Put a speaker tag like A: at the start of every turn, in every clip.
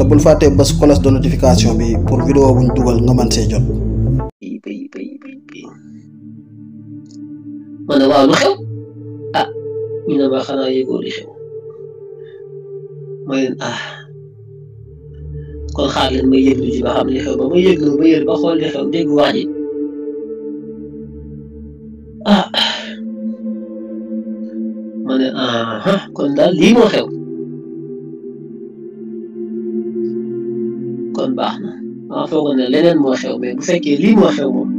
A: te bul fàttee bés cloche de notification bi pour vidéo buñ dugal nga mën see jot. ma ne lu xew ah ñu ne ma xanaa yëgoo li xew ma leen ah, kon xaar leen may yëglu ba xam li xew ba ma yëglu ba yëg ba xool li xew dégg wax ji ah ma ne ah, kon daal lii xew. foogoon ne leneen moo xew mais bu fekkee lii moo xew moom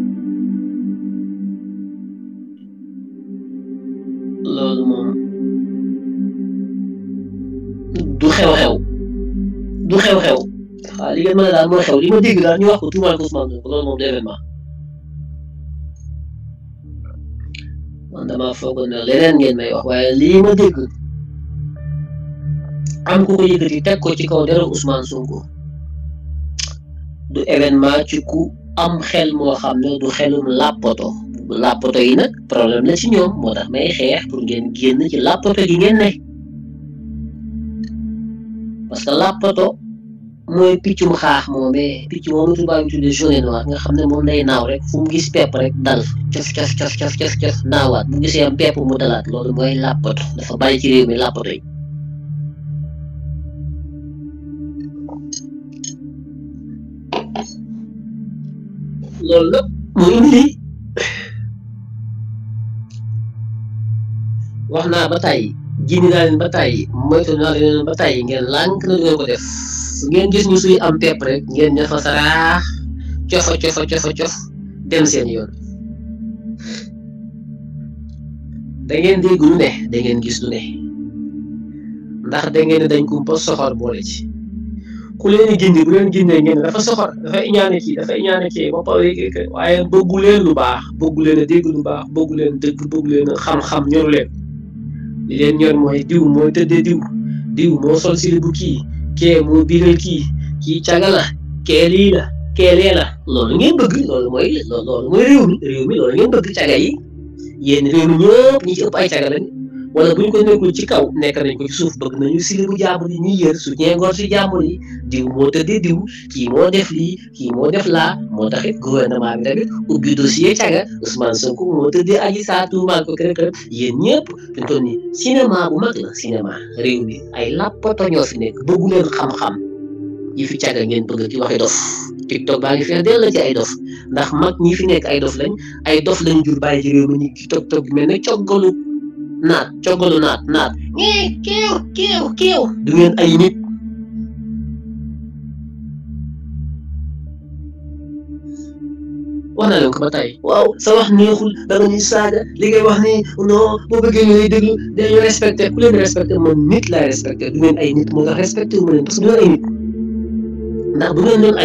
A: loolu moom du xew-xew du xew-xew waaw li ngeen mën daal moo xew li ma dégg daal wax ko tuumaal ko Ousmane Sonko loolu moom du événement man damaa leneen ngeen may wax waaye lii ma dégg am ku ko yëkkati teg ko ci kaw deru Ousmane du événement ci ku am xel moo xam ne du xelum làppoto làppoto yi nag problème la ci ñoom moo tax may xeex pour ngeen génn ci làppoto gi ngeen ne parce que làppoto mooy piccum xaax moomee picc moomu tubaab yi tuddee jaune noir nga xam ne moom day naaw rek fu mu gis pepp rek dal cof cof cof cof cof naawaat bu gisee am pepp mu dalaat loolu mooy làppoto dafa bari ci réew mi làppoto yi dulu bunyi warna batai gini batai jindi naa leen ba tàyyi moytu naa leen ba tàyyi ngeen lànk na ko def ngeen gis ñu suy am tepp rek ngeen ñafa saraax cofa cofa cof dem seen yoon da ngeen gis ndax da ngeen dañ ku leen gindi bu leen gindee ngeen dafa soxor dafa iñaane kii dafa iñaane kii ba pare lu baax bëggu leen a lu baax bëggu leen dëgg bëggu leen a xam-xam ñor leen li leen ñor mooy diw mooy tëddee diw diw moo sol si bu kii kee moo biiral kii kii caga la kee lii la kee lee loolu ngeen bëgg loolu mooy loolu mooy réew mi réew ay caga lañ wala bu ñu ko nekkul ci kaw nekk nañ ko ci suuf bëgg nañu silibu jàmbur yi ñu yër su ñeengoor si jàmbur yi diw moo tëddee diw kii moo def lii ki moo def laa moo taxit gouvernement bi tamit ubbi dossier caga Ousmane Sonko moo tëddee Adji Sarr tuumaal ko kër kër yéen ñëpp ñu toll nii cinéma bu mag la cinéma réew mi ay làppato ñoo fi nekk bëggu leen xam-xam yi fi caga ngeen bëgg ci waxi dof TikTok baa ngi fees dell la ay dof ndax mag ñi fi nekk ay dof lañ ay dof lañ jur bàyyi ci réew mi ñu t toog toog mel naat coggalu naat naat eh, kiiw kiiw kiiw du ngeen ay nit wax naa leen ko ba waaw sa wax neexul da nga ñuy saaga li ngay wax ni non boo bëggee ñu lay déglu dañu respecté ku leen respecté man nit laay respecté du ngeen ay nit moo nga respecté wu ma leen parce que ndax du ngeen doon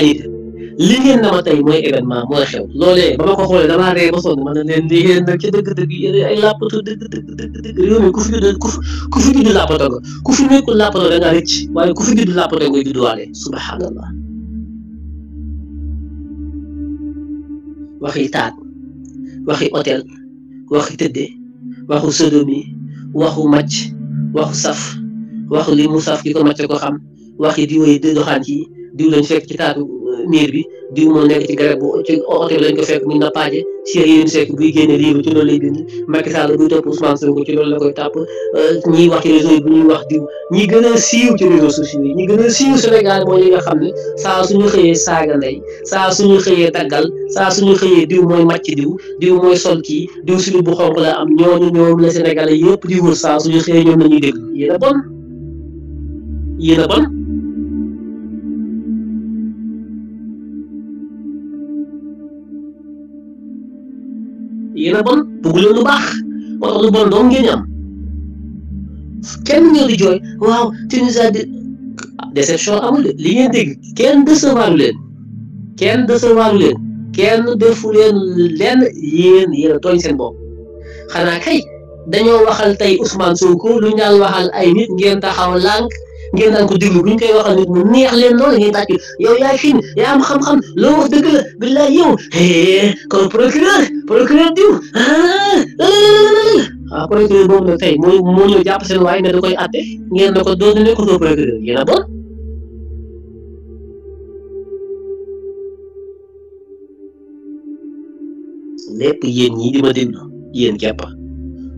A: li ngeen na ma tey mooy événement mooy xew loolee ba ma ko xoolee damaa ree ba sonn ma ne leen li ngeen nag ci dëgg-dëgg yéen ay làppato dëgg dëgg dëgg ku fi judd ku fi ku fi judd ku fi nekkul làppato da ngaa rëcc subhanallah waxi taat waxi hôtel waxi tëdde waxu sodomi waxu màcc waxu saf waxu li mu saf ki ko màcc ko xam waxi diwoy doxaan ci diw lañ fekk ci taatu niir bi diw moo nekk ci garab bu ci oto lañ ko fekk mun na paaje Cheikh Yérim Seck buy génne livre ci loolu lay bind Macky euh, wax ci réseau gën a siiw ci réseaux sociaux a siiw Sénégal xam ne saa suñu xëyee saaga ndey saa suñu xëyee daggal saa suñu xëyee diw mooy màcc diw diw mooy sol kii diw suñu bu xonk la am ñooñu ñoom la Sénégalais yëpp di wër saa suñu xëyee ñoom la ñuy déglu yéen a bon a yéen a bon bëggu leen lu baax moo tax lu bon jooy waaw Tunisie di déception amul de li ngeen dégg kenn décevoir leen kenn décevoir leen kenn defu leen lenn yéen yéen a seen bopp xanaa kay dañoo waxal tey Ousmane Sonko lu ñu waxal ay nit ngeen taxaw lànk ngeen daan ko déglu bu ñu koy waxal nit mu yaa xam-xam loo wax dëgg la billaay yow kon eh, procureur procureur diw ah, ah. ah procureur boobu nag tey moo moo ñëw jàpp seen waay ne da koy àtte ne ko doo ne ko soo procureur yéen a bon lépp yéen ñii di ma déglu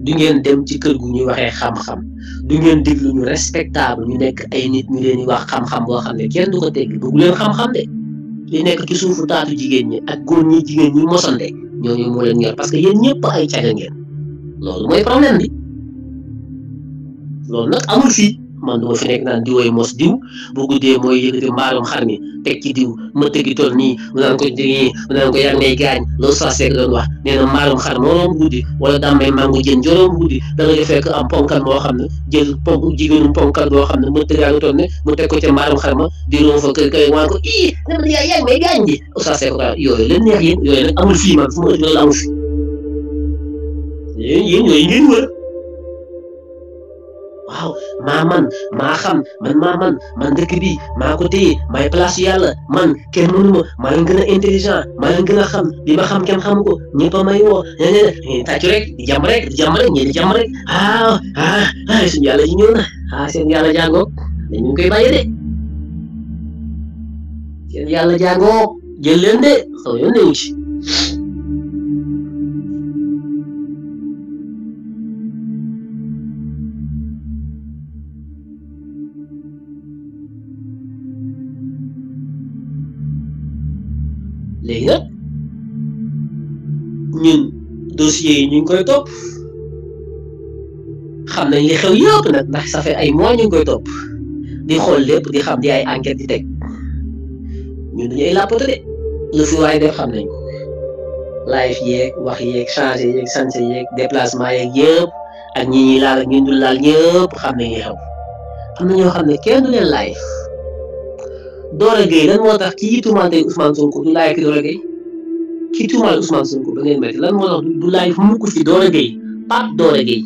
A: du ngeen dem ci kër gu ñuy waxe xam-xam du ngeen déglu ñu respectable ñu nekk ay nit ñu leen di wax xam-xam boo xam ne kenn du ko tegg bëggu leen xam-xam de li nekk ci suufu taatu jigéen ñi ak góor ñi jigéen ñi mosande ñooñu moo leen ñor parce que yéen ñëpp ay caga ngeen loolu mooy problème bi loolu nag amul fii. man duma fi nekk naan diwooy mos diw bu guddee mooy yëkkati mbaalum xar mi diw ma tëggi toll nii mu naan ko nii mu naan ko yaa ngi may gaañ loolu saa seeg doon wax nee na mbaalum xar mooloom guddi wala daa may mango jën joroom guddi da nga fekk am ponkal moo xam ne jël ponk jigéenu ponkal boo xam ne ma tëggaa nga toll ne mu teg ko ma diróom kay waan ko ii dama yaa yaa ngi may gaañ ji saa seeg ko yooyu leen neex yéen yooyu nag amul fii man fu ma loolu amul fi yéen yéen yooyu wër Wow, maman, man man maman, man man dëkk bi maa man kenn mënuma maa leen gën a ham, maa leen gën a ma xam kenn xamu ko ñëpp a may woo ñe eh, ñe ta rek di jamrek, di jàmm rek di jàmm ah ah nah. ah suñu yàlla ji na ah seen yàlla jàngoog dañu koy bàyyi de seen léegi nag ñun dossiers yi ñu ngi koy topp xam nañ li xew yëpp nag ndax ça fait ay mois ñu koy topp di xool lépp di xam di ay di teg ñun dañuy làppatu de lu fi waay def xam nañ ko live ye wax ye changé yeeg sanse yeeg déplacement yeeg yëpp ak ñi ñuy laal ak ñi dul xam nañ li am na ñoo xam ne kenn du Doro Gueye lan moo tax kii tuumaal tey Ousmane Sonko du laay ki Doro Gueye kii tuumaal Ousmane Sonko ba ngeen métti lan moo tax du laay mukk fi Doro Gueye Pape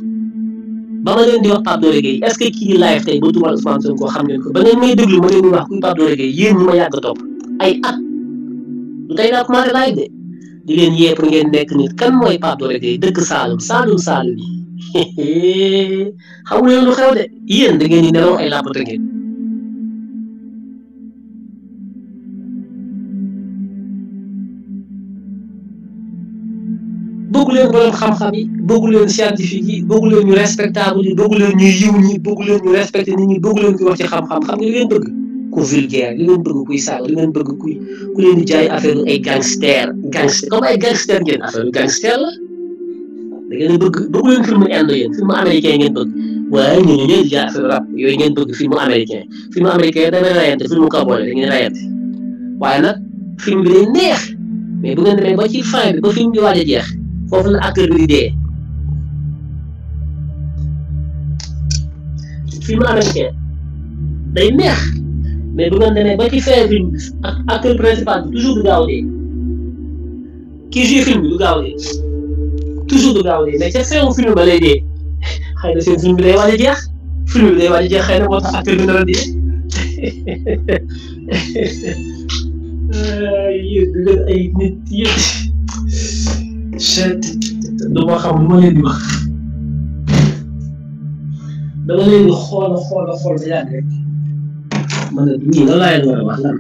A: ma leen di wax Pape Doro Gueye est-ce que kii live tey xam ngeen ko ba ngeen may déglu ma leen di wax ay at lu tey naa commencé live de di leen yee ngeen nekk nit kan mooy Pape Doro Gueye dëkk Saalum Saalum Saalum yi xamu leen lu xew de yéen da ngeen di nelaw ay laabatu ngeen bëggu leen borom xam-xam yi bëggu leen scientifique yi bëggu leen ñu respectable yi bëggu leen ñu yiw ñi bëggu leen ñu respecté nit ñi bëggu leen ku wax ci xam-xam xam nga li ngeen bëgg ku vulgaire li ngeen bëgg kuy saaga li ngeen bëgg kuy ku leen di jaay affaire ay gangster gangster comme ay gangster ngeen affaire gangster la da ngeen bëgg bëggu leen film indo yéen film américain ngeen bëgg waaye ñu ñu ñooy jaay affaire rap yooyu ngeen bëgg film américain film américain dana rayante film cowboy da ngeen rayante waaye nag film bi day neex mais bu ngeen demee ba ci fin bi ba film bi waaj a jeex foofu la acteur bi di dee film américain day neex mais bu ngeen ba ci fin film ak principal toujours du gaaw dee kii film bi du toujours du gaaw dee mais ca film ba lay dee xëy film bi day waaj a film bi day waaj a jeex xëy na moo tax acteur bi nar a dee yéen du ngeen chet du ma xam lu ma leen di wax dama leen di xool xool xool ba yàgg rek man ne ñii lan laa leen war a wax lan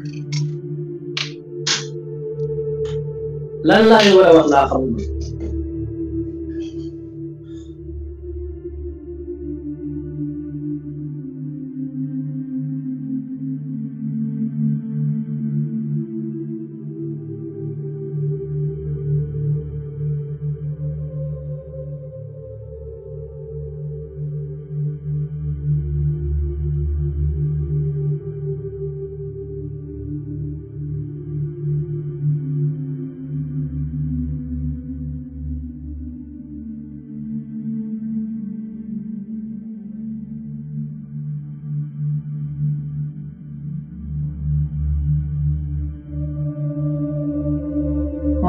A: lan laa leen war a wax laa xamul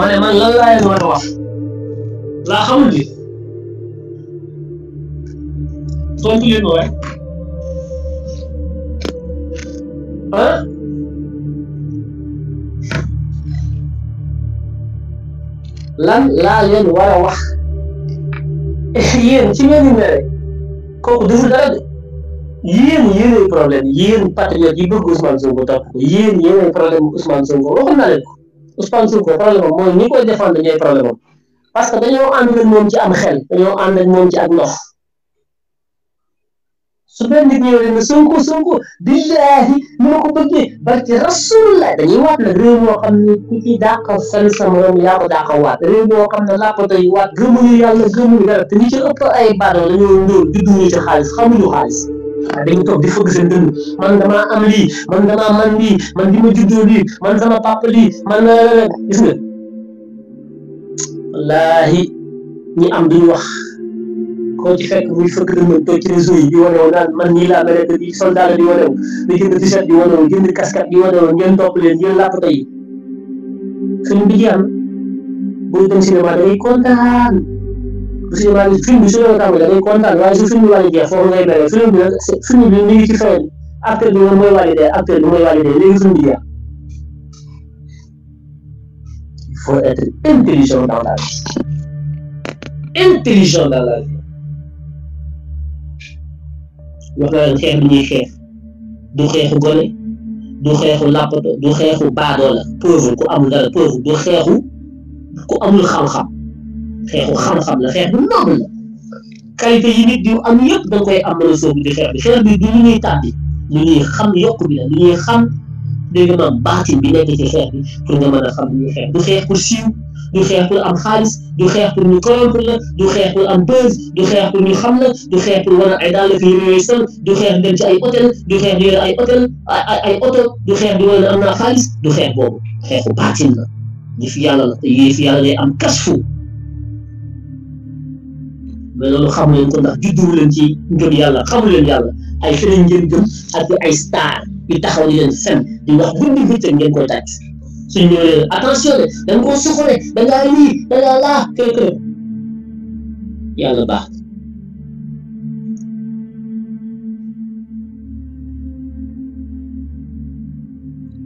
A: ma ne man lan laa leen li a wax laa xamul ni tontu leen ma waay ah laa leen war a ci ngeen di mere kooku deful dara de yéen yéenay problème yi bëgg Ousmane Sonko topp ko yéen yéenay problème Ousmane Sonko waxoon naa leen Ousmane Sonko problème am mooy ñi koy défendre ñooy problème am parce que dañoo ànd ak moom ci am xel dañoo ànd ak moom ci ak ndox su benn nit ñëwee ne Sonko Sonko billaahi ni ma ko bëggee barke rasulullah dañuy waat nag réew moo xam ne ku ci dàq sa morom yaa ko dàq waat réew moo xam ne làppato yi waat gëmuñu yàlla gëmuñu dara te ñi ci ëpp ay baadoo dañoo ndóol judduñu ci xaalis xamuñu xaalis dañuy toog di fëgg seen dënn man damaa am lii man damaa man lii man li ma lii man sama papa lii man euh, gis nga wallaahi ñi am duñu wax ko ci fekk muy fëkk dënn toog ci réseau yi di wane woon man nii laa mel di soldat di wane woon di jënd t di wane woon jënd casquette di wane woon ngeen topp leen ngeen làpp tey film bi jeex na boo dem cinéma da ngay kontaan. parce que maanaam film bi su ñu la tàmbalee day kontaan waaye su film bi war a jeex foofu ngay béré film bi nag film bi mi ngi ci fin bi acteur bi moom mooy validé acteur bi mooy validé léegi film bi jeex il faut être intelligent dans la vie intelligent dans la vie wax na leen xeex bi ñuy xeex du xeexu gone du xeexu làppato du xeexu baadoo la pauvre ku amul dara pauvre du xeexu ku amul xam-xam. xeexu xam-xam la xeex bu noble la qualité yi nit diw am yëpp da koy am mën a soobu di xeex bi xeex bi du lu ñuy tàbbi lu ñuy xam yokk bi la lu ñuy xam dégg nga bi nekk xeex bi pour nga mën a xam lu ñuy xeex du xeex pour siiw du xeex pour am xaalis du xeex pour ñu corrompre la du xeex pour am buzz du xeex pour ñu xam na du xeex pour wane ay dàll fi yooyu sël du xeex dem ay hôtel du xeex di yore ay hôtel ay ay oto du am naa xaalis du xeex boobu xeexu baatin la yëf yàlla la te yëf yàlla day am kasfu mais loolu xamu leen ko ndax juddu leen ci yàlla xamu yàlla ay feneen ngeen gëm ak ay star yu taxaw di leen fen di wax guddi bëccëg ngeen koy tàcc suñ ñëwee attention de da nga koo soxore da ngaa lii yàlla baax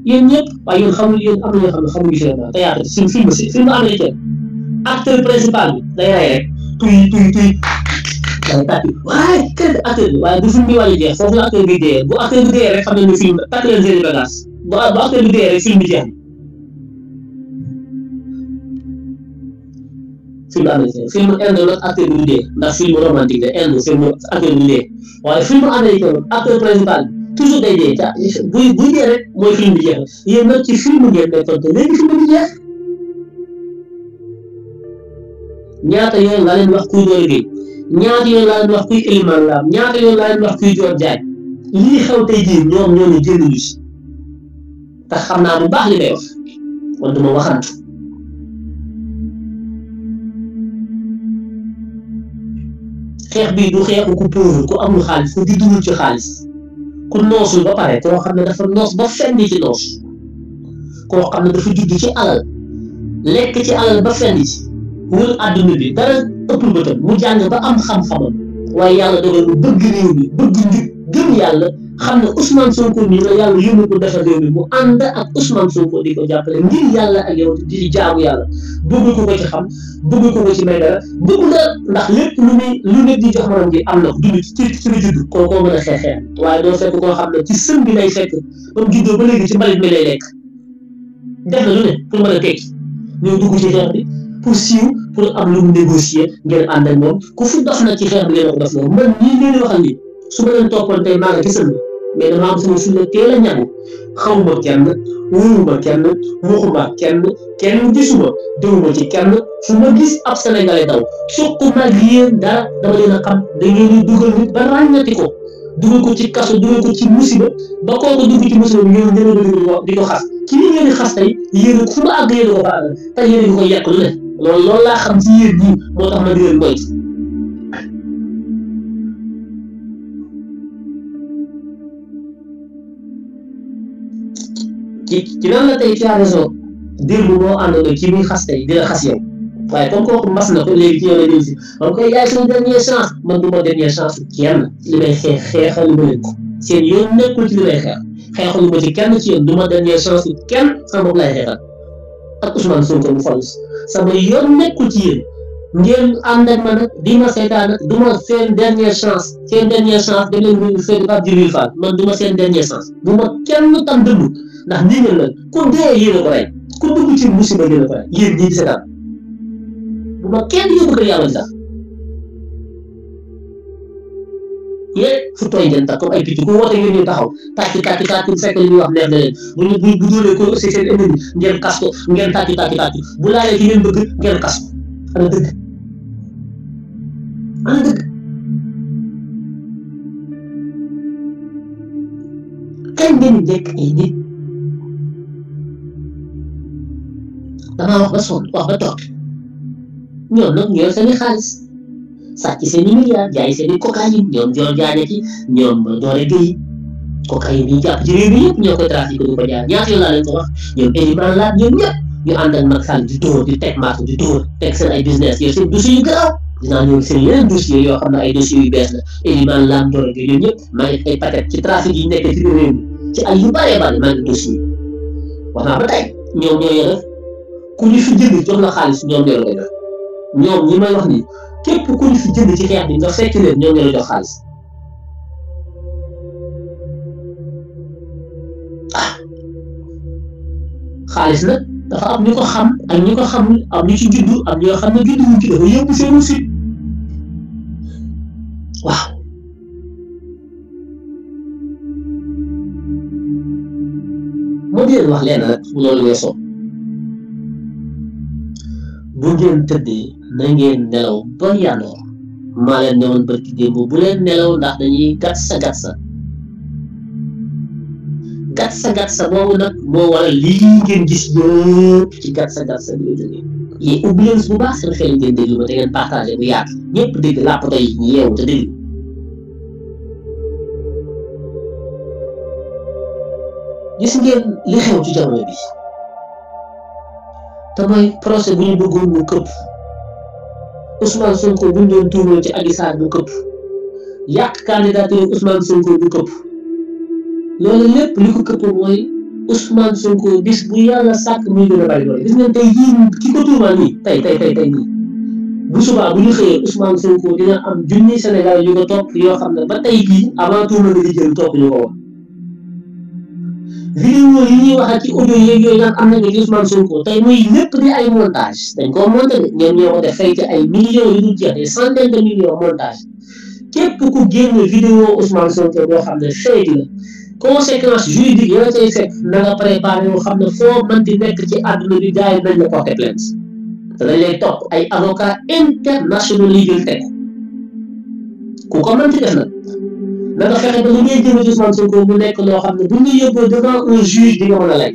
A: yéen ñëpp waaye yéen xamul yéen am na ñoo film te yaakaar suñu principal bi day rey tuy tuy tuy day tàkki waaye keneen acteur bi waaye du film bi wàllu jeex foofu la acteur bi dee bu acteur bi dee rek xam ne film tàkk leen seen i bagage bu bu acteur bi dee rek film bi jeex film américain film inde la acteur bi dee ndax film romantique la inde film acteur bi dee waaye film américain acteur principal toujours day dee buy buy dee rek mooy film bi jeex yéen nag ci film ngeen nekkoon te léegi film bi jeex ñaata yoon laa leen wax kuy door a géej ñaata yoon laa leen laam ñaata yoon laa wax kuy joor jaaj lii xew tey jii ñoom ñoo ñu jëluñu si xam naa bu baax li may wax xeex bii du xeexu ku pauvre ku amul xaalis ku giddul ci xaalis ku noosul ba pare koo xam ne dafa noos ba fenn ci noos koo xam ne dafa judd ci alal lekk ci alal ba fenn wër àdduna bi dara ëppul bëtam mu jàng ba am xam-xamam waaye yàlla dogal mu bëgg réew mi bëgg njub yàlla xam ne Ousmane Sonko nii la yàlla yónni ko defar réew yàlla ak ko ko ci xam bëgg ko ko ci may dara bëgg nga ndax lépp lu muy lu nit di jox ji am na ko dund ci ci lu judd koo koo mën a xeexee waaye doo fekk koo xam ne ci sën bi lay fekk ba mu juddoo ba léegi ci mbalit mi lay a tekki ñëw dugg ci xeex bi pour siiw pour am lu mu négocier ngeen ànd ak moom ku fu dof na ci xeex bi ngeen ko def moom man nii ngeen waxal nii su ma leen toppoon tey maa nga gisal ma mais dama am sama sunna teel a ñaan xawma kenn wóoruma kenn waxuma kenn kenn gisuma dewuma ci kenn fu ma gis ab sénégalais daw suquma ak yéen dara dama leen xam da ngeen di dugal nit ba ràññati ko dugal ko ci kaso dugal ko ci musiba ba kooku dugg ci musiba bi ngeen ngeen a dugg di ko xas ki ni ngeen di xas tey yéen ku ma àgg yéen ko fa àgg te ko yàq loolu loolu laa xam ci yéen ñi moo tax ma di leen moytu ci ci nan la tey tu as raison démb moo àndoon ci muy xas tey dina xas yow waaye comme kooku mas na ko léegi ci yow la jëm si man koy yaay suñu dernière chance man du ma dernière chance kenn li may xeex xeexalu ma leen ko seen yoon nekkul ci li may xeex xeexalu ma ci kenn ci yéen du ma dernière chance kenn sama bopp laay xeexal ak Ousmane Sonko mu falus sama yoon nekkul ci yéen ngeen ànd ak ma seetaan nag seen dernière chance seen dernière chance da seen Pape Djibril Fall man du seen dernière chance bu kenn tam dëgg ndax nii ngeen la ku dee yéen a ko rey ku dugg ci musiba yéen a ko rey yéen ñii di seetaan bu ma kenn yóbbu ko yàlla sax yéeg futtooy jën comme ay picc ku woote ngeen ñu taxaw tàcc tàcc tàcc fekk li ñuy wax neex na leen bu ñu bu bu dóoree ko si seen bëgg ngeen kas ko ana dëgg ana dëgg kañ ay nit damaa wax ba sonn wax ba toog ñoom nag ñooy seen i xaalis. sàcc seen i milliards jaay seen i cocaïne ñoom Dior nyom ki ñoom Doore Guèye cocaïne yi jàpp jiri réew mi yëpp ñoo koy trafiqué du ko jaar ñaata yoon laa leen ko wax ñoom Eliman laat ñoom ñëpp ñu ànd ak Macky Sall di tóor ya. di tek maatu nah, ya, ya, di tóor tek seen ay business yooyu seen dossiers yu garaaw dinaa ñëw seen yeneen dossiers yoo xam ne ay dossiers yu bees la Eliman laat Doore Guèye ñoom ñëpp maa ngi ay paquet ci trafic yi nekk ci réew mi ci ay yu bëree bëri maa ngi dossier wax ba tey nyom ñoo yore ku ñu fi jënd jox la xaalis nyom ñoo yore nyom ñi may wax ny képp ku yi fi jënd ci xeex bi nga fekk leen xaalis ah xaalis nag dafa am ñu ko xam ak ñu ko xamul am ñu ci juddu am ñoo xam ne juddu wuñ ci dafa yóbbu seen si waaw moo di leen wax leen rek bu loolu weesoo bu ngeen tëddee. na ngeen nelaw ba yandoor maa leen newoon barki démb bu leen nelaw ndax dañuy gatsa sa gàtt sa gàtt sa gàtt sa boobu nag moo waral lii ngeen gis yëpp ci gatsa sa gàtt sa bi la jógee yéen bu baax seen xel ngeen déglu ma te ngeen partagé bu yaatu ñëpp dégg làppato yi ñu yeewu te gis ngeen li xew ci jamono bi tamay procès bu ñu bëggoon mu këpp Ousmane Sonko buñ doon tuumal ci Adji Sarr bu këpp yàq candidature Ousmane Sonko bu këpp loolu lépp li ko këpp mooy Ousmane Sonko bis bu yàlla sàkk muy gën a bari doole gis ngeen tey yii ki ko tuumal nii tey tey tey nii bu subaa bu ñu xëyee Ousmane Sonko dina am junni Sénégal yu ko topp yoo xam ne ba tey bii avant tuuma bi di topp ñu ko woon vidéo yi ñuy wax ak ci audio yeeg yooyu am na nga Ousmane Sonko tey muy lépp di ay montage dañ koo monté de ñoom ñoo ko def fay ci ay millions yu dul jeex des centaines de millions montage képp ku génn vidéo Ousmane Sonko boo xam ne fake la conséquence juridique yi la cay fekk na nga xam ne foo mën nekk ci àdduna bi gars yi nañ la porté plainte te dañ lay topp ay avocats internationaux yi jël teg ku ko mën nag na nga fexe ba li ngay jëme ci Ousmane Sonko mu nekk loo xam ne bu ñu yóbboo devant un juge di nga mën a lay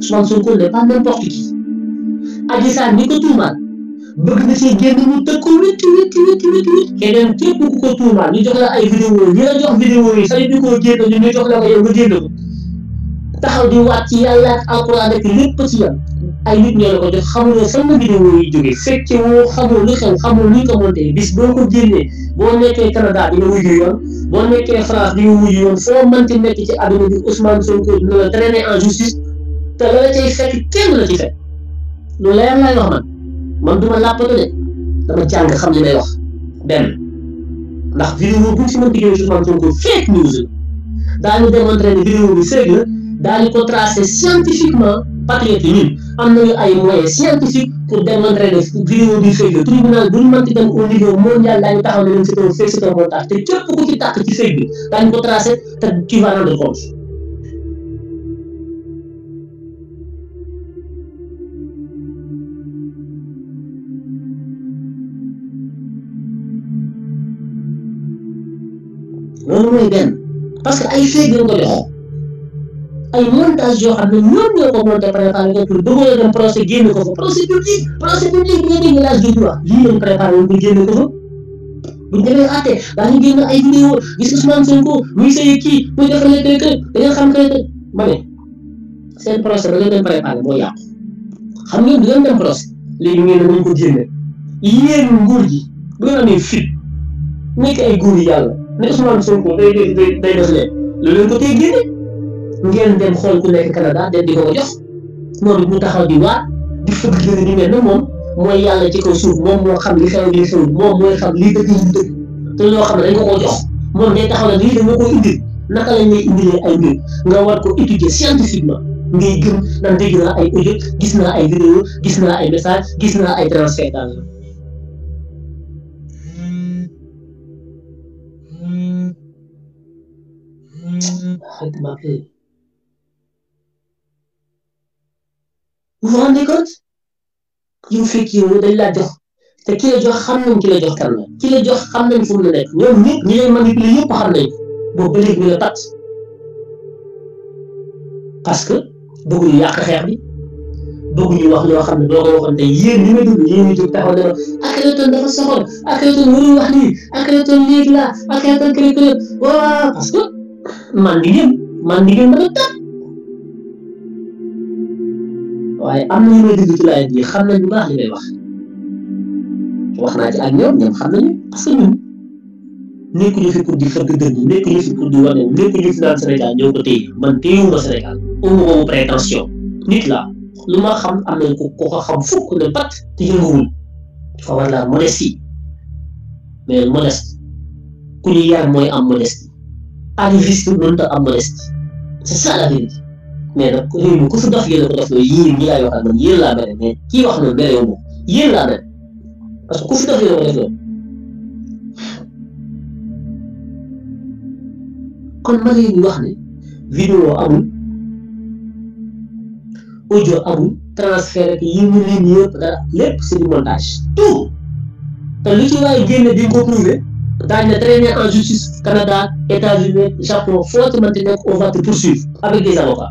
A: Ousmane Sonko n'est pas n'importe qui Adji Sarr ni ko tuumaal bëgg na see génn mu tëgg ko witti witti witti witti witti keneen képp ku ko tuumaal ñu jox la ay vidéo ñi la jox vidéo yi sax ñu koo génn ñu jox la ko yow nga génn ko taxaw di waat ci yàlla ak alxuraan rek lépp ci yàlla ay nit ñoo la ko jox xamuloo fan la vidéo yi jógee fekke woo xamul lu xew xamul luñ ko monté bis boo ko génnee boo nekkee Canada di nga wuyu yoon boo nekkee France di nga wuyu yoon foo mënti nekk ci àdduna bi la traîner en justice te la la cay fekk kenn la ci fekk lu leer lay wax man man du ma làppatu de dama jàng xam li may wax benn ndax vidéo buñ si mënti génne Ousmane Sonko fake news la daañu démontré ne vidéo bi sëg daal di ko tracer scientifiquement patriote yi ñun am nañu ay moyens scientifiques pour démontrer ne vidéo bi fake la tribunal bu ñu mënti dem au niveau mondial daañu taxaw na leen c'est un fake c'est un te képp ci tàkk ci fake bi daañu ko tracer te tu mooy benn parce que ay fake lañ ko jox ay montage yoo xam ne ñoom ñoo ko monté préparé ko pour bëggoon a dem procès génne ko fa procès public procès public bi nga dégg l'âge du droit lii lañ préparé woon pour génne ko fa bu ñu demee àtte daa ñu génn ay vidéo gis Ousmane Sonko muy sëy kii muy defalee kër kër da nga xam kër kër ma ne seen procès da nga dem préparé boo yàqu xam ngeen du ngeen dem procès léegi ngeen ne nañ ko génne yéen nguur gi bu ngeen amee fit nekk ay góor yi yàlla ne Ousmane Sonko day day day def leen lu leen ko tey génne. ngeen dem xol ku nekk Canada dem di ko jox moom mu taxaw di waat di fëgg dëgg di mel ne moom mooy yàlla ci kaw suuf moom moo xam li xew li xew moom mooy xam lii dëgg li dëgg te loo xam ne dañ ko koo jox moom day taxaw na lii dañ ma indi naka lañ lay indilee ay mbir nga war ko étudier scientifiquement ngay gëm nan dégg naa ay audio gis naa ay vidéo gis naa ay message gis naa ay transfert daal la xëy na vous vous rendez compte ki mu fekk yow dañ laa jox te ki la jox xam nañ ki la jox kan la ki la jox xam nañ fu mu nekk ñoom ñëpp ñi leen manipuler yëpp xam nañ boobu ba léegi ñu la pat parce que bëgguñu yàq wax xam ne doo ko waxoon tey yéen ñi ma dund yéen ñu jóg taxaw dana ak Akhenaton dafa soxor Akhenaton warul wax nii Akhenaton léegi laa Akhenaton kële kële waaw parce que man di man di ngeen mën waaye am na ñu may dégg ci laayit xam nañ baax li may wax wax naa ci ak ñoom ñoom xam nañu parce que ñun nekkuñu fi pour di fëgg dëgg nekkuñu fi pour di wane nekkuñu fi naan Sénégal ñoo ko téye man téyewuma Sénégal amu moomu prétention nit la lu ma xam am nañ ko ko xam fukk ne pat te yënguwul dafa war la modestie mais modeste ku ñu yar mooy am modestie arriviste mënut a am modestie c'est ça la mais nag réew mi ku fi dof yéen a ko dof yooyu yéen ñi laay wax ak mere mais kii wax noonu mere yow moom mere parce que ku fi dof yéen a ko kon ma ngi wax ne vidéo amul audio amul transfert ak yi ñu lim yëpp dara lépp c'est du montage tout te lu ci génne di ko prouver daañu la en justice Canada États-Unis Japon foo ci nekk on va te poursuivre avec des avocats.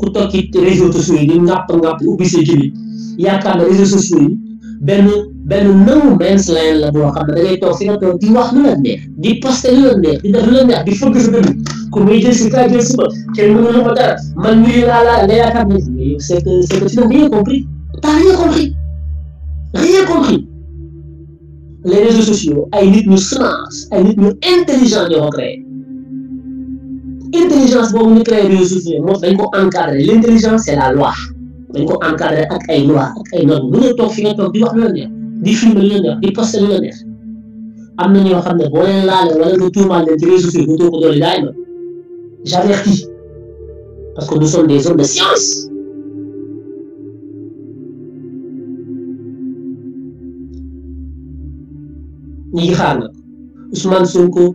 A: ku toog ci réseaux sociaux yi di ngàpp ngàpp ubbi sa ji yaakaar réseaux sociaux yi benn benn nangu benn line la boo xam ne da ngay toog fi nga toog di wax lu la neex di poster lu la neex di def lu la neex di fëgg sa dënn ku si kaa jël si ba la ko dara man mii laa laa nga yaakaar ne c'est que c'est que tu n'as rien compris t'as rien compris rien compris les réseaux sociaux ay nit ñu semence ay nit ñu intelligent ñoo ko intelligence bobu ñu créé les jours moom dañ ko encadré l' intelligence c' est la loi dañ ko encadré ak ay loi ak ay normes bu ñu toog fi nga toog di wax lu la di filmer lu la neex di poster lu la neex am na ñoo xam ne boo leen laalee wala nga tuumaal leen ci réseaux sociaux bu too ko doole jaay ma j'avertis parce que nous sommes des hommes de science ñu ngi xaar nag Ousmane Sonko.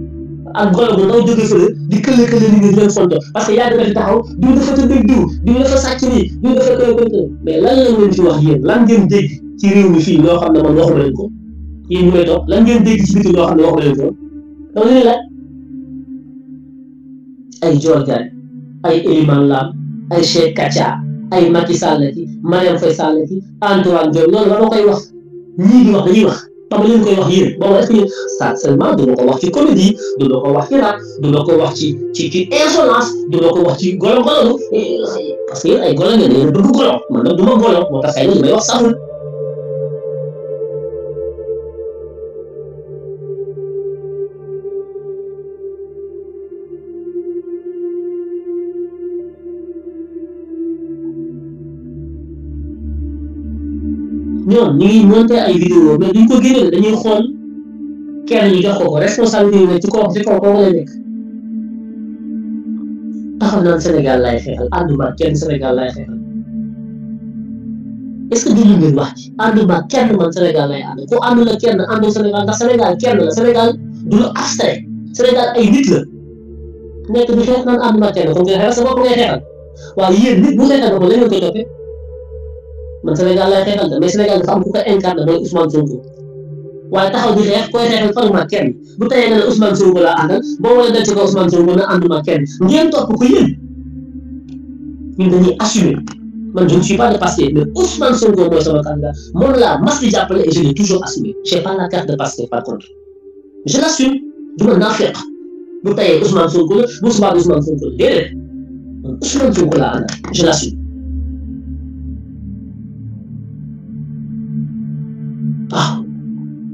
A: ak golo gu ndaw jógee fële di kële kële nit ñi di leen fonto parce que yàgg na di taxaw diw dafa tëddee diw diw dafa sàcc nii diw dafa koy koy mais lan lañ leen ci wax yéen lan ngeen dégg ci réew mi fii loo xam ne man waxu leen ko yéen ñu may toog lan ngeen dégg ci biti loo xam ne waxu leen ko dama leen laaj ay Dior Gane ay Elimane Lam ay Cheikh Kacha ay Macky Sall ki Marième Faye Sall ki Antoine Diome loolu la ma koy wax ñii di wax dañuy wax. ba leen koy wax yéen booba est-ce que ça seulement wax ci comédie duna ko wax ci rap duna ko wax ci ci ci insolence duna ko wax ci golo golo parce que ay golo ngeen yéen golo man nag du ma golo moo tax xëy na saxul ñoom ñu ngi monté ay vidéo mais duñ ko génne dañuy xool kenn ñu jox ko ko responsabilité la ci kaw ci kaw kooku lay nekk taxaw naan Sénégal lay xeexal ànduma kenn Sénégal lay xeexal est ce que duñu ngeen wax ci ànduma kenn man Sénégal lay ànd ku àndul la kenn àndul Sénégal ndax Sénégal kenn la Sénégal du lu abstrait Sénégal ay nit la nekk du xeex naan ànduma kenn kon ngeen xeexal sa bopp ngay xeexal waaye yéen nit bu xeexal ba ko la ko toppee man Sénégal laay xeexal de mais Sénégal dafa am ku ko incarné mooy Ousmane Sonko waaye taxaw di xeex koy xeexal ma kenn bu tayee nga ne Ousmane Sonko laa àndal boo wala dal ci ko Ousmane Sonko na ànduma kenn ngeen topp ko yéen ñun dañuy assumer man je ne suis pas de Pastef mais Ousmane Sonko mooy sama candidat moom laa mas di jàppale et je l'ai toujours assumé j'ai pas la carte de Pastef par contre je l'assume du ma naafeq bu tayee Ousmane Sonko la bu subaa Ousmane Sonko la déedéet Ousmane Sonko laa àndal je l'assume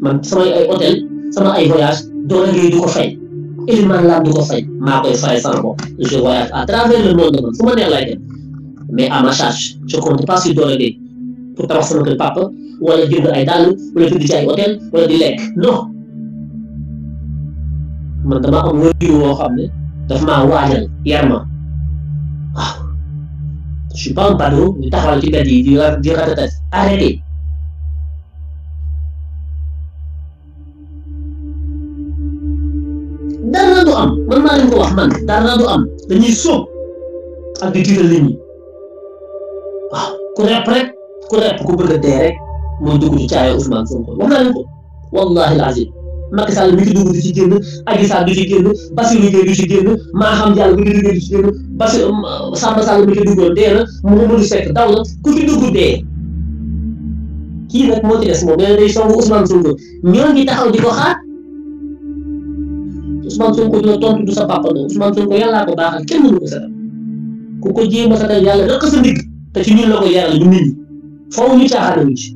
A: man samay ay hôtel sama ay voyage doole yooyu du ko fay élément laam du ko fay maa koy fay sama bopp je voyage à travers le monde ma sama kër papa wala jënd ay dàll wala tëdd ci ay hôtel wala di lekk non man dama am wëri woo xam ne daf maa waajal yar ma waaw je suis pas un badaud ñu taxawal di di ratatat arrêté am man maa len ko wax man dara du am dañuy sóob ak di tiital nit ñi waaw ah, ku rep rek ku rep ku bëgg a dee rek mo dugg ci caaya Ousmane Sonko wax naa leen ko wallahi alazim Macky Sall mi ngi dugg di ci génn agi Sarr du ci génn Bassirou Gueye du ci génn ma xam jall mi ngi duggee du ci génn Bassi Samba Sall mi ngi duggoon dee na du sekk daw na ku fi dugg dee kii nag moo ci des moom nee day songu Ousmane Sonko ñoo ngi taxaw di ko xaar Ousmane Sonko dina tontu du sa papa la Ousmane Sonko yàllaa ko baaxal kenn mënu ko satal ku ko jéem a satal yàlla rëkk sa ndigg te ci ñun la ko yaral bu nit ñi foofu ñu caaxaanewuñ ci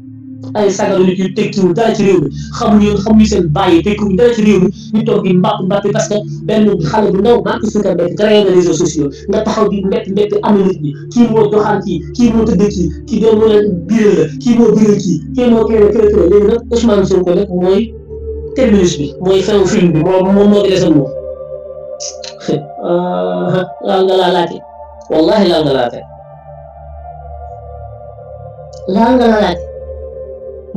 A: ay sagaru nit yu tekkiwul dara ci réew mi xamuñu yoon xamuñu seen bàyyi tekkiwul dara ci réew mi ñu toog di mbàpp mbàpp parce que benn xale bu ndaw Mark Zuckerberg créé na réseaux sociaux nga taxaw di mbett mbett am nit ñi kii moo doxaan kii kii moo tëdd kii kii doo moo leen biral la kii moo biral kii kii moo kii kii kii léegi nag Ousmane Sonko nag mooy terminus bi mooy fin film bi moom moom moo di desal moom laal nga laalaate wallahi laal nga laalaate laal nga laalaate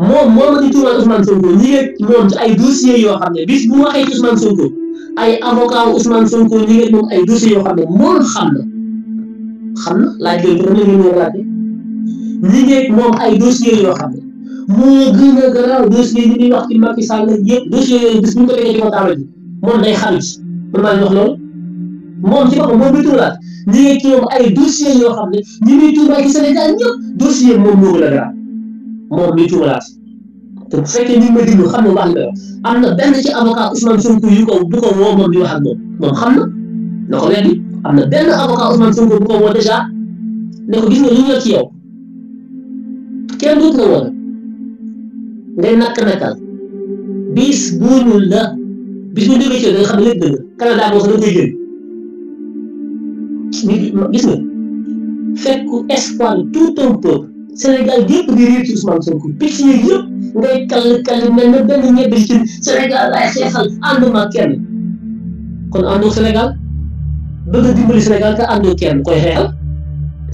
A: moom moo ma di tuumal Ousmane Sonko ñi ngeeg moom ci ay dossiers yoo xam ne bis bu waxee ci Ousmane Sonko ay avocat Ousmane Sonko ñi ngeeg moom ay dossiers yoo xam ne moom xam na xam na laaj yooyu dina ngeen ñëw laajte ñi ngeeg moom ay dossiers yoo xam ne. moo gën a garaaw dossier yi ñuy wax ci ay dossiers yoo xam ne ñi muy tuumaat ci bu fekkee ni ma déglu xam ne na benn ci avocat Ousmane Sonko na na ko weddi am na benn avocat Ousmane Sonko nga lu ñu ci yow kenn la woon. ngay nakk nakkal bis bu la bis bu jógee ci da nga xam ne lépp dëgg Canada boo xam da koy jël gis nga fekk espoir tout un peuple Sénégal yëpp di réer ci Ousmane Sonko picc yi yëpp ngay kal kall mel na benn ci Sénégal laay kenn kon andu Sénégal bëgg dimbali Sénégal te àndoo kenn koy xeexal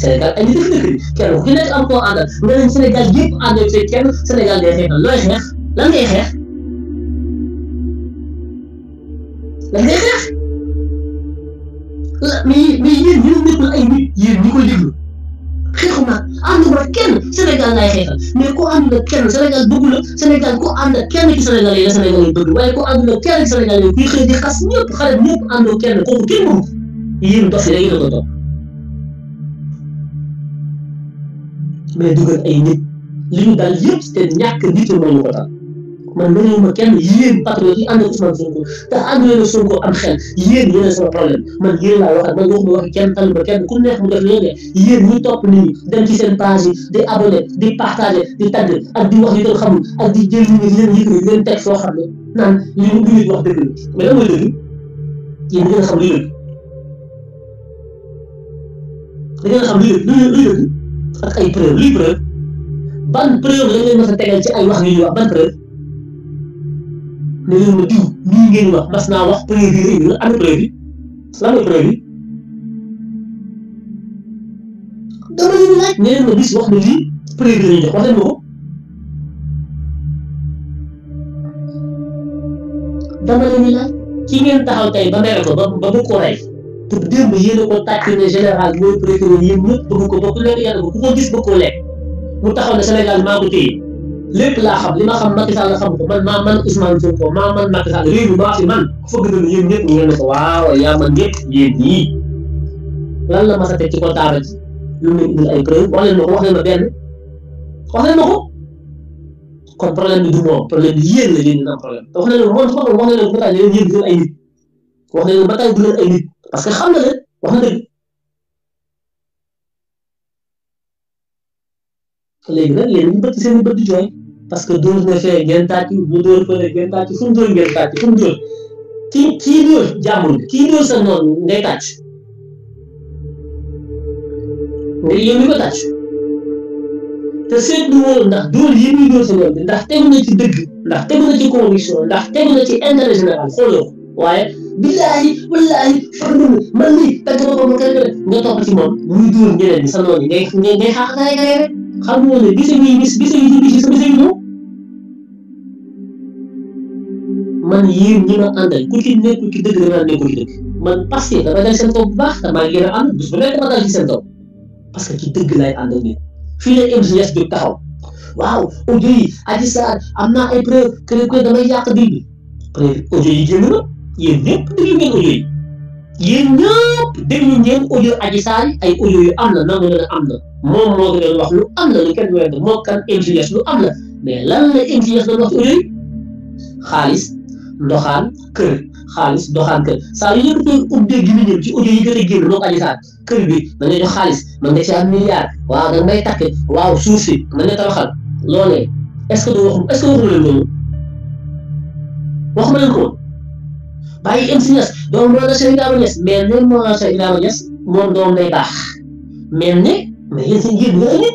A: Sénégal ay nit a fi dëkk kenn ku ci nekk am koo àndal nga ne Sénégal yëpp àndal ci kenn Sénégal day xeexal looy xeex lan ngay xeex lan ngay xeex la mais mais yéen ñu nekkul ay nit yéen ñu koy déglu xeexu ma ànd ko kenn Sénégal laay xeexal mais ku ànd ak kenn Sénégal bëgg Sénégal ku ànd ak kenn Sénégal yi la Sénégal yi bëgg waaye ku ànd ak yi kuy xëy di xas ñëpp xale ñëpp àndoo kenn kooku kenn moom yéen dof yi dañu la ko mais dugal ay nit li ñu dal yëpp te ñàkk nit moo ñu ko dal man mënewu ma kenn yéen patriote yi ànd ak Ousmane Sonko te ànd leen Sonko am xel yéen yéen sama problème man ku neex mu def leen de yéen ñuy topp nit ñi dem ci seen page yi di abonné di partagé di tagg ak di wax yu doon xamul ak di jël nit ñi leen yëkkati leen teg foo xam ne naan li mu nit wax dëgg la mais lan mooy dëgg yéen da ngeen xam luy dëgg da ngeen xam luy dëgg luy dëgg ak ay preuve luy preuve ban preuve la ci ay wax yu ñuy wax ma diw nii ngeen wax mas naa wax preuve yi la am preuve yi lan mooy preuve yi dama ne leen ma gis wax ne lii preuve yi la jox wax leen ma ko dama leen laaj ki ngeen taxaw tey ba mere ko ba ba te démb yéen a ko tàcc ne général mooy préféré yéen ñëpp bëgg ko bokk lekk yàlla ko ku ko gis bëgg mu taxaw ne Sénégal ma ko téye laa xam li ma xam Macky Sall xam ko man maa man Ousmane Sonko maa man Macky Sall réew mi maa fi man foog nga ne ko waaw yaa man ñëpp yéen ñii lan la mas a teg ci ko taaba ji lu mu indil ay preuve wax leen ma ko wax leen ma benn wax leen problème bi du moom problème bi yéen wax leen ma moom wax leen ma ko wax nañu ba tey du leen parce que xam na leen wax na dëgg léegi nag yéen seen i bët di parce que dóor na fee ngeen tàcc bu dóor fële ngeen tàcc fu mu dóor ngeen tàcc fu mu dóor kii kii ngay tàcc léegi yow mi ko tàcc te seetlu ndax dóor yi muy dóor ndax tegu na ci dëgg ndax tegu ci conviction ndax tegu na ci intérêt général xooloo billaahi wallaahi farnul man lii tagg ma ko ma kër nga topp ci moom muy duur ñeneen ñi sa noonu ngay ngay ngay xaax ngay ngay rek xam bisa ne gise yi gis gise yi gis sa gise yi moom man yéen ñi ma àndal ku ci nekk ci dëgg dama nekk ci dëgg man parce que dama dal seen kaw bu baax te maa ngi leen a ànd bés bu nekk dama dal ci seen kaw parce que ci dëgg laay àndal nit fii la Ibrahima Niass jóg taxaw waaw audio yi Adji Sarr am ay preuve que damay yàq biir bi preuve audio yi génn yéen ñëpp déglu ngeen audio yi yéen ñëpp déglu ngeen ay audio yu am la nangu na am la wax lu am la lu kenn weer kan MGS lu amna, la mais lan la MGS doon wax ci audio dohan xaalis ndoxaan kër xaalis ndoxaan kër saa yu yëpp tey ubbee gi ñu ci audio yi gën a génn moo ko bi da ngay jox xaalis man nga ci am milliard waaw da ngay takk waaw suuf man nga tabaxal est ce que du wax est ce que ko bàyyi MC Niass doom doon na Cheikh Ibrahima Niass mais ne moo Cheikh Ibrahima Niass moom doom lay baax mais ne mais yéen seen jiit nga indi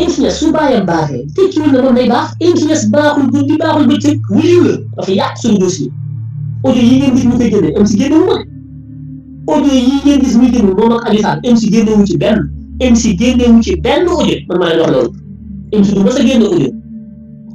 A: MC Niass su bàyyam baaxee tekkiwul na moom lay baax MC Niass baaxul guddi baaxul bëccëg wuyu la dafa yàq suñu dossier audio yi ngeen gis ñu koy génne MC génne wu ma audio yi ngeen gis muy génne moom ak Adji Sarr MC génne wu ci benn MC génne wu ci benn audio man maa leen wax loolu MC du mës a génne audio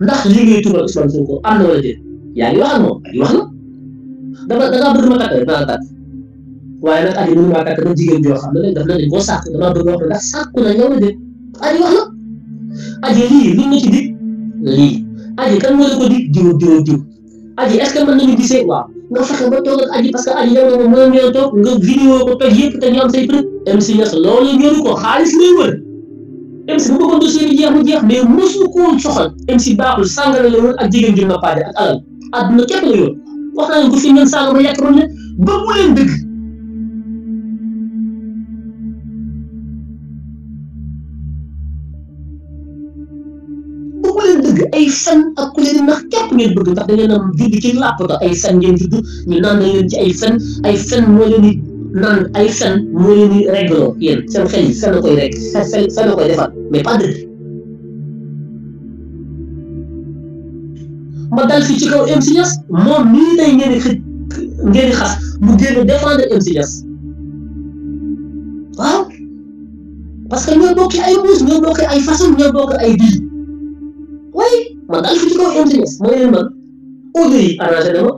A: ndax li ngay tuumal Ousmane Sonko am na wala déet yaa ngi wax ak moom aji wax la dama dangaa bëgg ma takk danaa takk waaye nag aji mënu maa takk na jigéen joo xam ne nag daf na dañ koo sàkk damaa bëgg wax ne ndax sàkku na nga wala déet aji wax la aji lii lu ñu ci dig lii aji kan moo ko dig diw diw diw aji est ce que mën nañu gisee waaw nga fexe ba toog ak aji parce que aji yow na moom mën ñoo toog nga vidéo ko toj yëpp te ñu am say prix MC Niass loolu ñëru ko xaalis lay wër MC bu bëggoon dossier bi jeex bu jeex mais mosu ko woon soxal MC baaxul sàngara la woon ak jigéen ju na paade ak alal àdduna kepp la yoon wax naa leen ko fi ñun sànga ba yàkkaroon ne ba mu leen dëgg ay fen ak ku leen nax képp ngeen bëgg ndax da ngeen am judd ci làpp ay fen ngeen judd ñu naan na leen ci ay fen ay fen moo leen naan ay fen moo leen di régloo yéen seen xel yi fen la koy rek fen fen koy defar mais pas ma dal fi ci kaw MC Niass moom mii tey ngeen ngeen xas mu génn défendre MC Niass waaw parce que ñoo bokki ay muus ñoo bokki ay façon ñoo bokki ay bii waaye ma dal fi ci kaw MC Niass mooy leen man audio yi arrangé na ma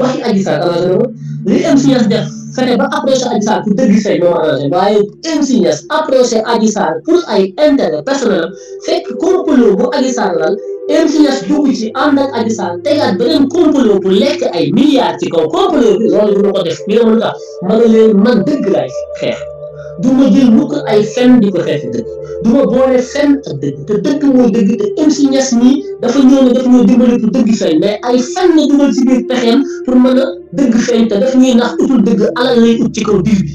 A: waxi Adji Sarr arrangé na ma li MC Niass def fexe ba approché Adji Sarr pour dëgg fay moo arrangé waaye MC Niass approché Adji Sarr pour ay intérêt personnel fekk complot bu Adji Sarr lal MC Niass dugg ci ànd ak Adji Sarr tegaat beneen complot pour lekk ay milliards ci kaw complot bi loolu du ma ko def bi nga mën a tax ma leen man dëgg laay xeex. du ma jël mukk ay fen di ko xeex dëgg du ma boole fen ak dëgg te dëgg mooy dëgg te si Niass nii dafa ñëw ne daf dimbali pour dëgg feeñ mais ay fen la dugal ci biir pexeem pour mën a dëgg feeñ te daf ñuy nax dëgg alal ci kaw diir bi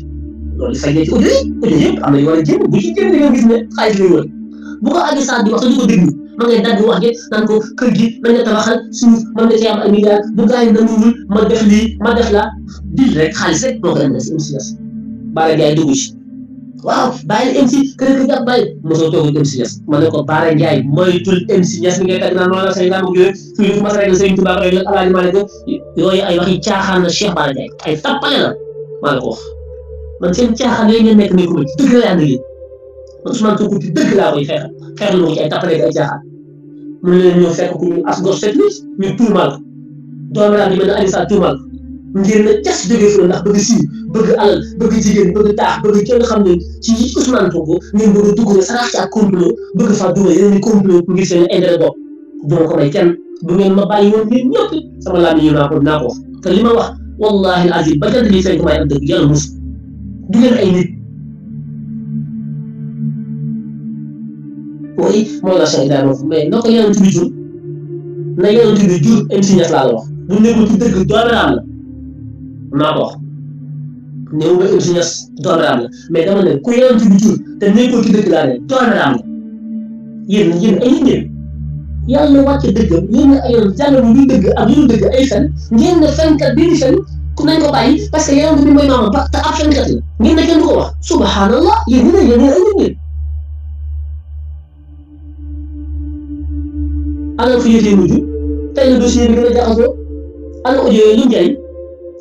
A: loolu feeñ na ci audio yi audio yëpp am na yu war a jëm bu da nga gis ne xaalis lay wër bu ko Adji Sarr di wax te du ko kër gi nañ la tabaxal suuf mën na ci am ay milliards bu ma def lii ma def la dil rek xaalis ko moo koy indi si MC Bara Ndiaye dugg ci waaw bàyyi la MC kër gi nga bàyyi mosoo toog MC Niass ma ne ko Baara Ndiaye moytul MC Niass mi ngay tàgg naa noonu la say naan ak yooyu fii du mas yooyu ay caaxaan la Cheikh Baara Ndiaye ay tappale maa la ko wax man caaxaan yooyu ngeen nekk nii dëgg laa ànd yéen man su ay tappale ak ay caaxaan fekk ku ñu as gor set nit ñu tuumaal ko doomu daal di mel ne Alioune Sall tuumaal ko ngir ne cas jógee fële bëgg sii bëgg alal bëgg jigéen bëgg taax bëgg kenn xam ne ci yi Ousmane Sonko bëgg dugg sarax ci ak bëgg faa dugal yeneen i complot ngir seen intérêt bopp duma ko may kenn bu ngeen ma bàyyi woon ñun ñëpp sama laaj yi naa naa ko wax te li ma wax wallahi al azim ba jant lii fekk may am dëgg a mus du ngeen ay nit. mooy mooy la Cheikh Ibrahima mais na ko yonent jur na yonent bi jur MC Niass laa la wax bu nekkul dëgg doole am la naa ko néew nga Ibou Niass doomu raam la mais dama ne ku yéen a tudd tur te nekkoo ci dëgg laa ne raam la yéen ay nit ngeen yàlla wàcce dëggam yéen a yoon jàngal lu dëgg ak lu dëgg ay fen ngeen ne fenkat bi ni fen ku nañ ko bàyyi parce que yéen bi mooy maamam ba te ab fenkat la ngeen ne kenn du ko wax subhanallah yéen ay nit ngeen. ana fu yëtee mujj tey la dossier bi gën a jaxasoo ana audio yi lu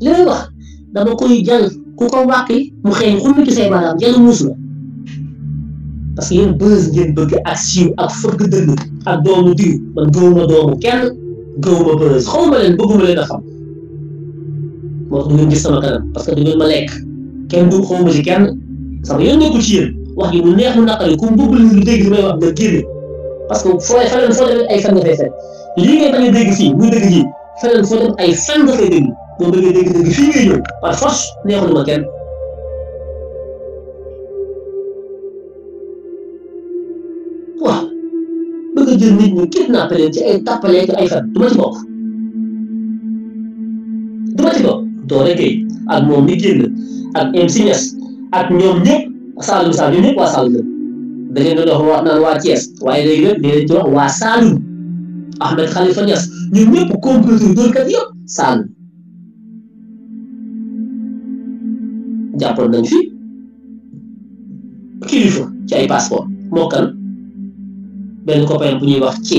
A: li may wax dama koy jël ku ko wàqi mu xëy xullu ci say maanaam que yéen bës ngeen bëgg doomu diw man gëwuma doomu kenn gëwuma bës xawma leen bëgguma leen a xam moo tax du sama kanam parce que du ma lekk kenn du xawma ci kenn sama yoon nekkul wax ji mu neex mu naqari ku bëgg lu dégg li wax nga génne parce que foo feneen foo ay fen nga fay moom da ngay dégg-dégg fii ngay ñëw par force neexul ma kenn. waaw bëgg a jël nit ñi kidnappé leen ci ay tàppalee ci ay du ma du ma ci bokk ak moom mi génn ak MCS ak ñoom ñëpp Saloum Saloum ñoom ñëpp waa Saloum la da ngeen doon wax naan waa waaye léegi nag nee nañ ci wax waa Saloum Ahmed Khalifa Niass ñun ñëpp complété wu doon kat yëpp Saloum. jàppoon nañ fi kilifa ci ay passeport moo kan benn copain bu ñuy wax ci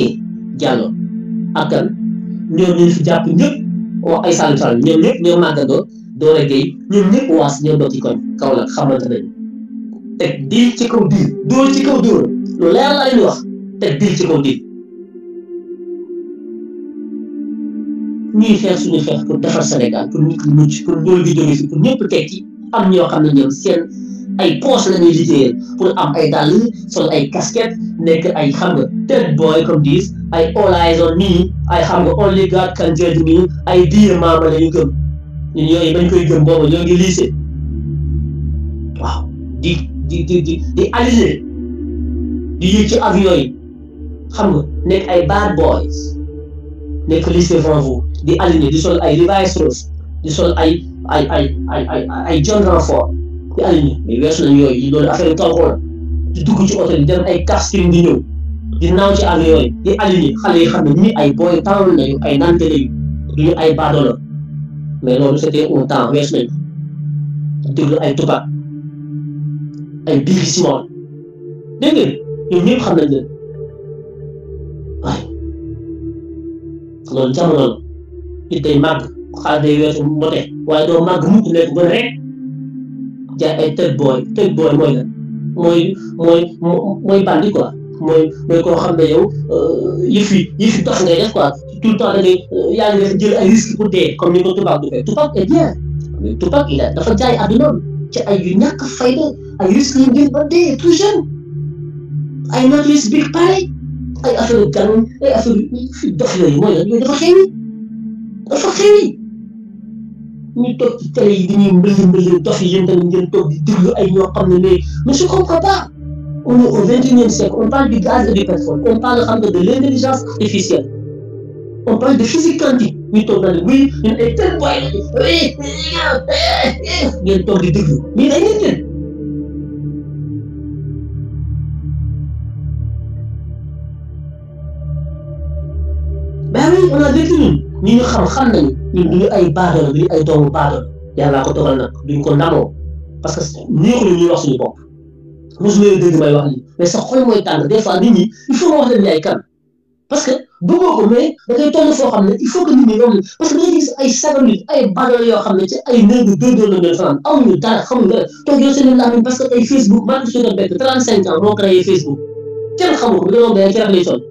A: Diallo ak kan ñoom ñu fi jàpp ñëpp wax ay Saliou Sall ñoom ñëpp ñoo màggandoo Dore Gueye ñoom ñëpp waas ñoo doon ci koñ kaw la xamante teg diil ci kaw diil dóor ci kaw dóor lu leer la ñu wax teg diil ci kaw diil ñuy xeex suñu xeex pour defar Sénégal pour nit ñi mucc pour pour ñëpp tekki am ñoo xam ne ñoom seen ay poche la ñuy liggéeyal pour am ay dàll sol ay casquette nekk ay xam nga ted boy comme dis ay all eyes on me ay xam nga only God can judge me ay dear mama la ñu gëm ñun yooyu bañ koy gëm boobu ñoo ngi lycée waaw di di di di di aligné di yëg ci avion yi xam nga nekk ay bad boys nekk lycée vous di aligné di sol ay Levi's rose di sol ay ay ay ay ay ay John Renfort ci àll bi mais weesu nañ yooyu loolu affaire tolxoo la di dugg ci oto di ay casting di ñëw di naaw ci àll yooyu di yi xale yi xam ne ñi ay booy parole nañu ay nante lañu duñu ay baadoolo mais loolu c'était un temps weesu nañu déglu ay tubaab ay biir si moom dégg ngeen ñoom xam nañ leen waaye loolu jamono la it day màgg. xaal day weesu mbote waaye doo màgg mukk nekk gën rek jaay ay tëj booy tëj booy mooy lan mooy mooy bandi quoi mooy koo xam ne yow euh, yëf yëf dox ngay def quoi tout temps da ngay euh, yaa ngi def jël a dafa jaay àddunaam ci ay yu ñàkk ay risque yu ngeen dee tout jeune ay notice big pareil ay affaire gan ay dox yooyu mooy dafa xewi dafa xewi ñuy toog ci télé yi dañuy mbëzë mbëzë dof yi yéen tamit ngeen toog di déglu ay ñoo xam ne mais mais je comprends pas on est au vingt et siècle on parle du gaz et du pétrole on parle xam nga de l' intelligence artificielle on parle de physique quantique ñu toog naa oui ñun ay tel boy la oui ngeen toog di déglu mais dañuy tënk. ñun ñi ñu xam xam nañu ñun du ñu ay baadoolo du ñu ay doomu baadoolo yàllaa ko dogal nag duñ ko namoo parce que néexuñu ñuy wax suñu bopp mosu leen dégg may wax lii mais sa xol mooy tàng des fois wax leen ni ay kan parce que bëggoo ko mais da koy toll foo xam ne que nit ñi ñoom ne parce que da ngay gis ay sagal nit ay baadoolo yoo xam ne ci ay néeg yu déedéet la ngeen fanaan amuñu parce que ay Facebook man su ñu doon bekk moo créé Facebook kenn xamu ko bi nga doon béyee keroog lay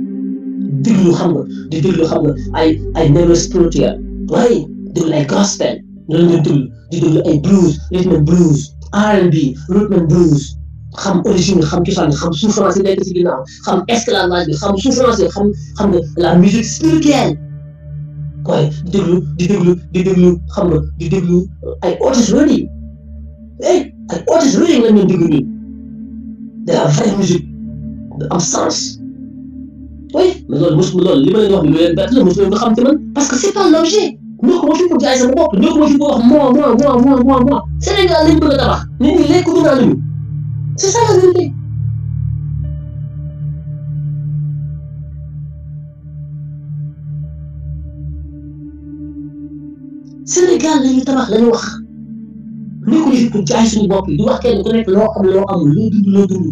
A: déglu xam nga di déglu xam nga ay ay Nelly Spruill waaye déglu ay gospel loolu nga di déglu ay blues rhythm and blues R&B rhythm and blues xam origine bi xam cosaan bi xam souffrance yi nekk si ginnaaw xam esclavage bi xam souffrance yi xam xam nga la musique spirituelle waaye di déglu di déglu di déglu xam nga di déglu uh, ay Otis Redding eh, ay ay Otis Redding la ñuy déglu nii de la vraie musique am sens. oui mais non, parce que c'est pas un objet moi moi moi moi moi C'est Sénégal gars, les ça la vérité. C'est la gars, les la wax ko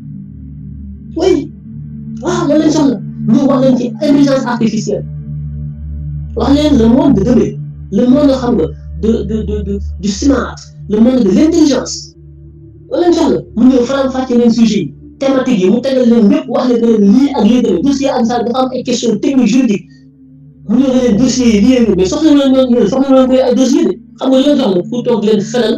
A: oui ah, loolu nous intelligence artificielle wax le monde de demain le monde de de de du smart le monde de l'intelligence. Nous avons le monde de faram sujet thématique nous avons le wax dossier de am ay questions techniques juridiques dossier mais soxla le ñoom ñoom dossier de xam nga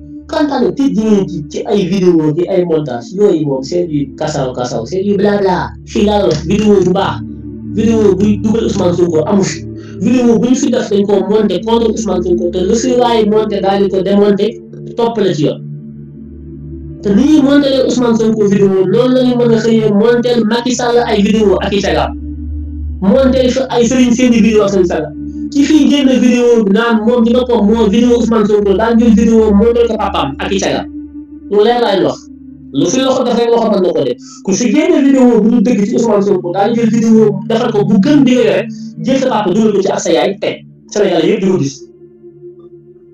A: quant à ci jigéen ji ci ay vidéo ci ay montage yooyu moom seen yu kasaw kasaw seen yu blabla fii vidéo bu baax vidéo buy dugal Ousmane Sonko amu fi vidéo bu ñu fi def dañ koo monté contre Ousmane Sonko te lu si waay daal di ko démonté topp la ci yoon te ni ñuy monté leen Ousmane Sonko vidéo loolu la ñu mën a xëyee monté Macky Sall ay vidéo ak i cagaam monté ay sëriñ seen vidéo ak seen i ci fi génn vidéo bi naan moom ci boppam moo vidéo Ousmane Sonko daan jël vidéo moo doon ko papaam ak i caga lu leer laay lox lu fi loxo dafay loxo mën na ko def ku fi génn vidéo bu ñu dëgg ci Ousmane Sonko daan jël vidéo defal ko bu gën di yore jël sa papa dugal ko ci ak sa yaay teg Sénégal yëpp di ko gis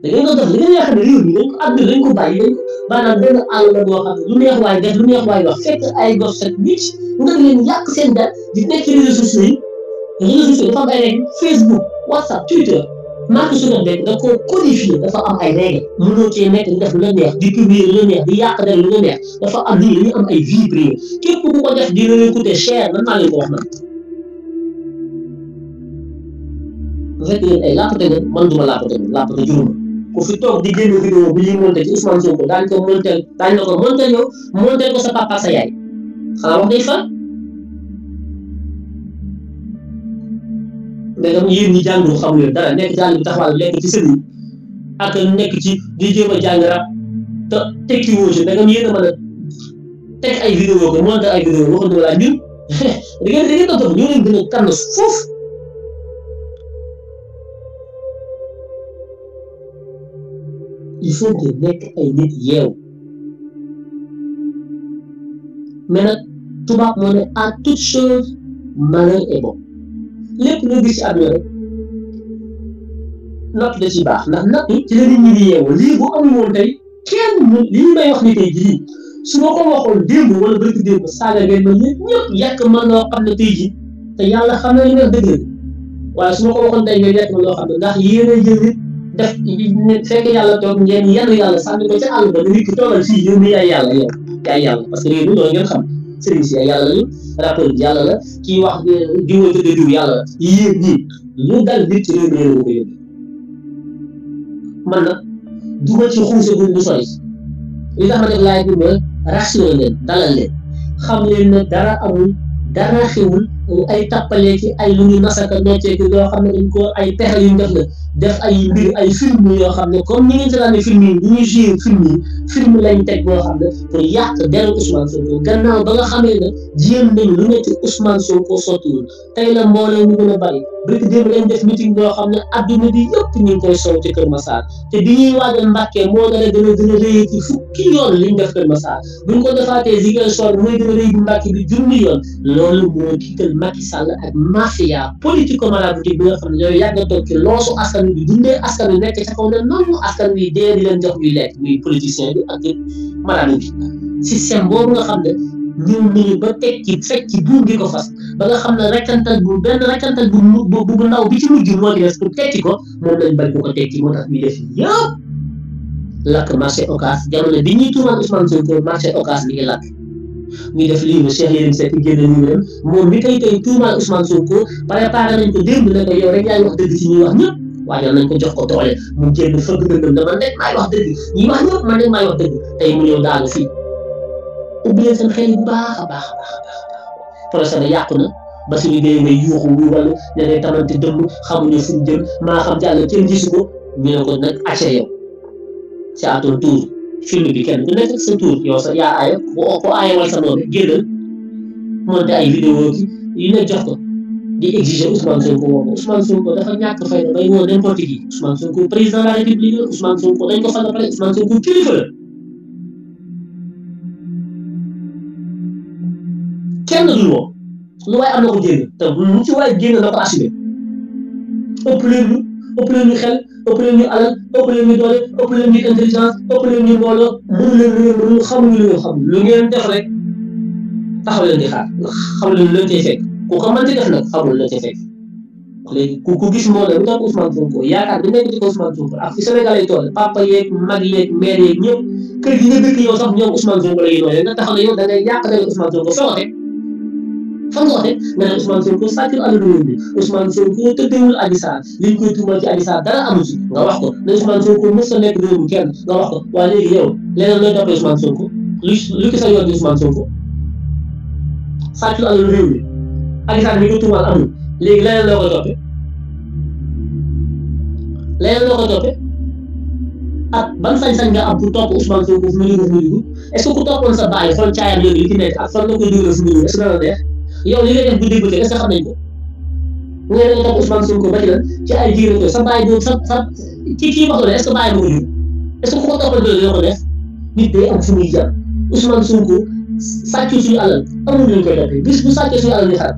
A: da ngeen ko def li ne réew mi dañ ko dañ ko bàyyi dañ maanaam benn àll la boo xam ne lu neex waay def lu neex waay wax fekk ay set nit leen yàq seen di nekk sociaux yi réseaux sociaux dafa am ay règles Facebook WhatsApp Twitter Mark Zuckerberg da dafa am ay règles mënoo cee nekk di def lu la neex di publier lu la neex di yàq dara lu la neex dafa am lii dañuy am ay vie privée képp ku ko def dina leen coûter cher lan naa leen ko wax nag. bu fekkee yéen ay laapate ngeen man ku fi toog di génn vidéo bi ñu monté ci Ousmane Sonko ko monté la ko monté yow monté ko sa papa sa yaay xanaa wax day fan. mais dama yéen ñi jàngul ci a jàng rab te tekki ay vidéo ko a tànn foofu lépp na gis ci àdduna rek natt da ciy baax ndax natt ci la nit ñi di yeewu lii bu amul woon tey kenn lii may wax ni tey jii su ma ko waxoon démb wala bëgg démb saaga ngeen ma ñëpp ñëpp yàq ma loo xam ne tey jii te yàlla xam na li nga dëgg la waaye su ma ko waxoon tey ngeen yàq ma loo xam ne ndax yéen a jël nit def fekk yàlla toog ngeen yenn yàlla sànni yàlla parce que léegi loolu ngeen xam. sëriñ si yàlla lañu rappeur yàlla la kii wax diw la tëdd yàlla la yéen ñi lu dal nit ci réew mi ko yóbbu man nag duma ci xuuse bu bu sori li tax ma def laaj bi mooy rassuré leen dalal leen xam leen ne dara amul dara xewul ay tàppalee ci ay lu ñu nasaka nocceeki yoo xam ne dañ ko ay pexe yu ñu la def ay mbir ay film yoo xam ne comme ñi ngeen se daane film film yi film lañ teg boo xam ne pour yàq deru tey la mbooloo ñu gën a bari bëgg démb def meeting boo xam ne adduna bi yëpp ñu ngi koy sow ci Kër Massar te bi ñuy waajal Mbàkke moo gën a gën a gën a rëy ci fukki bi junni yoon loolu moo tiital Macky Sall ak mafia politique politico maraboutique bi nga xam ne ñooy yàgg toog ci loosu askan bi di dundee askan bi nekk ca kaw ne noonu askan bi dee di leen jox ñuy lekk muy politicien bi ak maraboutique système boobu nga xam ne ñu nañu ba teg ci fekk ci buum bi ko fas ba nga xam ne rekkantal bu benn rekkantal bu bu bu ndaw bi ci mujj moo di des pour ci ko moom lañ bañ ko ko ci moo tax ñuy def yëpp lakk marché ocas jamono bi ñuy tuumal Ousmane Sonko marché ocas mi ngi lakk ñuy def livre Cheikh Yérim Seck génn livre moom mi tey tey tuumaal Ousmane Sonko préparé ko démb ne nañ ko jox ko doole mu nekk fëgg dëggam ne man rek maay wax dëgg ñi wax ñëpp man rek maay wax dëgg tey mu ñëw daanu fii ubbi leen seen xel baax a baax a baax projet bi yàqu na ba suñu dee ngay yuuxu wu wala ne ngay tamante xamuñu fu mu maa xam jàll kenn gisu ko ñu ne ko nag acca yow c'est à ton film bi kenn ku nekk sa tur yow sa yaa aaye ku ku aayewal sa doom génnal monté ay vidéo yu nekk jox ko di exiger Ousmane Sonko woo ko Ousmane Sonko dafa ñàkk fay da bay woo n'importe qui Ousmane Sonko président de la dañ ko fal ba pare Ousmane kenn du woo lu waaye am na ko génn te lu ci waaye génn na ko assumer ëpp leen xel. ëpp leen ñu alal ëpp leen ñu doole ëpp leen intelligence ëpp leen ñu mbooloo leen lu ngeen mënul xamuñu lu xam lu ngeen def taxaw leen di xaar ndax xam leen lu leen cay fekk ku ko mënti def nag xamul lu leen cay fekk ku ku gis moo la lu tax Ousmane Sonko yaakaar bi nekk ci Ousmane Sonko ak fi Sénégal yi toll papa yeeg mag yeeg mère yeeg ñëpp kër gi nga dëkk yow sax ñoom Ousmane Sonko la ñuy nooyee nga taxaw ne xam nga waxee nga wax ko ne Ousmane Sonko mës sa nekk réew mi kenn nga wax ko waaye léegi yow leneen looy toppee Ousmane Sonko lu sa yoon alalu réew mi Adji Sarr mi ko tuumal amul léegi ak ban sañ-sañ nga am pour topp Ousmane Sonko fu mu dugg fu mu dugg est-ce ku toppoon sa bàyyi xool caayam yooyu li ci nekk ak fan la koy dugal fu mu dugg est-ce que dana neex yow li ngay def guddi bëccëg est-ce que xam nañ ko nga ne nga topp Ousmane Sonko ba ci ci ay jiir ko sa bàyyi boobu sa ci kii wax la est-ce que bàyyi jur est-ce ko toppal dina ko def am fu muy jàpp koy toppee bis bu sàccee suñu alal ñu xaar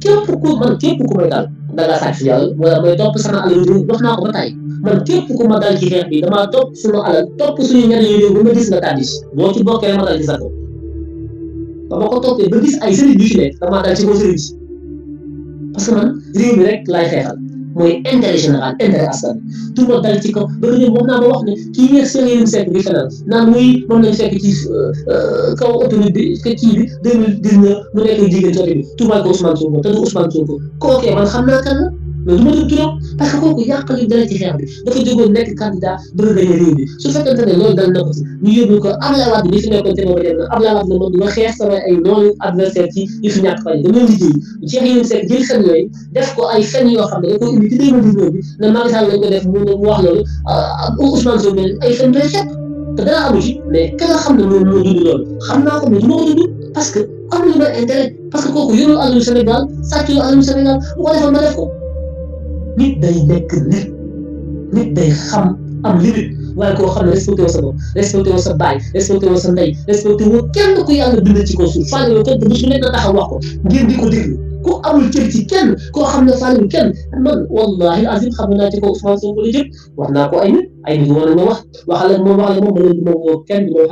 A: képp ku man képp ku may dal da ngaa sàcc suñu alal wala may topp sama alal yi wax naa ko ba tàyyi man képp ku ma dal ci xeex bi damaa topp suñu alal topp suñu ñeneen yi ba ma gis nga tàddi boo ci bokkee ma dal ci sa ba ma ko toppee ba gis ay sëriñ yu ci nekk damaa daal ci kaw sëriñ si parce que man réew mi rek laay xeexal mooy intérêt général intérêt askan bi tout dal ci kaw ba léegi moom naa ma wax ne kii weer seen yéen sekk bi fenal naan muy moom lañ fekk ci euh, kaw autoroute bi kii bi deux mille dix neuf mu nekk jigéen côté bi tuumaal ko Ousmane Sonko te du Ousmane Sonko kooku man xam naa kan mais du ma tudd turam parce que kooku yàq li dara ci xeex bi dafa jógoon nekk candidat bëgg a gañe réew mi su fekkente ne loolu dal na ko ci ñu yóbbu ko Abdoulaye Wade bi fi nekkoon te moo ko dem na Abdoulaye Wade ne moom duma xeex sama ay noonu adversaire ci yu fi ñàkk fan yi damay liggéey Cheikh Yérim Seck jël fen yooyu def ko ay fen yoo xam ne da ko indi ci 2019 bi ne Macky Sall lañ ko def mu wax loolu Ousmane Sow ay fen doy xepp te dara amu ci mais ka nga xam ne moom moo dund loolu xam naa ko mais du ma ko dund parce que am na lu ma intérêt parce que kooku yorul alalu Sénégal sàccul alalu Sénégal bu ko defoon ma def ko nit day nekk nit nit day xam am limite waaye koo xam ne respecté woo sa bopp respecté woo sa baay respecté woo sa ndey respecté woo kenn ku yàlla bind ci kaw suuf fàlle woo kenn bu su nekk na taxaw ko ngeen ku amul cër ci kenn koo xam ne fàllu kenn man wallahi azim xam naa ci ko Ousmane Sonko la jëm wax naa ko ay nit ay nit war na wax waxal ak moom waxal ak moom leen di ma ma wax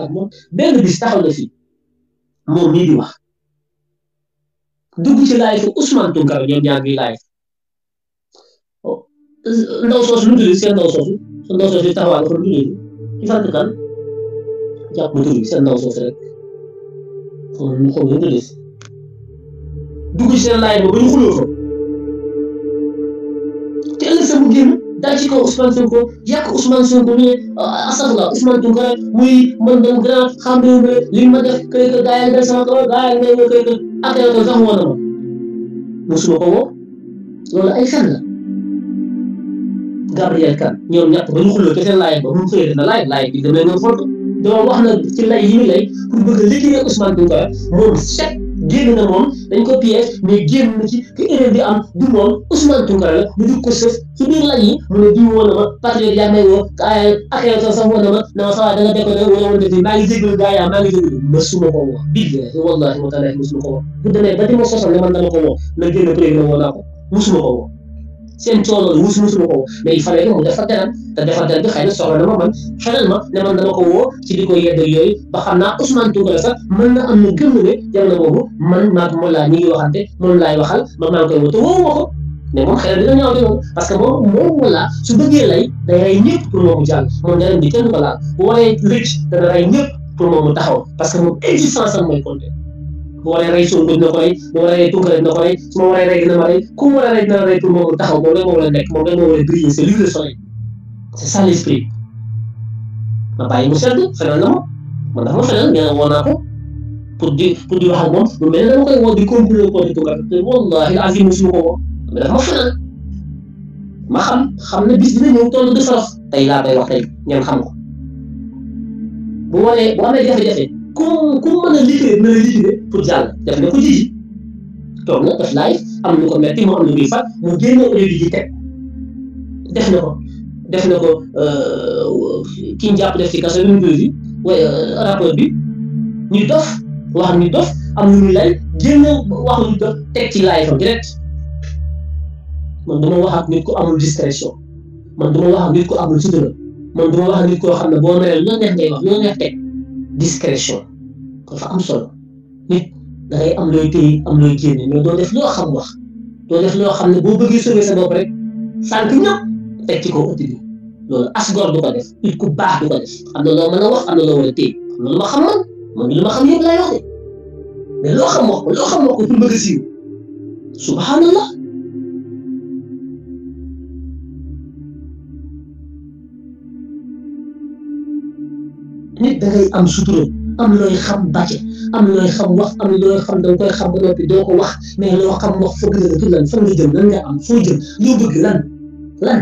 A: ak moom benn bis taxaw na fii moom ci laay fa Ousmane Tounkara ñoom ndaw soosu lu mu tudd seen ndaw soosu seen ndaw soosu taxawaay dafa lu mu tudd ci fànn kan jàpp lu tudd soosu rek xaw ma xaw lu mu tudd dugg ci seen ba ba xuloo fa te ëllëg sa mu génn daal ci kaw Ousmane Sonko yàq Ousmane Sonko ne asafla muy man dem xam réew mi li ma def kay ka gaa yi dal sama kaw gaa ka ak yow sax woon ma mosuma ko ay fen la. Gabriel Kane ñoom ñett ba mu xulloo ca seen laay ba mu xëyee na laay laay bi demee noonu foofu doon wax na ci lay yi muy lay pour bëgg a liggéeyal Ousmane Tounkara moom chaque na moom dañ bi am du moom mu dugg ne diw na ma patriote na ma na ma da nga déggoo wala wala defi maa ngi jégalu gaa yaa ah maa ngi jégalu mësuma ko wax billahi wallahi na génn prévi ko mësuma ko woo seen coono wus wusuma ko mais il fallait que mu defar dara te defar dara bi xëy na soxla na ma man xelal ma ne man dama ko woo ci di ko yedd yooyu ba xam naa Ousmane Tounkara sax mën na am na gëm ne jamono boobu man maag moom laa ñu ngi waxante moom laay waxal man maa ma ko parce que moom moom wala su bëggee lay day rey ñëpp pour moom dara ko laal bu waree pour taxaw parce que moom existence am mooy compter. boo waree rey suñu dund na ko rey dina ko rey su ma waree rey ma rey ku mu war a rey dina rey pour moom taxaw moom a nekk moom rek moo war a briller c'est lui le soleil c'est ça l'esprit ma bàyyi mu sedd fenal na ma ma fenal nee na woo naa di pour wax ak mu mel ne dama koy woo di complot ko di tunkara te wallahi azim musuma ko woo mais dafa ma ma xam xam ne bis dina ñëw toll de farof laa koy wax tey xam ko bu waree bu amee jafe-jafe ku ku mën a liggéey dina liggéey pour jàll def na ko ji toog na def live am na ko metti moo am na muy fat mu génne audio ji teg def na ko def na ko euh, ki ñu jàpp def ci kaso bi mu jógee waaye euh, rapport bi ñu dof wax ñu dof am lu ñu lay génne wax ñu dof teg ci live am direct man dama wax ak nit ku amul discrétion man dama ni ak nit ku amul sutura man dama wax ak nit koo xam ne boo meree loo neex ngay wax loo neex teg. discrétion dafa am solo nit da ngay am looy téye am looy génne mais doo loo xam wax doo def loo xam ne boo bëggee sauver sa bopp rek sànq ñëpp teg ci kaw ëtt ko def nit ku baax du ko def am na loo mën a wax am na loo war a am na ma xam man man lu xam yëpp loo xam wax ko loo xam wax ko pour bëgg a siiw nit da ngay am sutura am looy xam bàcce am looy xam wax am looy xam da nga koy xam ba noppi doo ko wax mais loo xam wax fëgg la pour lan fan nga jëm lan nga am foo jëm loo bëgg lan lan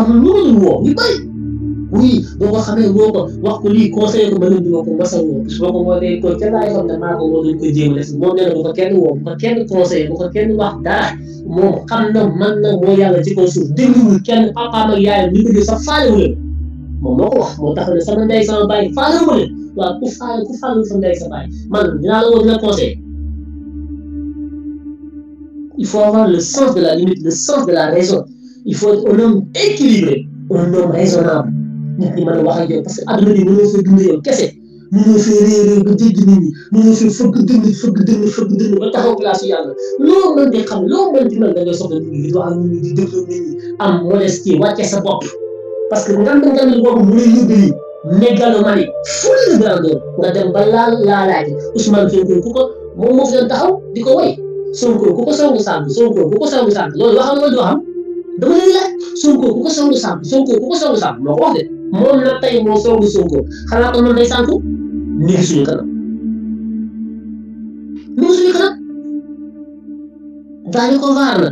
A: am loolu woo ñu bëri oui boo ko xamee woo ko wax ko lii conseillé ko ba léegi dina ko mos a woo bis boo ko wootee ko ca laay xam maa ko woo dañ ko jéem a def moom nee kenn woo bu ko kenn conseillé bu ko kenn wax dara moom xam na man na woo yàlla ci kaw suuf dégluwul kenn papaam ak yaayam li ko jël faale wu leen moo ko wax moo tax ne sama ndey sama bàyyi faale wu leen ku faale ku faale sama man dinaa la woo dina conseillé il faut avoir la limite le sens de la raison il nit ñi mën a wax ak yow parce que àdduna bi mënoo fee dundee yow kese mënoo fee réeréer ba dégg nit ñi mënoo fee fëgg dënn fëgg dënn fëgg dënn ba taxaw place yàlla loo mën di xam loo mën di mën da ngay soxla nit ñi di wax ak nit ñi di déglu nit ñi am modestie wàcce sa bopp parce que ngand ngand boobu mu lay yóbbali mégalomanie full grandeur nga dem ba laal laalaate Ousmane Sonko ku ko moom moo fi doon taxaw di ko woy Sonko ku ko songu sàmm Sonko ku ko songu sàmm loolu waxam loolu doo xam dama lay laaj Sonko ku ko songu sàmm Sonko ku ko songu sàmm moo ko wax de moom nag tey moo soogu Sonko xanaa kon man day sànku ñu ngi suñu kanam ñu ngi suñu kanam ko vaar na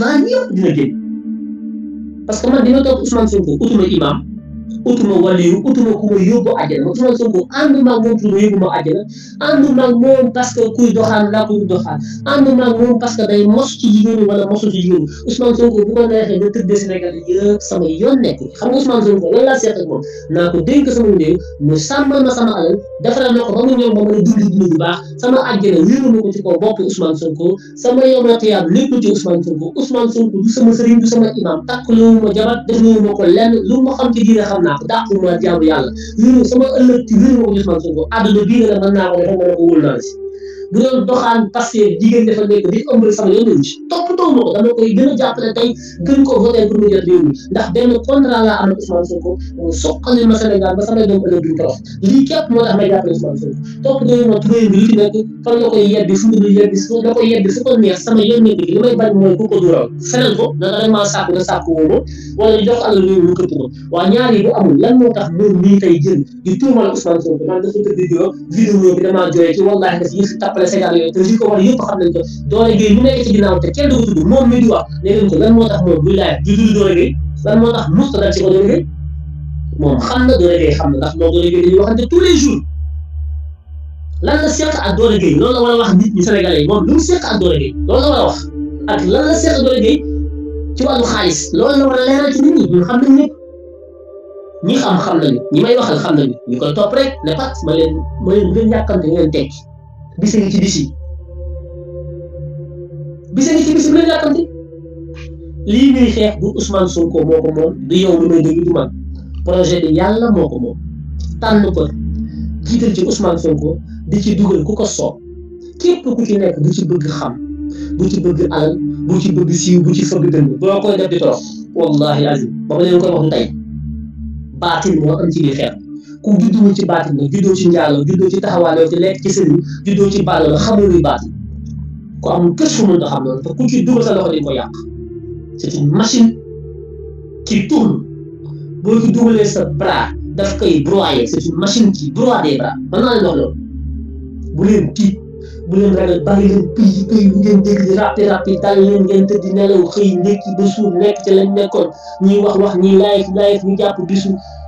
A: vaar yëpp dina génn parce que man dina toog Ousmane Sonko utuma imam utuma wàlliyu utuma ku ma yóbbu àjjana ma Ousmane Sonko ànduma ak moom pour ma yóbbu ma àjjana ànduma ak moom parce que kuy doxaan laa kuy doxaan ànduma ak moom parce que day mos ci jigéen wala nga moom naa ko sama réew sama alal a takk loolu ma jabat def loolu ma ko lenn lu ma xam ci diine xam xam naa ko dàqul naa jaamu yàlla sama ëllëg ci réew mi ko Ousmane Sonko àdduna bii nga ne mën naa ko def rek ma ne ko si du doon doxaan passé jigéen dafa nekk di ëmbal sama yoon wu Top ma ko dama koy gën a jàppale tey gën ko voté pour mu jot réew mi ndax benn contrat laa am ak Ousmane Sonko mu soqali ma Sénégal ba sama doom ëllëg duñ torof lii képp moo tax may jàppale Ousmane Sonko toppatoo ma turéy bi li ci nekk fan la koy yebbi fu mu dul yebbi fu koy yebbi fu ko neex sama yoon nekk li may bañ mooy ku ko dural fenal ko naka rek maa sàkku na sàkku woo ma wala ñu jox alal réew mi këpp ko waa ñaar yi bu amul lan moo tax moom mii tey jël di tuumal Ousmane Sonko man dafa tëdd vidéo vidéo bi damaa jooye ci wallahi daf yëf tapp après cinquante yooyu te ko war yëpp xam nañ ko doole Gueye mu nekk ci ginnaaw te kenn du ko tudd moom mi di wax ne leen ko lan moo tax moo tax musta dal ci ko doole moom xam na doole Gueye xam na ndax moom doole Gueye dañuy waxante la seq ak doole Gueye loolu la wax nit lu mu seq a wax ak lan la seq doole Gueye ci wàllu xaalis loolu la war a leeral ci nit ñi xam nañ ñëpp ñi xam xam nañu ñi may wax xam nañu ñu koy topp rek ne pat ma leen ma leen gën ñàkkante ngeen tekki Bisa a ngi bisa bés yi bés a ngi ci bés bu usman yàkkamti lii ñuy xeex du Ousmane Sonko moo ko moom du yow lu may dégg du man projet bi yàlla moo ko ko jiital ci Ousmane Sonko di ci dugal ku ko soob képp ku ci nekk bu ci bëgg xam bu ci bëgg alal bu ci bëgg siiw bu ci fëgg dënd boo def di wallahi azim ba ma leen koy wax tey baatil moo am ci li ku judduwul ci baatin la juddoo ci njaaloo juddoo ci taxawaaloo ci lekk ci sëriñ juddoo ci bàll la xamul luy baatin ku amul kës fu mën a xam loolu te ku ci dugal sa loxo di ko yàq c'est une machine qui tourne boo ci dugalee sa bras daf koy broyer c'est une machine qui broie des bras mën naa leen wax loolu bu leen tiit bu leen ragal bàyyi leen pëy pëy ngeen dégg di ràppi ràppi dal leen ngeen tëdd nelaw xëy ndékki ba suur nekk ci lañ nekkoon ñuy wax wax ñi live live ñu jàpp bisu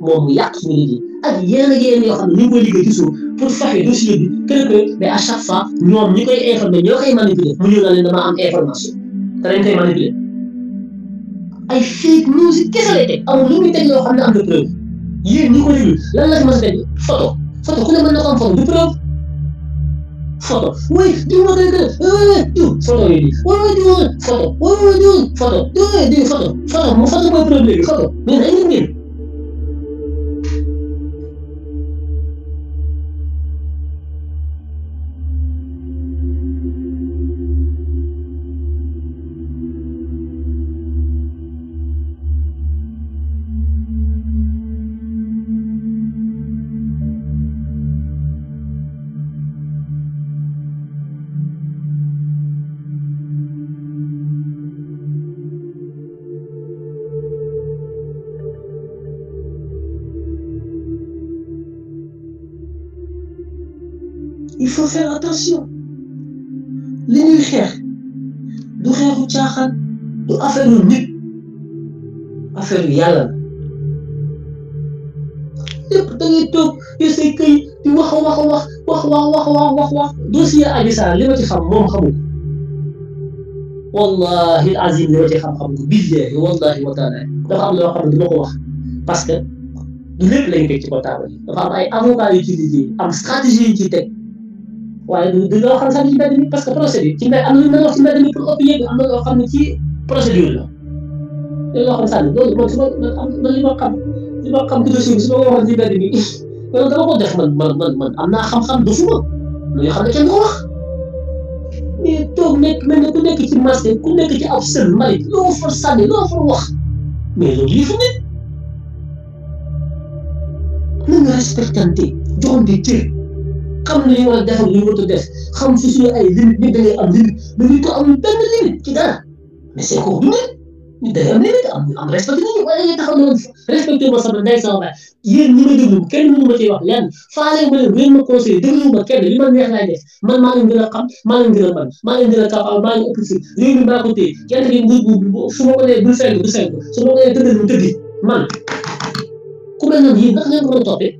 A: moom mu yàq suñu liggéey ak yeneen ak yeneen yoo xam ne ñu ngi koy liggéey ci suuf pour fexe dossier bi kër kër mais à chaque ñoom ñi koy informer ñoo koy manipuler mu ñëw na leen dama am information te dañ koy manipuler ay fake news yi kese lay teg amul lu muy teg yoo xam ne am na ko déglu lan la fi mos a teg photo photo ku ne mën na ko am du preuve photo oui diw ma koy gën a diw photo yi di wala wala diw photo wala wala diw photo diw photo photo mu photo mooy preuve faut faire attention li affaire affaire parce que tu lépp stratégie waaye du du loo xam sax ci mbedd mi parce que procédure ci mbedd am na lu ñu doon wax ci mbedd mi pour ëpp yëg am na loo xam ne ci procédure la te loo xam sax loolu man su ma man li ma xam li ma xam ci dossier bi su ma ko waxoon ci mbedd mi loolu dama ko def man man man man am naa xam-xam du suma lu xam ne kenn du ko wax mais toog nekk mel ne ku nekk ci marché ku nekk ci ab sën mbalit loo fa sànni loo fa wax mais loolu yëfu nit nañu respectante joxante cër xam lu ñu war a def ak lu ñu war a def xam fi suñu ay limite ñu dañuy am limite mais nit ko amul benn limite ci dara mais c'est ko ñu ñu dañuy am limite am am respecté nit ñi wala ñu taxaw noonu respecté ma sama ndey sama baay yéen ñi ma déglu kenn mënu ma ciy wax lenn faale ma leen ngeen ma conseillé déglu ma kenn li ma neex laay def man maa leen gën a xam maa leen gën a man maa leen gën a capable maa leen ëpp fi réew mi maa ko téye kenn gi nguur bu su ma ko nee bul fenk du fenk su ma ko nee tëddal mu tëddi man ku mel noonu yéen ndax ngeen ko mën a toppee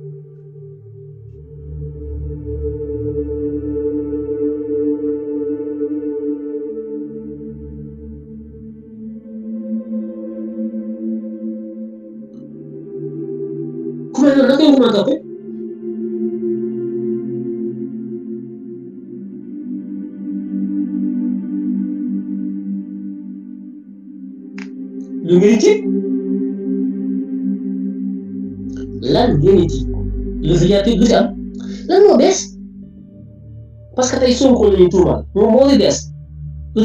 A: lu ngi ci lan ngeen ci lu du ci lan moo bees parce que tey Sonko la ñuy tuumal moom moo di bees lu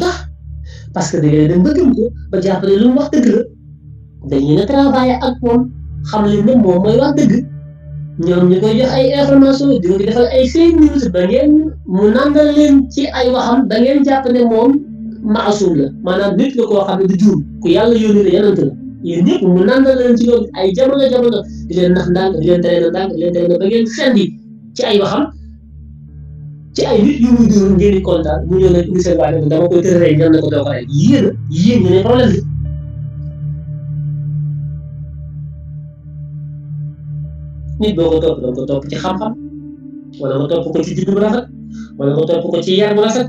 A: parce que da dem ba ko ba lu wax dëgg la travailler ak xam ne wax dëgg ñoom ñu koy jox ay information di ko defal ay fake news ba ngeen mu nandal leen ci ay waxam da ngeen jàpp ne maasum la maanaam nit la koo xam ne du ku yàlla yónni la yenant la yéen ñëpp mu nandal leen ci loolu ay jamono jamono di leen nax ndànk di leen tere na ndànk di leen tere na ngeen xendi ci ay waxam ci ay nit yu muy dóor ngeen di kontaan mu ñëw leen indi seen waay ne dama koy tërëree na ko doo ko rek yéen a yéen ñu ne problème bi ko topp doo ko topp ci xam-xam wala nga topp ko ci juddu bu rafet wala nga topp ko ci yar bu rafet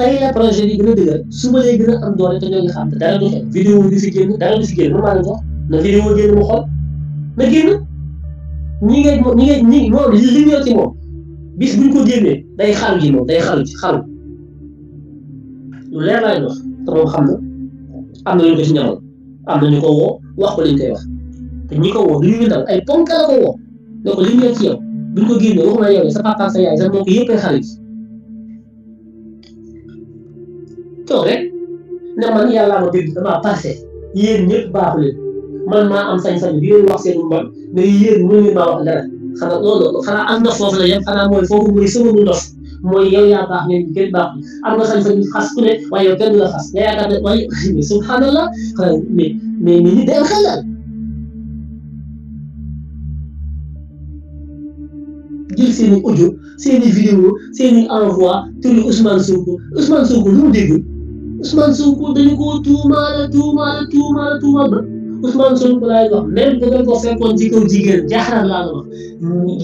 A: tey la projet yi gën a dëgër suba lay gën a am doole te ñoo ngi xam te dara du a vidéo bi fi génn dara du fi génn man maa leen na vidéo génn mu xool na génn ñi ngay ñi ngay ñi moom li ñëw ci moom bis buñ ko génnee day xalu ji moom day xalu ci xalu lu leer laay wax te xam na am na ñu ko ci ñamal am na ñu ko woo wax ko liñ koy wax te ñi ko woo du ñu windal ay ponk la ko woo ne ko li ñëw ci yow buñ ko génnee waxuma yow sa papa sa yaay sax moo ko yëppee xalu ji toog rek ne man yàllaa ma bind damaa parfait yéen ñëpp baaxu leen man maa am sañ-sañ bi yéen wax seen mbon mais yéen mën ngeen maa wax dara xanaa xanaa am na foofu la xas ku ne waaye yow du la xas nga yaakaar ne waaye mais xanaa mais mais nit ñi day xelal jël seen i audio seen i vidéo seen i envoi turu Ousmane Sonko Ousmane Sonko lu Ousmane Sonko dañu koo tuumaale tuumaale tuumaale tuumaal ba Ousmane Sonko laay wax même bu ngeen ko fekkoon ci jigéen jaaxal laa la wax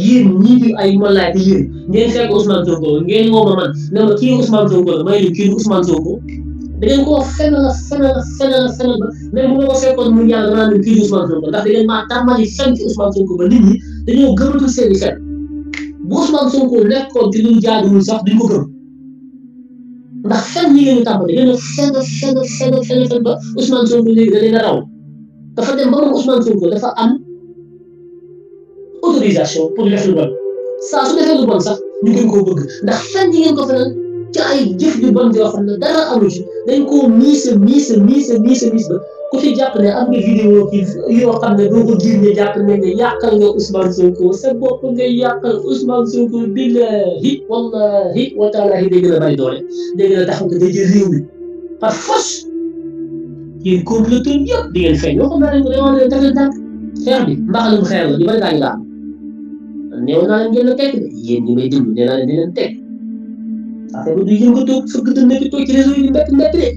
A: yéen di ay malaay di yéen ngeen fekk Ousmane Sonko ngeen woo man ne ma kii Ousmane Sonko la may ne kii Ousmane Sonko da ngeen koo fenal fenal bu ngeen ko fekkoon mu yàlla da ngeen maa tàmmali fen ci Ousmane ba nit ñi dañoo gëmatul seen i fen bu Ousmane Sonko nekkoon ci lu sax duñ ko gëm. ndax fen yi ngeen ñu tàmbali ngeen ne fen fen fen fen fen ba Ousmane Sonko léegi da leen a raw dafa dem ba moom Ousmane Sonko dafa am autorisation pour def lu bon saa su defee lu bon sax ñu gën koo bëgg ndax fen yi ngeen ko fenal ci ay jëf ju bon yoo xam ne dara amu ci dañ koo miis miis miis miis miis ba. ku ci jàpp ne am nga vidéo ki yoo xam ne doo ko génne jàpp ne ne yàqal nga Ousmane Sonko sa bopp ngay yàqal Ousmane Sonko billahi wallahi wa taalahi gën a bari doole day gën a taxaw ko day jël réew mi par force yéen comploteurs yëpp di ngeen feeñ waxoon naa leen ko dañoo leen def leen dànk xeer bi naa leen ngeen la tekk de yéen ñi may déglu nee naa leen di leen tekk affaire bi du yëngatoog fëgg dënn bi toog ci réseau yi di mbett mbett de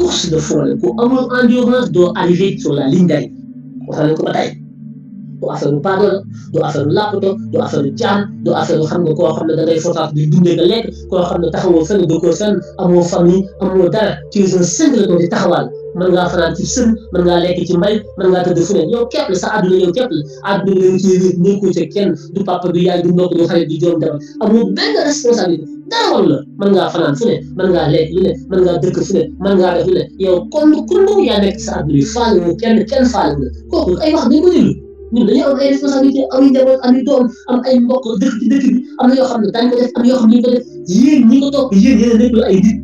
A: course de fond pour un endurance doit arriver sur la ligne d'arrivée do affaire paadal du affaire làppato du affaire jam du affaire xam nga koo xam ne da ngay fortaat di dundee ka lekk ko xam ne taxawoo fenn doo koo fenn amoo famille amoo dara tu es un single ko di taxawaal mën ngaa fanaan ci sën mën ngaa lekk ci mbay mën ngaa tëdd fu ne yow képp sa àdduna yow képp la àdduna yow ci wéet nekkoo ca kenn du papa du yaay du mbokk du xarit du joom dara amoo benn responsabilité dara la mën ngaa fanaan fu ne mën ngaa lekk ne mën ngaa dëkk fu ne mën def ne yow lu sa ay wax dañ ko déglu ñun dañoo am ay responsabilité am ay mbokk dëkk ci am na yoo xam ne daañu ko def am na yoo xam ñu ko def yéen ñi ko topp yéen yéen a nekk ay nit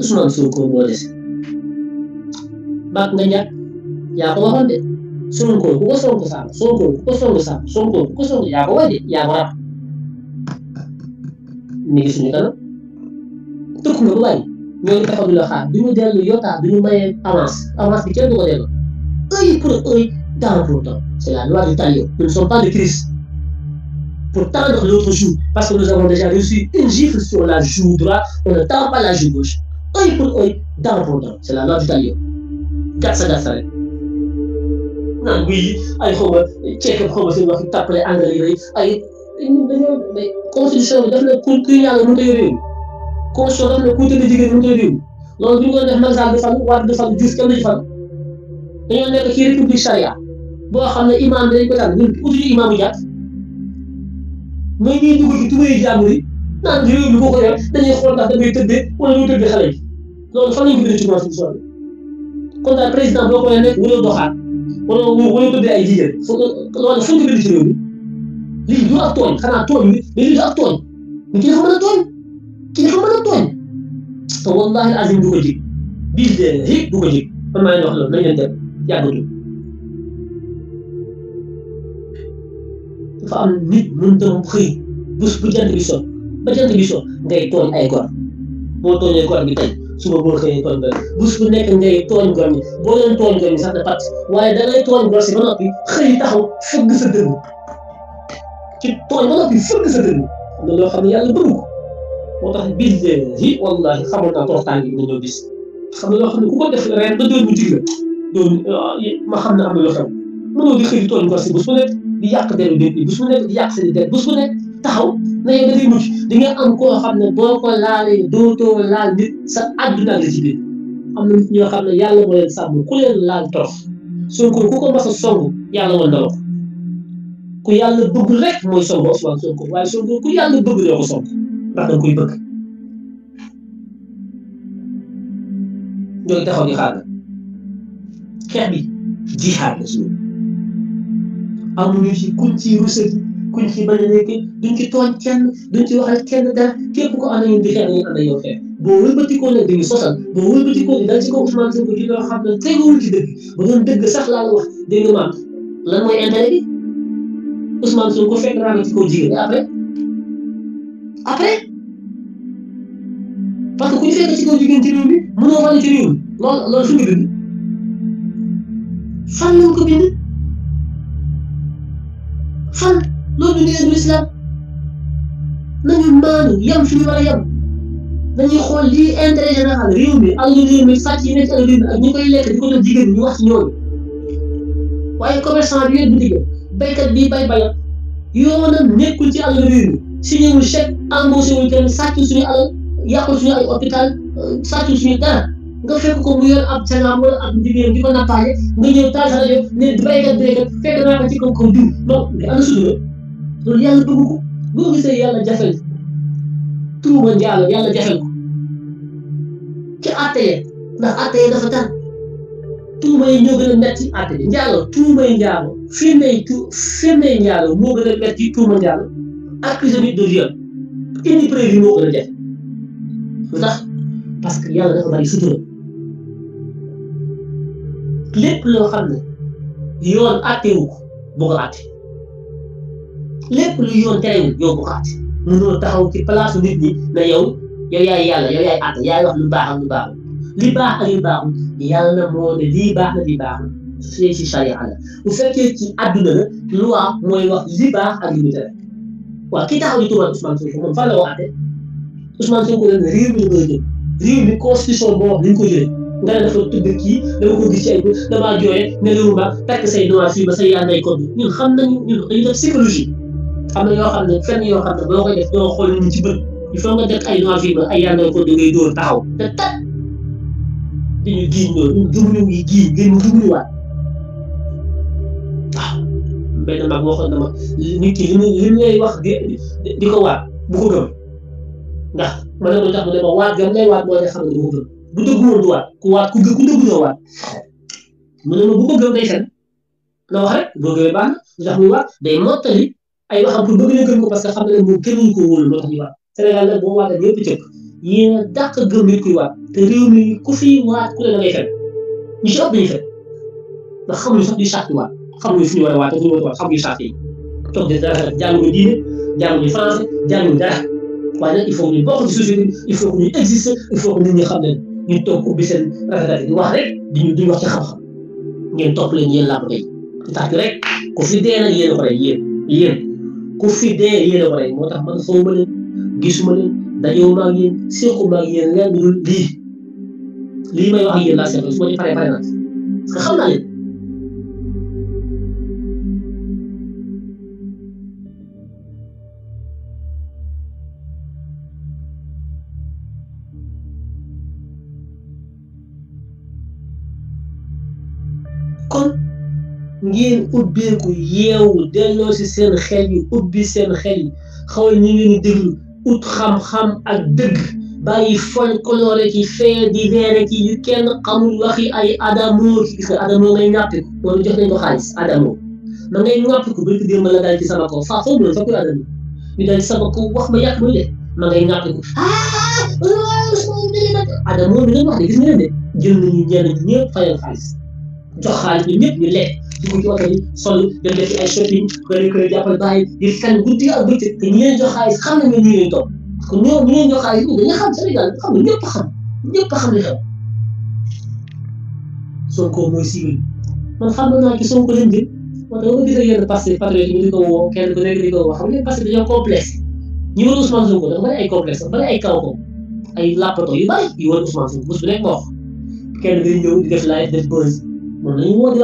A: Ousmane Sonko moo des baag nga ñàkk yaa ko waxoon de Sonko ku ko songu ku ko songu saam ku ko songu yaa ko wax rab mi ngi suñu suuf na bu wàññi ñooñu taxaw di la xaar du ñu dellu yotaa du ñu mayee avance avance bi kenn du ko delloo œil pour œil dent pour dent c'est la loi du talion nous ne sommes pas de crise pour tendre l'autre jour parce que nous avons déjà reçu une gifle sur la joue droite on ne tend pas la joue gauche œil pour œil dent pour dent c'est la loi du talion gatsa gatsa rek naan guy yi ay xaw ma ceeb xaw ma seen wax tàppale engrais yi ay dañoo mais constitution bi daf na ku kuy yàlla a constitution daf ne ku tëdd jigéen mënut a réew loolu bu ñu ko def Macky Sall di fan war di fan Diouf kenn du ci fan dañoo nekk ci république charia boo xam ne imaam dañ ko tànn ñun utuñu imaam bu jàpp mais ñuy dugg ci tubéy jàmbur yi naan réew xool ndax damay tëddee wala muy tëddee xale loolu fan lañ ko ci constitution bi kon daal président boo ko nekk wala doxaat wala wala tëddee ay jigéen loolu fan nga bind ci réew mi lii du tooñ xanaa tooñ bi mais tooñ ñu ci dafa mën a tooñ ki dafa mën a tooñ te dafa am nit mun tam xëy bés bu jant bi so ba jant ay gor boo tooñee gor bi tey bu nekk ngay tooñ gor ñi boo leen tooñ gor ñi sax pat waaye da ngay tooñ gor si ba noppi xëy taxaw fëgg sa dënn ci tooñ ba noppi fëgg sa dënn am loo xam yàlla ba ko moo tax billahi wallahi xamoon naa toroxtaan gi dañoo gis xam na xam ne ku ko def ren ba euh, xam ne am na loo xam mënoo di xëy tool ko si bés bu nekk di yàq deru di yàq i der bés bu nekk taxaw na yow di nga am koo xam ne boo ko laalee dootoo laal nit sa àdduna am na ñoo xam ne yàlla moo leen sàmm ku leen laal torox Sonko ku ko mas a song yàlla woon na ko ku yàlla bëgg rek mooy songo Ousmane Sonko waaye Sonko ku yàlla bëgg doo ko ndax da nga koy bëgg ñooy taxaw di xaar xeex bi jihaad la suñu amuñu ci kuñ ci rusati kuñ ci bañ a nekk duñ ci tooñ kenn duñ ci waxal kenn dara képp ko ànd ngeen di xeex dañuy ànd ak yow xeex boo wëlbatikoo nag dañuy boo wëlbatikoo ni dal ci kaw Ousmane Sonko ne teguwul ci dëgg ba doon dëgg sax laa la wax dégg nga maam lan mooy intérêt bi Ousmane Sonko fekk naa ko ci kaw jigéen après parce que ku ñu fekk ci kaw jigéen ci réew mi mënoo wàllu ci réew mi loolu loolu fu ñu bind fan lañ ko bind fan loolu du dee du islam nañu maanu yem fi ñu war a yem dañuy xool lii intérêt général réew mi alalu réew mi sàcc ci alalu réew ak ñu koy lekk di ko def jigéen ñu wax ci ñooñu waaye commerçant bi yor bitig béykat bi bay bayat yoonam nekkul ci alalu réew mi signé wuñ chèque embauché wuñ kenn sàccul suñu alal yàqul suñu ay hôpital euh, sàccul suñu dara nga fekk ko mu yor ab sangam wala ab ndigéeyam di ko nappaaje nga ñëw taal sa rajo ne béykat béykat fekk naa ko ci kaw kaw diw non nga ana suñu la yàlla bëgg ko boo gisee yàlla jafel tuuma njaalo yàlla jafel ko ci àttee ndax àttee dafa tànn tuuma yi ñoo gën a metti àttee njaalo tuuma yi njaalo firnde yi tu yi njaalo moo gën a metti tuuma njaalo accusé nit de viol indi preuve yi moo gën a jafe lu parce que yàlla dafa bari sutura lépp loo xam ne yoon àttewu ko boo lépp lu yoon terewul yow boo ko àtte mënoo taxaw ci place nit ñi ne yow yow yaay yàlla yow yaay àtte yaay wax lu baax ak baaxul li baax ak li baaxul yàlla moo ne lii baax na lii baaxul su dee ci charia la bu fekkee ci àdduna la mooy wax li baax ak li mu tere waaw kii taxaw di tuumaal Ousmane Sonko moom fan la waxaatee Ousmane Sonko leen ne réew mi nga koy jël réew mi constitution boo wax ni ñu ko jëlee nga ne dafa tudd kii dama ko gis ci ay damaa jooyee nelawuma takk say noix fii ba say yaay nay code ñun xam nañu ñun dañu def psychologie am na yoo xam ne fenn yoo xam ne boo koy def doo xool ñu ci bët il faut nga def ay noix fii ba ay yaay nay code ngay dóor taxaw te tat dañu giiñ loolu ñun jubluñu yi giiñ ngeen jubluwaat. benn maam waxoon na ma nit ki li wax di di waat bu ko gëm ndax ma ne ko tax mu ne ma waat gam waat moo ne xam ne du mu ko gëm day fen na wax rek boo gëmee baax na ndax muy waat day mottali ay waxam pour bëgg na gëm ko parce que xam ne moom kenn ko wóolu moo tax ñu waat Sénégal nag boo waatee ñëpp cëkk yéen a dàq gëm nit kuy waat te réew ku fi waat ku ne da ngay fen ñu si ëpp dañuy fen ndax xamuñu sax di sàcc waat xamuñu fu ñu war a waat te fu ñu war a waat xamuñu charte yi toog di dara rek jànguñu diine jànguñu français jànguñu ñu bokk ci société toog ubbi seen rafetal di wax rek di ñu di wax ci xam-xam ngeen topp leen yéen làmb tey di tax rek ku fi dee nag yéen a ko rey yéen yéen ku fi dee yéen a moo tax man xaw ma leen gisuma leen dajoo ma ak yéen seeku ma ak yéen lenn lii lii may wax ak laa seetlu su ma ci paree pare naa xam naa leen. ngeen ubbeeku yeewu delloo si seen xel yi ubbi seen xel yi xawal ñu ngeen di déglu ut xam-xam ak dëgg bàyyi folklore ci fee di veere ci yu kenn xamul waxi ay adamoo ki gis nga adamoo ngay ñàppiku moom jox ko xaalis adamoo ma ngay ñàppiku la daal ci sama kaw faa foofu la fekkuy adamoo ñu wax ma yàq muy de ma ngay ñàppiku ah, wax de gis nga ne de jël nañu ñenn xaalis jox xaalis bi ñëpp ñu lekk dugg ci oto yi sol dem def ci ay shopping benn kër jàppal bàyyi di fen guddi ak bëccëg te ñi leen jox xaalis xam nañ ne ñu leen topp parce que ñoo ñi leen jox xaalis ñu xam Sénégal xam nga ñëpp xam ñëpp xam li xew Sonko mooy cible man xam naa ki Sonko leen ñu di ko woo kenn ku nekk di ko woo xam nga ay complexe ay kaw ko ay lappato ñëw def live def ñu woo di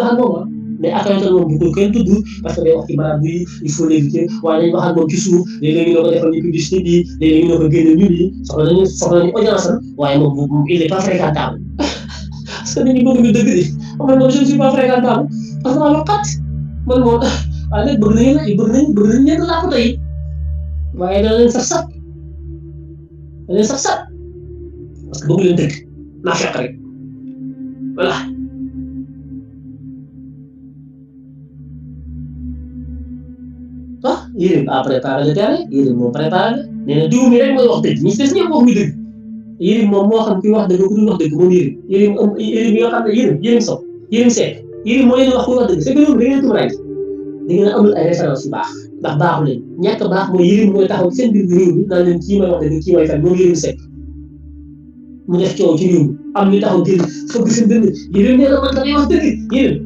A: mais Akhenaton moom bu ko kenn tudd parce que day wax ci barab bi il faut l'éviter waaye dañ wax ak moom ci suuf léeg-léeg ñoo ko defal ni publicité bi léeg-léeg ñoo ko génne ñu lii soxla nañu soxla nañu audience am waaye moom il est pas fréquentable parce que dañu bëgg ñu dëgg di man moom je ne suis pas fréquentable parce que maa man moom waaye nag bëgg nañu bëgg nañu bëgg nañu laa ko tey waaye leen leen parce que bëgg leen dëgg naa fekk rek voilà Yérim a préparé le terrain Yérim moom préparé nee na wax dëgg ñi si des ñëpp dëgg Yérim moom moo xam ki wax dëgg ku dul wax dëgg moom Yérim yoo xam ne Yérim Yérim Sow Yérim Seck Yérim moo leen wax kuy wax dëgg c'est que loolu da ngeen tumaraañ da ngeen amul ay taxaw seen biir réew mi naan leen kii may wax dëgg kii may fen moom Yérim Seck mu def coow na man wax dëgg Yérim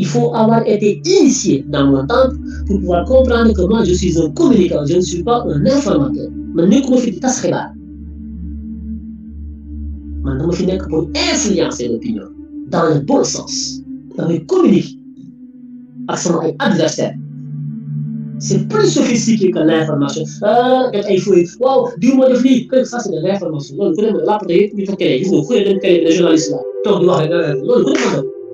A: Il faut avoir été initié dans l'entente pour pouvoir comprendre que moi, je suis un communicant, je ne suis pas un informateur. Je ne suis pas un suis pour influencer l'opinion dans le bon sens. Dans le communique avec son adversaire. C'est plus sophistiqué que l'information. Ah, il faut. wow, dis-moi de que Ça, c'est de l'information. Là, le journaliste là. Donc, il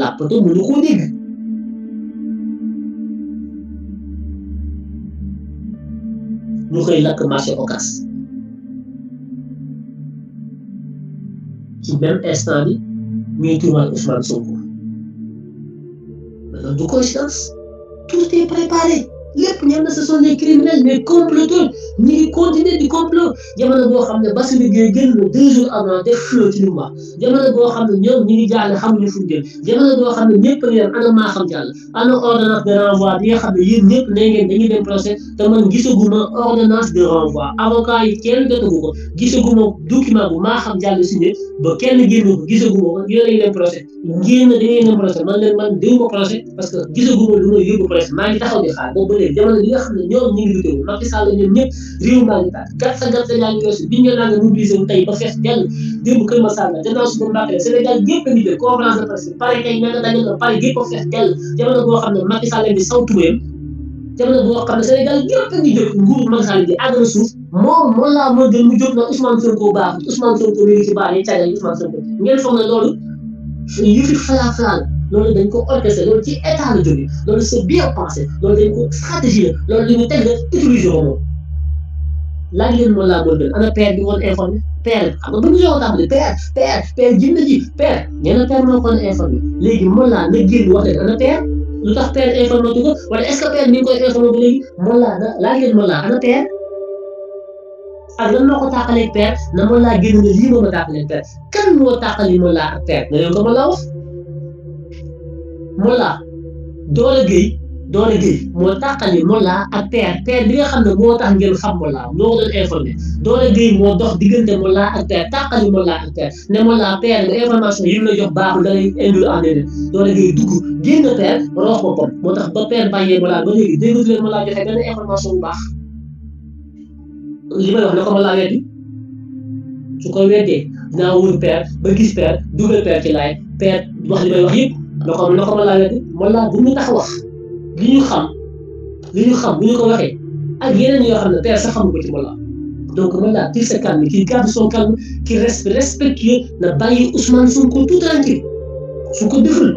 A: làppatu mënu ko dégg ñu xëy lakk marché Ocass ci même instant bi ñuy tuumaal Ousmane Sonko mais loolu du coïncidence tout est préparé lépp ñenn ce sont des criminels mais comploteurs ñu ngi continuer di complot jamono boo xam ne Bassirou Guèye génn na deux jours avant def flot ci Lumba jamono boo xam ne ñoom ñu ngi jaaxle xamuñu fu ñu jëm jamono boo xam ne ñëpp a ngi dem ana maa xam jàll ana ordonnance de renvoi bi nga xam ne yéen ñëpp nee ngeen dañuy dem procès te man gisaguma ordonnance de renvoi avocat yi kenn jotagu ko gisaguma document bu maa xam jàll signé ba kenn génn ko gisaguma ko yéen a dem procès ngeen na dem procès man leen man déwuma procès parce que gisaguma lu may yóbbu procès maa ngi taxaw di xaar boobu tey jamono bi nga xam ne ñoom ñu ngi liggéey Macky Sall ñoom ñëpp réew maa ngi tàkk gàtt sa gàtt sa ñaa ngi nga naa nga mobilisé wu ba fees dell démb Kër Massar la a ngi jël conférence de presse a fees dell jamono boo xam ne saw tuweem jamono boo xam ne Sénégal yëpp a ngi nguur Macky Sall bi àgg suuf moom moo laa moo gën mu jóg na Ousmane Sonko baax Ousmane Sonko mi ci baax yi Ousmane Sonko ngeen foog ne loolu yëfi falaa falaa la loolu dañ ko orchestré loolu ci état la jógee loolu c'est bien pensé loolu dañ ko stratégie la loolu li ñu teg la utiliser ko moom laaj leen moom laa mën ana père bi woon informé père xam nga ba ñu joxoon tàmbali père père père jëm na ji père ñenn père moo ko informé léegi mën laa na génn wax leen ana père lu tax père informé tu ko wala est ce que père mi ngi koy informé ba léegi mën laa na laaj leen mën laa ana père ak lan moo ko tàqaleeg père na mën laa génn na lii moo ma tàqaleeg père kan moo tàqali mën laa ak père nga leen ko mën laa wax. Mollah Doro Gueye Doro Gueye moo tàqali Mollah ak père père bi nga xam ne moo tax ngeen xam Mollah moo ko doon informé Doro Gueye moo dox diggante Mollah ak ne Mollah père nga lay indil en leneen Doro Gueye dugg génn père roox boppam moo tax ba père bàyyee Mollah ba léegi déggatu leen Mollah weddee dinaa wóor père ba gis père dugal père ci laay père wax li may wax yëpp. loxo loxo ma laa wetti mën naa bu tax wax li xam li xam bu ñu ko waxee ak yeneen yoo xam ne père sax xamu ko ci mën laa donc mën naa tire sa calme kii garde son calme kii respectueux na bàyyi Ousmane Sonko tout su ko deful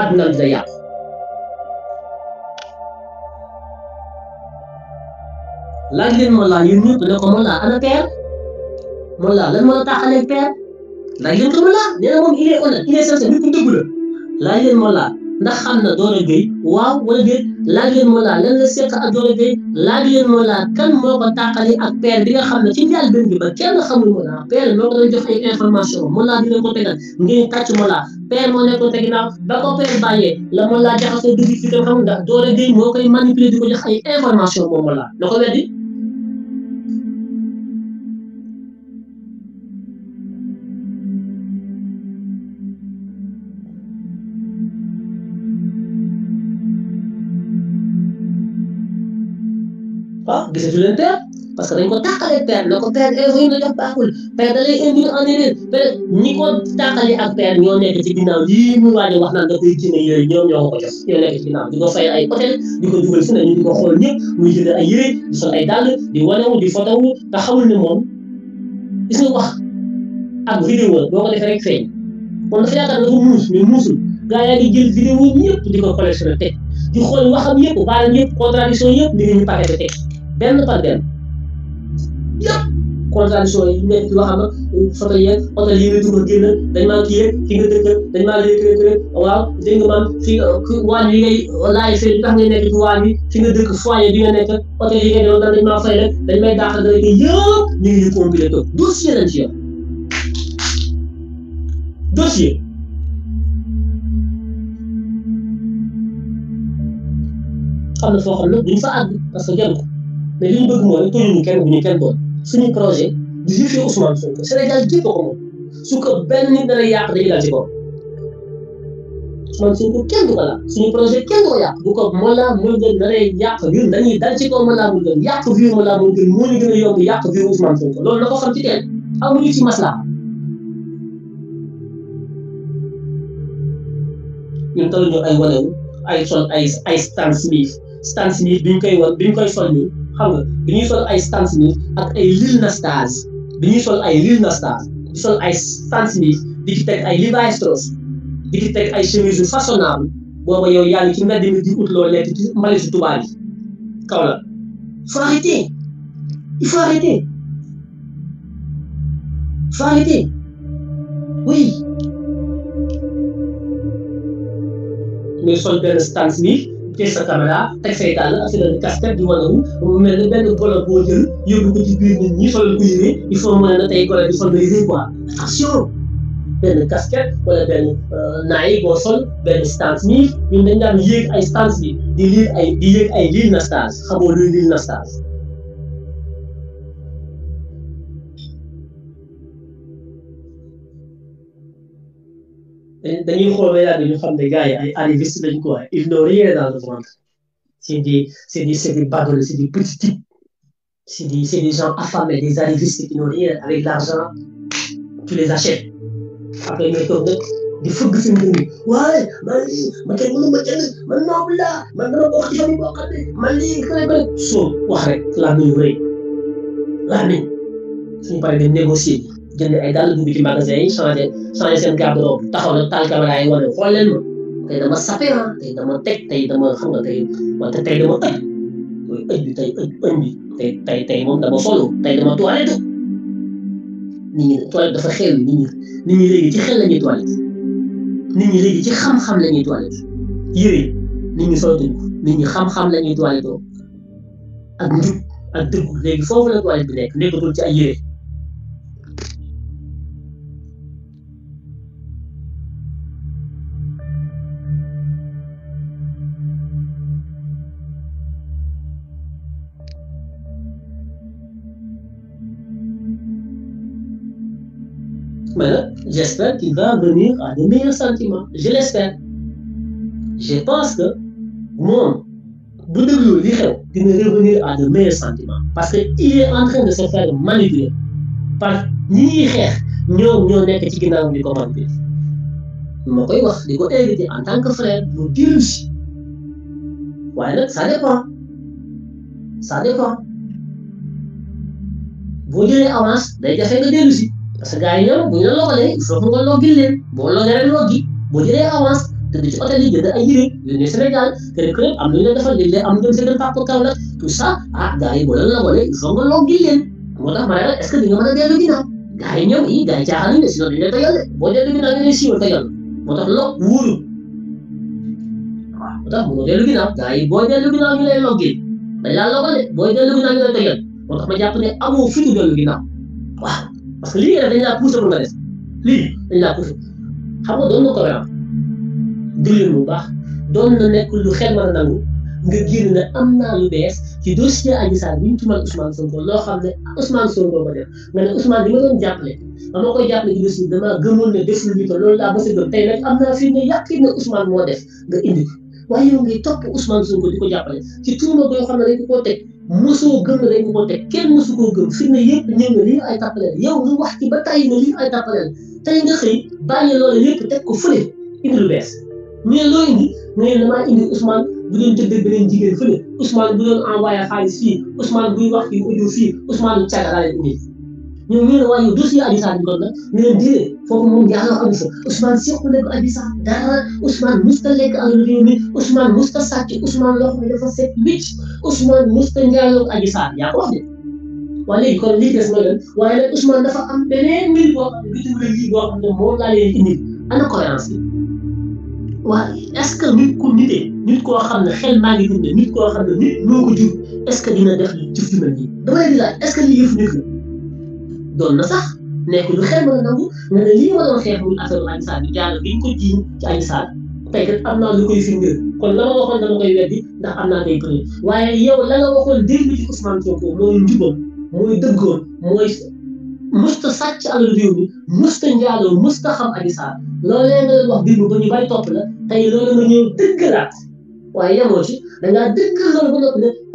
A: àdduna bi da yàqu laaj leen mën laa yéen ñëpp ne ko mën laa ana père mën laa lan mën a taxalee père laaj leen ko mën laa moom il est honnête il est sincère nit ku laaj leen moo laa ndax xam na Doro Gueye waaw wala déet laaj leen moo laa lan la seq a Doro Gueye laaj leen moo kan moo ko tàqali ak père bi nga xam ne ci njëlbéen bi ba kenn xamul moo laa père moo ko doon jox ay information moo laa dina ko tegal ngeen tàcc moo laa moo nekkoon te ba ko père bàyyee la moo laa jaxasoo dugg fi tam xam nga Doro Gueye moo koy manipuler di ko jox ay information moom moo laa ko weddi ah gisatu leen père parce que dañ ko tàqalee père ne ko père élèves yi ñu def baaxul père da lay indi en erreur père ñi ko tàqalee ak père ñoo nekk ci ginnaaw lii muy waaj wax naan da koy jëme yooyu ñoom ñoo ko ko jox ñoo nekk ci ginnaaw di ko fay ay hôtel di ko dugal fu ne ñu di ko xool ñëpp muy jënd ay yére di sol ay dàll di wanewu di fotowu te xamul ne moom gis nga wax ak vidéo la boo ko defee rek feeñ kon dafa yaakaar dafa muus mais muusul gaa yaa ngi jël vidéo ñëpp di ko collectionné teg di xool waxam yëpp baalam yëpp contradiction yëpp ni ñu paqueté teg benn par benn yëpp contradiction yi nekk ci waxam photo yeeg oto yi nga dugg génn dañ maa kii fi nga dëkk dañ maa léegi kër kër waaw dégg nga maam fi euh, waañ yi ngay laaj fee tax nga nekk ci waañ bi fi nga dëkk foyer bi nga nekk oto yi nga doon dañ maa yëpp ñu ngi ñu compilé toog dossier lañ ci xam na foo xam ne duñ fa àgg parce que jaru mais li ñu bëgg mooy tooñu kenn bu ñu kenn doon suñu projet du juger Ousmane Sonko Sénégal gépp ko moom su ko benn nit dana yàq dañuy dal ci kaw Ousmane Sonko kenn du ko laal suñu projet kenn yàq bu ko dal ci kaw moo ñu gën a yomb yàq biir Ousmane Sonko loolu na ko xam ci teel amuñu ci maslaa ñun taluñu ay wanewu ay sol ay ay Stan Smith Stan Smith biñ koy sol nii xam nga dañuy sol ay Stan Smith ak ay Lil Nas X dañuy sol ay Lil Nas X di sol ay Stan Smith di ci teg ay Levi Strauss di ci teg ay chemise yu façonnable booba yow yaa ngi ci mbedd mi di ut loo lekk ci malisu tubaab yi kaw la il faut arrêter il faut arrêter il faut arrêter oui muy sol benn Stan Smith teg sa caméra teg say dàll ak sa benn casquette di wanawu mu mel ne benn golo boo jël yóbbu ko ci biir nit ñi solal ko yére il faut mu ne na tey golo bi sol na yére quoi attention benn casquette wala benn euh, naay boo sol benn stance mi ñun dañ daan yéeg ay stance bi di liir ay di yéeg ay liir na stage xamoo luy liir na stage dañuy xool ba ñu xam ne gars ay arrivistes lañ quoi ils n'ont rien dans le ventre c'est des c'est des c'est des des petits types c'est des gens affamés des arrivistes qui n'ont rien avec l'argent tu les achètes après Ils toog nag di fëgg seen waaye man lii man kenn mënu man noobu laa man man lii soo rek laa nuyu négocier jënd ay dàll dugg ci magasin yi changé changé seen garde-robe taal caméra yi wane xool leen ma tey dama sapé ah tey dama teg tey dama xam nga tey wante tey dama moom dama solo tey dama toilette nit ñi toilette dafa xew nit ñi nit ñi léegi ci xel la ñuy toilette nit ñi léegi ci xam-xam la toilette yére nit ñi sooy nit ñi xam-xam la ñuy toilette ak njub ak dëggu léegi foofu la toilette bi nekk nekkatul ci ay yére. mais j'espère qu'il va venir à de meilleurs sentiments. Je l'espère. Je pense que mon Boudougou il va revenir à de meilleurs sentiments. Parce qu'il est en train de se faire manipuler par ni ñoom ñoo nekk ci ginnaaw di commenter ma koy wax di ko invité en tant que frère nous diru si ça dépend ça dépend vous direz avance day jafe fait des si Kasi gaya nyo, boleh ñu la logalee il faut que nga boleh leen boo logalee boleh boo jëlee avance tëdd ci hôtel yi jënd ay yére yónnee Sénégal kër kër am lu ñu la defal léeg am dem seen boleh kaw la tout ça ah gars yi boo leen logalee il faut nga logil leen moo tax ma ne la est ce que di nga mën a dellu ginnaaw gars yi ñëw yi gars yi caaxaan ne sinon dañu la tegal boleh dellu ginnaaw nga lay siiwal tegal moo tax log wóoru waaw boleh tax mënoo dellu boleh gars yi boo dellu ginnaaw ñu lay boleh dañ laa logale tegal moo tax ma jàpp ne fitu dellu ginnaaw waaw parce que dañ laa poussé pour nga des lii dañ laa poussé xam nga doon na cohérent déglu bu baax doon na nekk lu xel ma a nangu nga génn ne am naa lu bees ci dossier Adji Sarr bi ñu tuumal Ousmane Sonko loo xam ne Ousmane Sonko ko def nga ne Ousmane bi ma doon jàppale ba ma koy jàppale ci dossier bi damaa gëmoon ne deful li ko loolu laa ba sa tey nag am naa fi ne yàqin ne Ousmane moo def nga indi waaye yow ngi topp Ousmane Sonko di ko jàppale ci tuuma boo xam ne dañ ko koo teg mosoo gëm ne dañ ko koo teg kenn mosu koo gëm fi ne yëpp ñëw na lii ay tàppaleel yow nga wax ci ba tàyyi na lii ay tàppaleel tey nga xëy bàyyi loolu yëpp teg ko fële indi lu bees mais loo indi nga ne damaa indi Ousmane bu doon tëddee beneen jigéen fële Ousmane bu doon envoyé xaalis fii Ousmane buy wax ci audio fii Ousmane caga laa leen indi ñoom ñoo ne waa yow dossier Adji Sarr bi kon nag ñu leen déedéet foofu moom yàlla amu fa Ousmane lekk Adji Sarr dara sàcc Ousmane loxo dafa set wicc Ousmane musta njaayoog Adji Sarr yaa ko wax waaye léegi dafa am beneen mbir boo xam ne bitim réew yi boo xam ne moom laa leen indi ana cohérence waa est nit ku nitee nit koo xam ne xel maa ngi dund nit koo xam ne nit ñoo ko jur dina def jëf ju mel nii damay di laaj yëfu nit doon na sax nekkul lu xel mën a nangu nga ne lii ma doon xeex muy affaire Adji Sarr bi jaarale bi ñu ko jiiñ ci Adji Sarr tey am naa lu koy firndeel kon la ma waxoon dama koy weddi ndax am naa day preuve waaye yow la nga waxoon démb ci Ousmane Sonko mooy njubam mooy dëggoon mooy mësta sàcc alal réew mi mësta njaaloo mësta xam Adji Sarr loolee nga leen wax démb ba ñu bari topp la tey loolu nga ñëw dëggalaat. waaye yemoo ci da ngaa dëkkal loolu ba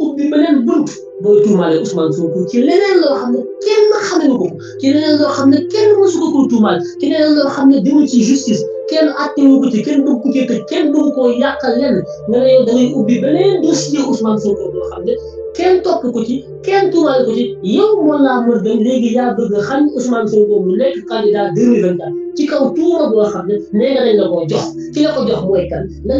A: ubbi beneen bunt booy tuumaale Ousmane Sonko ci leneen loo xam ne kenn xamee ko ci leneen loo xam ne kenn mosu ko koo tuumaal ci leneen loo xam ne demul ci justice kenn àttewu ko ci kenn bëgg ko ci kenn bëgg koo yàqal lenn nga ne yow da ngay ubbi beneen dossier Ousmane Sonko boo xam ne kenn topp ko ci. kenn tuumaal ko ci yow Mollah Morgun léegi a xam Ousmane Sonko mu nekk candidat 2024 ci kaw tuuma boo xam ne nee nga dañ la koo jox ki la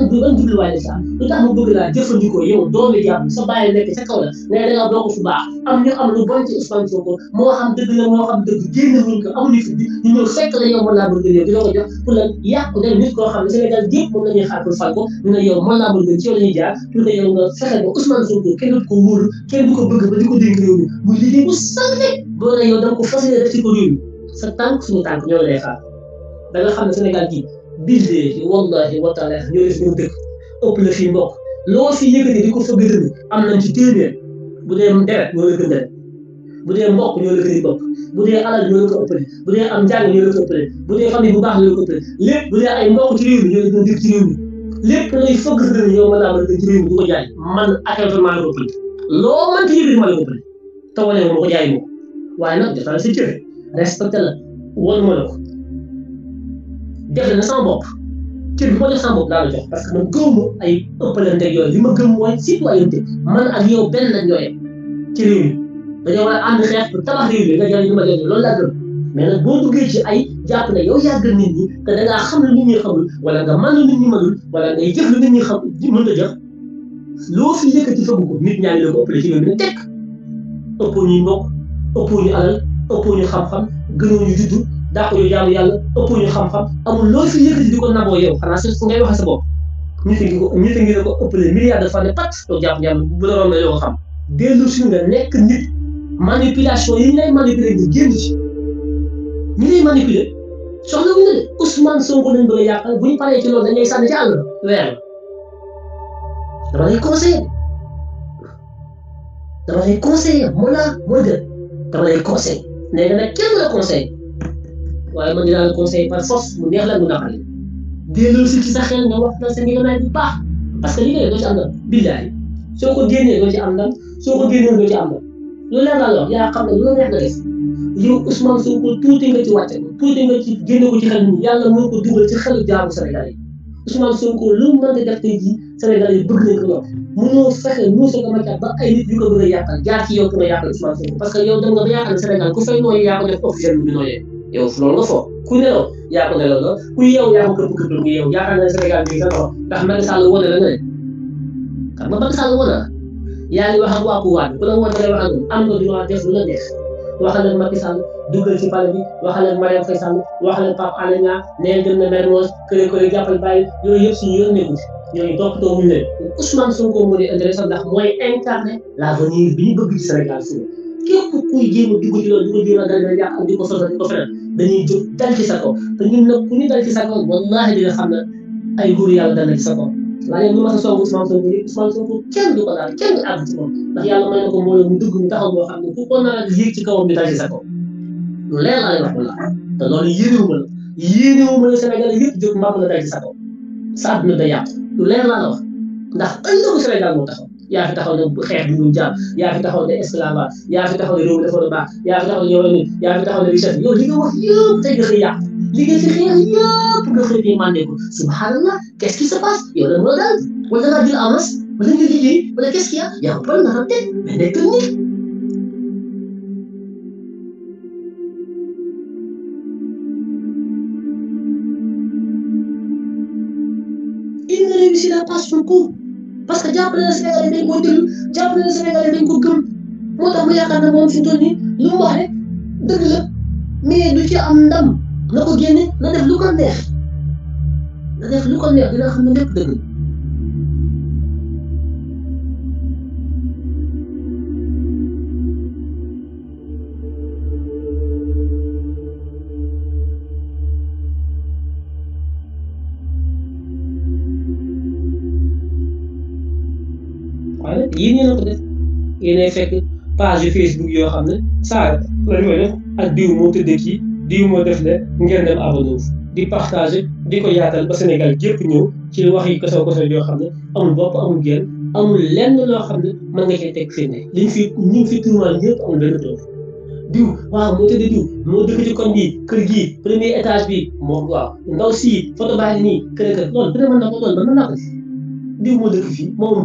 A: du lan jubluwaay la sa am mu yow doomi jàmm sa bàyyi nekk ca kaw la nee lu bon ci Ousmane Sonko moo xam dëgg la moo xam dëgg génn wuñ ko amuñu fi ñu ñëw fekk la yow Mollah Morgun yow di la ko jox pour lan yàqu ne nit koo xam ne Sénégal yëpp moom ko ñu ne yow jaar pour que yow nga fexe ba Ousmane Sonko kenn du ko wóolu kenn du ko bëgg ko dénk réew mi muy liggéey bu sànni boo na yow sa tànk suñu tànk ñoo lay xaar da nga xam ne Sénégal gi billahi wallahi wa ñoo def ñoo dëkk la fii mbokk loo fi yëkkati di am nañ ci téeméer bu dee deret ñoo la bu dee mbokk ñoo la gën a ko bu dee am njàng ñoo la bu dee famille bu baax ñoo la ko ëppale lépp ay mbokk ci réew mi ñoo a a jaay man actuellement la ko ëppale loo mënti yëg ma la ma ko nag jotal sa cër la wan ma la ko def na sama bopp cër bi ma jox parce que man gëw ma ay ëppalante ma gëm mooy citoyenneté man ak yow benn nag ñoo yem ci réew mi a ànd xeex ma boo duggee ci ay jàpp ne yow yaa nit ñi te da ngaa xam lu nit ñi xamul wala nga mën lu nit ñi mënul wala ngay jëf lu nit ñi xam mënut a jëf. loo fi yëkkati fegu ko nit ñaa ngi la ko ëppale ci réew mi nag tekk ëppoo ñuy alal ëppoo xam-xam gënoo ñu juddu daa ko ñu jaamu yàlla ñu xam-xam amul loo fi yëkkati di ko naboo yow xanaa si fu ngay waxee sa bopp ñite ngi ko ñite ngi la ko ëppale milliards de fois ne pat doo jàpp yàlla bu la roon na yoo ko xam dellu si nga nekk nit manipulation yi ñu lay manipuler nga génn ci ñi lay manipuler soxla wuñ la de Ousmane Sonko lañ bëgg a yàqal bu ñu paree ci loolu dañ lay sànni ci àll dama lay conseiller dama lay conseiller moo laa moo gën dama lay conseiller nee na nag kenn la conseil waaye man dinaa la conseil par force mu neex la mu naqari delloo si ci sa xel nga wax na sa njëgënaay bu baax parce que li nga doo ci am ndam billaay soo ko génnee doo ci am na soo ko génnee doo ci am ndam loolu la la wax yaa xam ne lu neex nga def yow Ousmane Sonko tuuti nga ci wàcce ko tuuti nga ci génne ko ci xel ñu yàlla moo ko dugal ci xelu jaamu Sénégal yi Ousmane Sonko lu mu mën di def tey yi bëgg nañ ko lool mënoo fexe muusoo ko Macky ba ay nit yu ko bëgg a yàqal jaar ci yow pour parce que yow dem nga ba yaakaar ne Sénégal ku fay nooyee yaa ko def officiel bi nooyee yow loolu nga foo ku nelaw yaa ko nelaw la na Sénégal bi sax ndax Macky Sall wane la nga ne xam la yaa ngi wax ak waa pouvoir bi ku la wane lay wax ak waxal leen Macky Sall duggal ci palais bi waxal leen Mariam Faye Sall waxal leen Pape Alé Niang neen dem na Mermoz kële kële jàppal bàyyi yooyu yëpp suñu yoon nekkul ñooñu toppatoo wuñu leen Ousmane Sonko moo di intéressant ndax mooy incarner l'avenir bi ñu bëgg ci Sénégal suñu képp kuy jéem a dugg ci loolu di ko jéem dal di yàq di ko sosal di dañuy jóg dal ci sa kaw te ñun nag sa kaw wallaahi xam ne ay góor yàlla dal na ci sa waaye ñu ma sa song Ousmane Sonko yëpp du ko daal kenn du àgg ci moom ndax yàlla may na ko mbooloo mu dugg mu taxaw moo xam ne ku ko nar a ci kawam ñu dal ci sa kaw lu leer laa la yéenewuma la Sénégal yëpp jóg mbaam la dal ci sa kaw sa àdduna da yàqu lu leer laa la ndax ëllëgu Sénégal moo taxaw yaa fi taxaw ne xeex bi ñu jàpp yaa fi taxaw ne esclava yaa fi taxaw ne réew mi dafa baax yaa fi taxaw ne yow ni yaa fi taxaw ne richesse yow li nga wax yëpp tey nga xëy li nga fi xeex yëpp nga xëy tey mandé ko subhanallah qu'est-ce qui se passe yow ya, lan moo daal wala nga jël amas wala nga liggéey wala qu' est ce qu'il y a yaa ko pare nara teg mais nekk nit Il ne réussira pas son coup. parce que jàpp na Sénégal yi dañ ko déglu jàpp na Sénégal yi dañ ko gëm moo mu yaakaar moom fi mu lu mu wax rek du ci am ndam na ko génne na def lu ko na def lu ko neex dina xam ne yéen a ko def yéenay fekk page Facebook yoo xam ne saa lañ koy def ak diw moo tëddee kii diw moo def le ngeen dem abonné di partager di ko yaatal ba Sénégal yëpp ñëw ci wax yi koso koso yoo xam ne amul bopp amul génn amul lenn loo xam ne mën nga cee teg firnde liñ fi ñu fi tuumaal ñëpp amul benn tool diw waaw moo tëdd diw moo dëkk ci koñ bii kër gii premier étage bi moo waaw ndaw sii photo bàyyi nii kër kër loolu dina mën na ko loolu ba mën naa ko diw moo dëkk fii moo am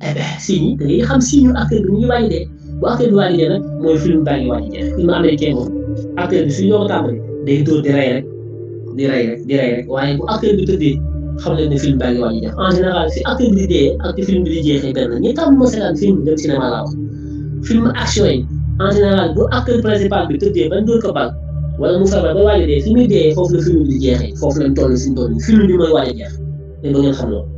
A: eh bien signes yi da ngay xam signes acteur bi ñu ngi wàññi bu acteur bi wàññi dee nag mooy film baa ngi wàññi jeex di rey rek di rey rek bi xam leen ne film baa ngi wàññi jeex si acteur bi di dee ak ci film bi di yi en général bu acteur principal bi tëddee bañ dóor ko bal wala mu feebar ba wàññi dee fi muy dee foofu la film di jeexee foofu lañ toll suñu toll film di mooy wàññi jeex te ba ngeen xam loolu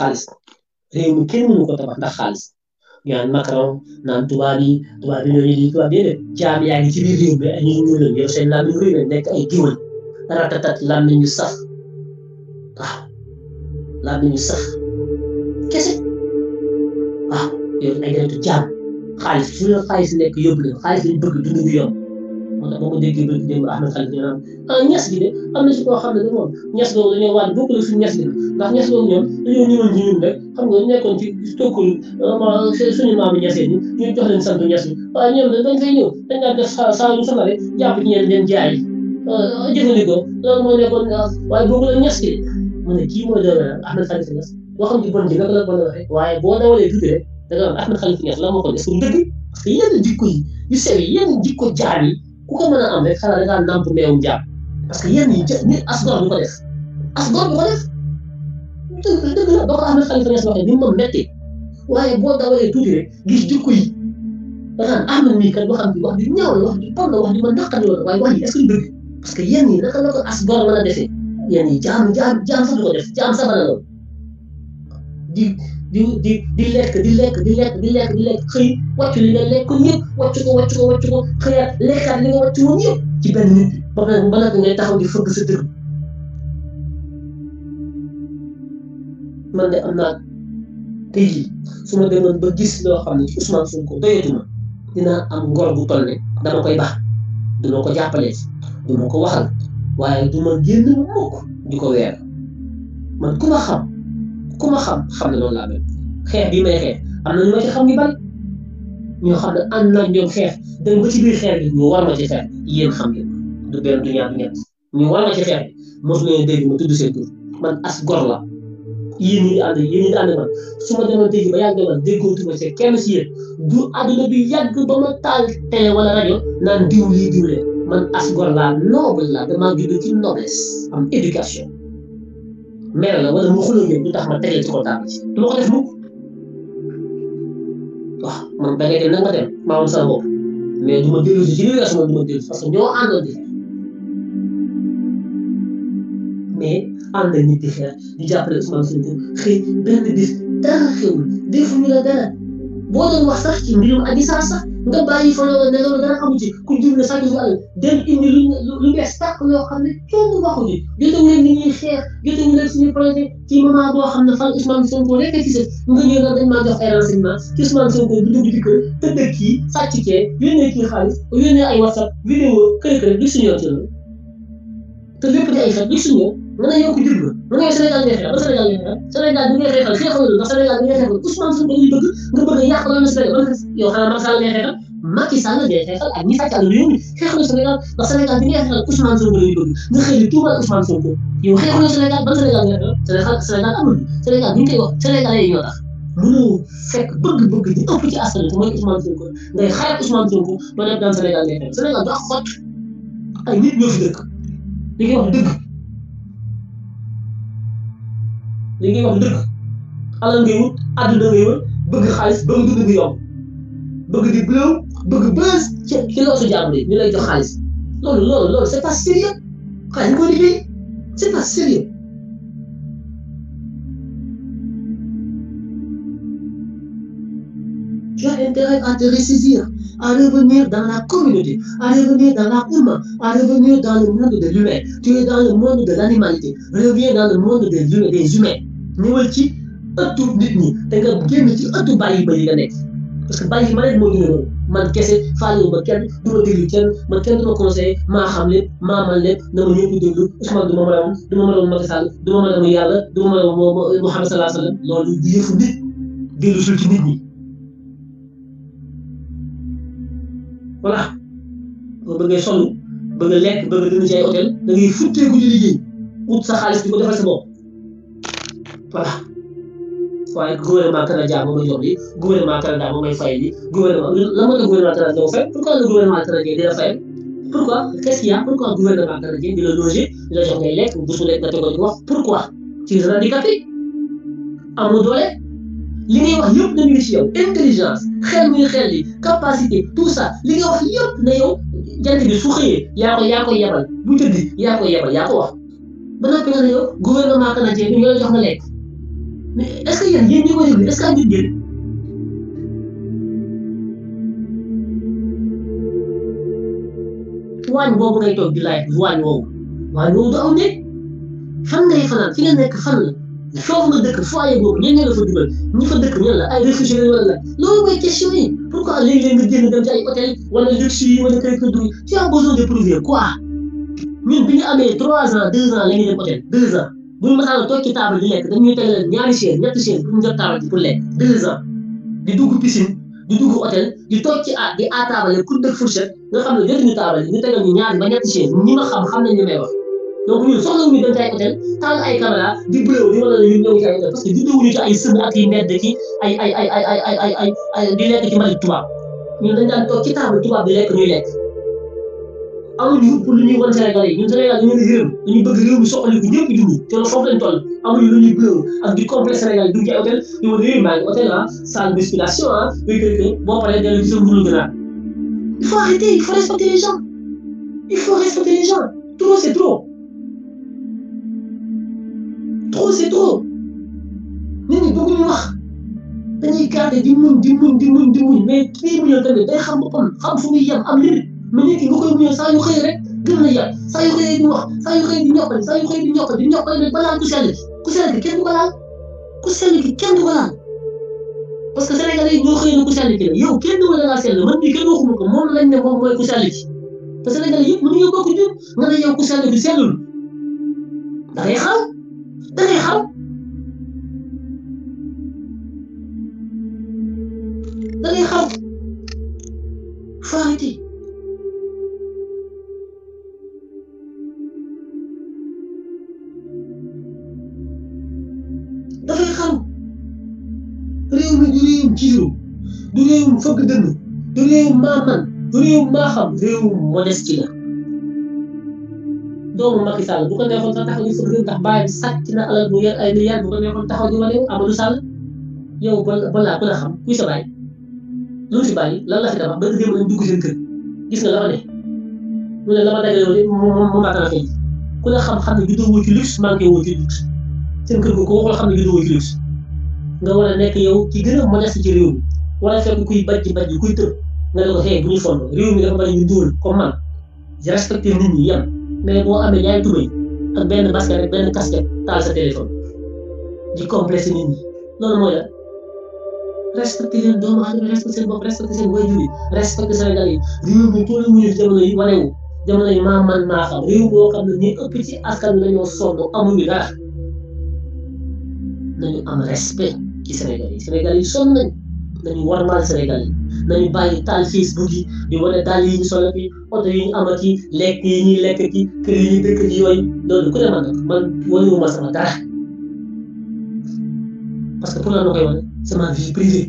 A: xaalis réew mi kenn mënu ko tabax ndax xaalis ñu naan naan tubaab yi tubaab yi ñooñu lii tubaab yi jaam yaa ngi ci biir réew mi ay ñu ñuul lañ yow seen nekk ay géwël ratatat laam nañu saf waaw laam nañu saf kese waaw yow ay deretu jaam xaalis fu xaalis nekk yóbbu xaalis lañ bëgg dund yomb moo tax boo ko déggee ba démb Ahmed Khalifa ñu naan ah ñes gi de am na si koo xam ne de moom ñes googu dañoo wàññi bokk na suñu ñes gi ndax ñes googu ñoom dañoo ñëwoon ci ñun rek xam nga nekkoon ci tokkul ah, suñu maamu ñesee ni ñu jox leen sant ñes bi waaye ñoom dañ fay ñëw dañ daan def saa saa ñu sonal rek jàpp ci ñeen leen jaay ah, jëfandikoo loolu moo nekkoon ah, waaye bokk na ñes gi mu ne kii mooy doon Ahmed Khalifa Niass boo xam ne bon ji naka la bon waxee waaye boo dawalee tuuti rek da nga doon Ahmed Khalifa Niass la moo ko def su dëgg parce que yenn jikko yi yu sew yi yenn jikko jaar yi ku ko mën a am rek xanaa da ngaa nàmp parce que yenn yi nit asgor du ko def asgor du ko def dëgg dëgg la boo ko Ahmed Khalifa Niass waxee ni mu ma waaye boo dawalee tuuti rek gis jikko yi da naan Ahmed mii kat waxam bi wax ju ñaaw la wax ma naqari la waaye wax yi est-ce que dëgg parce que yenn yi naka la ko asgor mën a defee yenn yi jaam jaam jaam sax du loolu di di di di lekk di lekk di lekk di lekk di lekk xëy wàccu li nga lekk ñëpp wàccu ko wàccu ko wàccu ko lekkaat li nga wàccu woon ñëpp ci benn nit bi ba pare taxaw di fëgg sa man de am naa tey jii su ma demoon ba gis loo xam ne Ousmane Sonko doyatuma dinaa am ngor bu toll ne dama koy baax duma ko jàppalee duma ko waxal waaye du ma génn mukk di ko weer man ku xam. ku xam xam ne noonu laa mel xeex bi may xeex am na ñu ma ci xam ñu bari ñoo xam ne am na ñoom xeex dem ba ci biir xeex bi ñu war ma ci xeex yéen xam ngeen du benn du ñaar du ñett man as gor la yéen ñi ànd yéen ñi ànd man su ma demoon dégg ba yàgg man déggootu ma ci kenn si yéen du àdduna bi yàgg ba ma taal télé wala rajo naan diw lii man as gor laa noble la damaa judd ci noblesse am éducation mel la wala mu xuloo yéen du tax ma teg ci kaw taabal ci du ma ko def mukk waaw man da ngay dem na nga dem maa woon sama du ma dellu si ci relation du ma dellu parce que ñoo àndoon di mais ànd nit di xeex di jàppale Ousmane Sonko xëy benn bis dara xewul defuñu la dara boo doon wax sax ci mbirum Adji Sarr sax. nga bàyyi fa loola ne loolu dara amu ci ku jublu sànni su àll dem indi lu lu bees tàq loo xam ne kenn waxu ci jotewu leen ni ñuy xeex jotewu leen suñu projet ci moment boo xam ne fan Ousmane Sonko nekk ci sa nga ñëw dañ maa jox ay renseignements ci Ousmane Sonko du dugg ci kër tëdd kii sàcc kee yónnee kii xaalis yónnee ay whatsapp vidéo kër kër du suñu yoon ci te lépp di ay xel du suñu yoon mën a yokk jur la mën a Sénégal ngay xeexal ba Sénégal ngay xeexal Sénégal bi ngay xeexal xeexalul ndax Sénégal bi ngay xeexal Ousmane Sonko ñuy bëgg nga bëgg a yàq la na Sénégal yow xanaa Macky Sall ngay xeexal Macky Sall ngay xeexal ak ñi sàcc àll réew mi xeexalul Sénégal ndax Sénégal bi ngay xeexal Ousmane Sonko ñuy bëgg nga xëy di tuumal Ousmane Sonko yow xeexalul Sénégal ban Sénégal ngay xeexal Sénégal amul Sénégal bi ñu koy wax Sénégalais yi ñoo tax mënoo fekk bëgg-bëgg di ëpp ci askan bi mooy Ousmane Sonko ngay xaar Ousmane Sonko ba nekk daan Sénégal ngay xeexal Sénégal du ak xott ay nit ñoo fi dëkk li ngay wax dëgg li ngay wax dëgg alal ngay wut àdduna ngay wër bëgg xaalis bëgg dund bu yomb bëgg di bleu bëgg bës ci ci loosu jàmbur yi ñu lay jox xaalis non, loolu loolu c'est pas sérieux xaalis ko liggéey c'est pas sérieux tu as intérêt à te ressaisir, à revenir dans la communauté, à revenir dans la humain, à revenir dans le monde de l'humain. Tu es dans le monde de l'animalité. Reviens dans le monde des humains. ñëwal ci ëttu nit ñi te nga génn ci ëttu bàyyi ma yi nekk parce que bàyyi ma rek moo gën a man kese faalewu ma kenn du ma kenn man kenn du ma conseillé maa xam lépp maa man lépp na ma ñëpp déglu Ousmane du ma a du ma mënoon Macky Sall ma yàlla du ma mënoon Mouhamed sallallahu alayhi wa sallam loolu du a lekk ba a dund ci ay hôtel da ngay futteeku di liggéey ut sa xaalis di ko defal sa bopp. voilà waaye gouvernement canadien moom may jox lii gouvernement canadien moom may fay lii gouvernement la moo tax gouvernement canadien fay pourquoi le gouvernement canadien dina fay pourquoi qu'est-ce qu'il y a pourquoi gouvernement canadien di la loger di la jox ngay lekk bu su lekk nga tegoo di wax pourquoi tu es handicapé amoo doole li ngay wax yëpp na ñu ngi ci yow intelligence xel muy xel li capacité tout ça li ngay wax yëpp na yow jant bi su xëyee yaa ko yaa ko yebal bu tëddi yaa ko yebal yaa ko wax ba noppi nga ne yow gouvernement canadien bi ñu la jox nga lekk mais est-ce que yéen yéen ñi ko déglu est-ce que am nañu njëriñ waañ boobu ngay toog di laaj waañ woowu waañ woowu du am néeg fan ngay fanaan fi nga nekk fan la foofu nga dëkk foyer boobu ñenn ñoo la fa dugal ñi fa dëkk ñan la ay réfugiés wala la loolu mooy question yi pourquoi léegi-léegi nga génn dem ci ay hôtel wala luxe yi wala kër kër tu as besoin de prouver quoi ñun bi ñu amee trois ans deux ans la ñuy dem hôtel deux ans. bu ñu masaan toog ci table di lekk dañuy teg leen ñaari chaise ñetti chaise pour ñu jot di dugg piscine di dugg ci a di à ñu tegal ñu ñaari ba ñetti chaise ma xam xam nañ ñu may wax donc ñun soxla ñu dem ci ay hôtel taal ay caméra di bëréw di wala la ñun ñëw ay hôtel parce que di dawuñu ci ay sën ak yi medd ki ay ay ay di lekk ci mbalit tubaab ñun toog ci table di lekk ñuy lekk amuñu pour lu ñuy wan Sénégalais ñun Sénégal dañu leen yërëm dañu bëgg réew mi soxali ko ñëpp dund te la foofu lañ toll amuñu lu ñuy bëgg ak di complexe Sénégal dugg ci hôtel ñu wan réew maa ngi hôtel la ah, salle musculation ah léegi léegi boo paree dellu ci sa mbuuru gënaat il faut arrêter il faut respecter les gens il faut respecter les gens trop c'est trop trop c'est trop nit ñi ñu wax dañuy garder di muñ di muñ di muñ di muñ mais kii mu ñëw tamit day xam boppam xam fu muy yem am limite mais léegi nga koy muñal saa yu xëy rek gën la yàq saa yu xëy di wax saa xëy di ñoppali saa yu xëy di ñoppali di ñoppali mais balaa ku sell gi ku sell gi kenn du ko ku sell kenn du ko parce que sénégalais yi ñoo xëy na ku sell gi la yow kenn du ko laal man mii kenn waxuma ko moom lañ ne moom mooy ku sell gi te sénégalais yëpp mënuñu bokk fëgg dënn du réew maaman du réew maaxam réew modeste la doomu Macky Sall bu ko neexoon sax taxaw ñu fëgg dënn ndax bàyyi sàcc na alal bu yor ay milliards bu ko neexoon taxaw di wane Amadou Sall yow ba balaa ku la xam kuy sa bàyyi loolu si bàyyi lan la fi tabax ba démb lañ dugg seen kër gis nga la fa ne mu ne la ma dajale woon fay ku la xam xam ne juddoo gitu woo ci luxe manqué woo ci luxe seen kër ko ko waxul xam ne juddoo woo ci luxe nga war a nekk yow ci gën a modeste ci réew mi wala fekk kuy bajj bajj kuy tëb nga ne ko hey bu ñu fond réew mi dafa bari ñu duul comme man je respecte nit ñi yam mais boo amee ñaari tubay ak basket casquette taal sa téléphone di complexe nit ñi loolu mooy la respectin, leen doomu aadama respecté respectin bopp respecté seen waajur yi respecté Sénégal yi réew mi toolu mu jamono yi wanewu jamono yi maa man naa xam réew boo xam ne ëpp ci askan bi dañoo sonn amuñu dara nañu am respect ci Sénégal yi Sénégal yi sonn nañ nañu warmal Sénégal yi nañu bàyyi taal Facebook yi di wane dàll yi ñu solo ki oto yi ñu ama ki lekk yi ñuy lekk ki kër yi ñuy dëkk ki yooyu loolu ku ne man nag man wanewu sama dara parce que pour la ma koy wane sama vie privée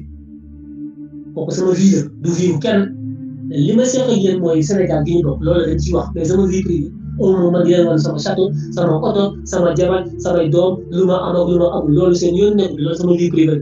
A: kooku sama vie la du vie kenn li ma seq ak yéen mooy Sénégal gi ñu bokk loolu dañ ciy wax mais sama vie privée au man di leen wan sama château sama oto sama jabar samay doom lu ma am ak ma amul loolu seen yoon nekk loolu sama vie privée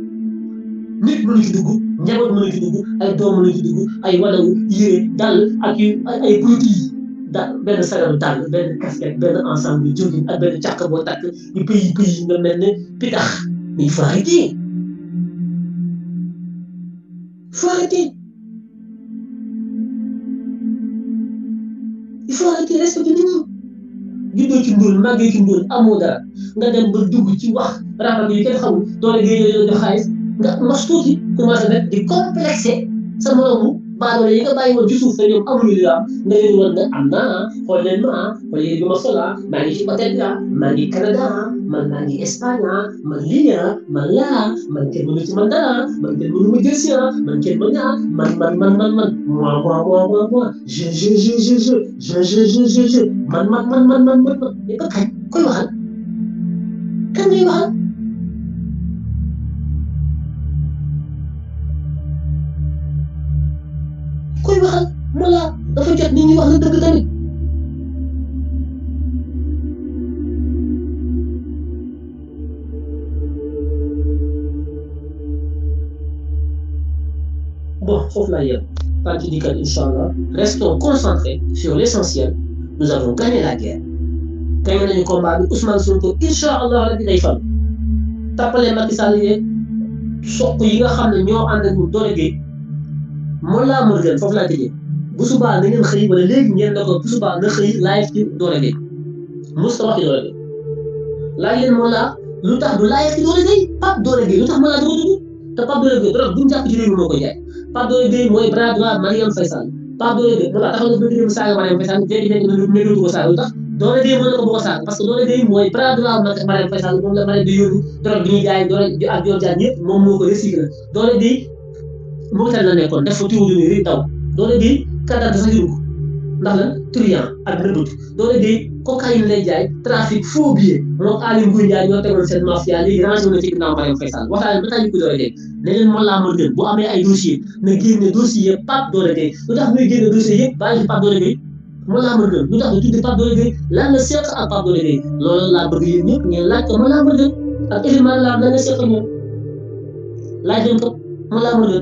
A: nit mën na ci dugg njaboot ay doom mën na ay walawu ak yu ay produits yi da benn sagaru dàll benn ensemble yu jógin ak benn càq boo takk yu nga mel pitax mais il faut arrêter il faut arrêter il faut arrêter respecter nit ñi juddoo ci ndóol dara nga dem ba dugg ci wax rafet yi kenn xamul doole nga mas tuuti commencé nag di complexé sa moroomu baadoole yi nga bàyyi woon ci suuf te ñoom amuñu li la am nga leen woon ne am naa ah xool leen ma ah xool yéen bi ma sol ah maa ngi ci hôtel bi ah maa ngi Canada ah man maa ngi Espagne ah man lii ah man laa ah man kenn mënu ci man dara ah man kenn mënu ma jël si ah man kenn mën na ah man man man man man moi moi moi moi moi je je je je je je je je je man man man man man man man mais ba kañ koy waxal kan ngay waxal. koy waxal Mollah dafa jot ni ñi wax na dëgg tamit. bon foofu laa yem partie du cadre incha allah restons concentrés sur l'essentiel nous avons gagné la guerre gagné nañu combat bi Ousmane Sonko incha allah la day fal tàppale Macky Sall yeeg soq yi nga xam ne ñoo ànd ak mu doole gi. Mollah Morgun foofu laa tëjee bu subaa na ngeen xëy wala léegi ngeen ne ko bu subaa na xëy live ci ta bu ñu jàpp ci réew mi moo koy jaay Pape Doora Gaye mooy bras droit Mariam Faye Sall Pape Doora Gaye Mollah taxaw que Doora Gaye mooy bras droit Mariam Faye bi ñuy jaay ak joor jaan moom moo ko recyclé Doora Gaye Mauritanie la nekkoon def fa tuuti wu ñu daw doole bii kàddaa dafa yëngu ndax la truand ak rëbbatu doole bii cocaïne lay jaay trafic faux billet ñoo tegoon seen mafia léegi rangé wu na ci ginnaaw Marième Faye Sall waxtaan bi ba ñu ko doole dee ne leen man laa mën bu amee ay dossier na génne dossier Pape tax muy génne dossier Doole Gueye laa mën gën la seq ak Pape Doole Gueye loolu laa bëgg yéen ñëpp ngeen laaj ko man laa mën gën ak laa lan la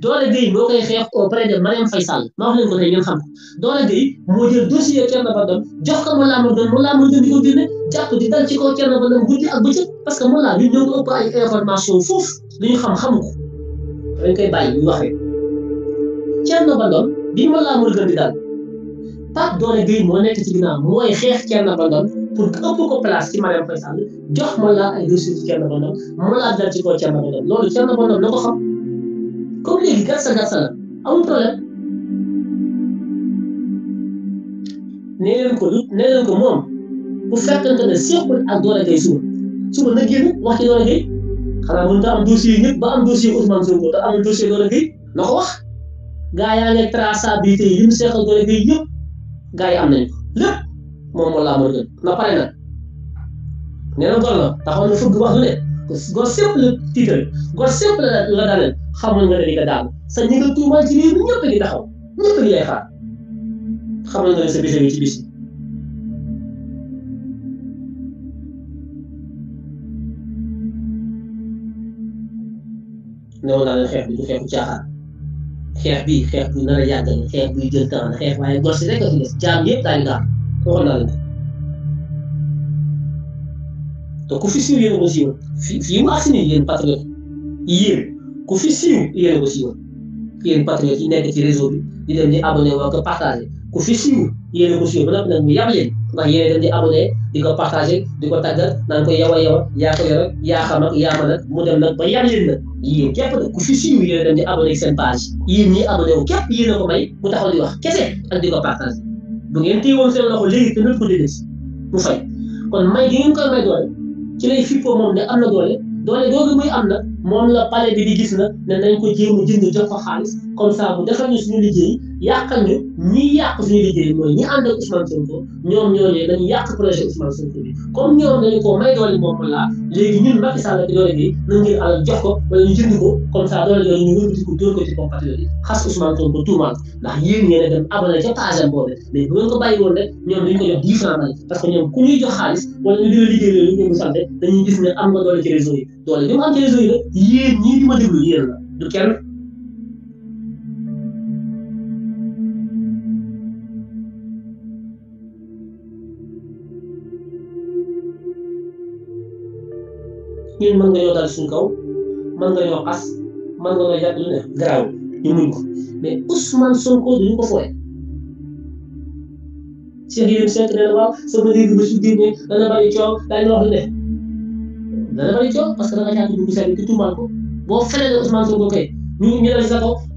A: Doole Gueye moo koy xeex auprès de Mariam Faye Sall ma wax leen ko tey ngeen xam ko Doole Gueye moo jël dossier Thierno Bandone jox ko Mollah Morgun di ko génne jàpp di dal ci kaw Thierno ñoo ko ëpp ay information dal moo nekk ci ginnaaw mooy xeex Thierno Bandone pour que ëpp ko place ci Mariam Faye Sall jox Mollah ay dossier loolu Thierno Bandone la ko xam. Corri grâce à Gassana. Amul problème. nee leen ko nee leen ko moom bu fekkente ne sequl ak doole gay suba suba dit, génn wax ci doole gay xanaa mën nga am dossier ñëpp ba am dossier Ousmane Sonko te amul dossier doole gay na ko wax gaa yaa ngi traçabilité yi li mu seqal doole gay yëpp gaa yi am na simple tiital gor simple la la xamul nga ne di nga daal sa nga tuumaal ci réew mi ñëpp a ngi taxaw ñëpp a ngi nga ne sa bés a ngi ci bis newoon xeex bi du xeexu caaxaan xeex bi xeex bu nar a yàgg la xeex buy jël temps la xeex waaye gorsi rek a fi des daal waxoon naa leen te ku fi siiw yéen aussi fii fii mu agsi nii yéen patriote yéen ku fi siiw yéen a Ki siiwal yéen patriote yi nekk ci réseau bi di dem di abonné wak ko partagé ku fi siiw yéen a ko siiwal ba noppi nag mu yab leen ndax yéen dem di abonné di ko partagé di ko tàggat naan ko yawa yawa, ya ko yor ya xam ak yaa mën ak mu dem nag ba yab leen nag yéen képp nag ku fi siiw yéen a dem di abonné seen page yéen ñii abonné wu képp yéen a ko may mu taxaw di wax kese ak di ko partagé bu ngeen téyewoon seen loxo léegi te nit ku dégg si mu fay kon may gi ngeen koy may doole ci lay fippoo moom ne am na doole doole googu muy am na moom la palais bi di gis na ne nañ ko jéem a jënd jox ko xaalis comme ça bu defal ñu suñu liggéey yàqal ñu ñi yàq suñu liggéey mooy ñi ànd ak Ousmane Sonko ñoom ñooñee dañu yàq projet Ousmane Sonko comme ñoom dañu ko may doole moom laa léegi ñun Macky Sall jox ko wala ñu ko comme ça doole yooyu ko dóor yi xas Ousmane Sonko bu ngeen ko bàyyi woon rek parce que ñoom ku ñuy jox xaalis wala ñu dina liggéey loolu ñu bu sante dañuy gis ne am nga doole ci doole bi ma am ci réseau ñii di ma déglu yéen la du kenn ñun mën nga ñoo dal suñu kaw mën nga ñoo xas mën nga ñoo jàpp lu ne garaaw ñu muñ ko mais Ousmane Sonko duñu ko fooye Cheikh Yérim Seck nee na waaw sama dégg ba su génnee dana bari coow daañu wax lu ne dana bëri coow parce que da nga caa dugg seen i tuumaal ko boo feneen ne Ousmane Sonko kay ñu ñu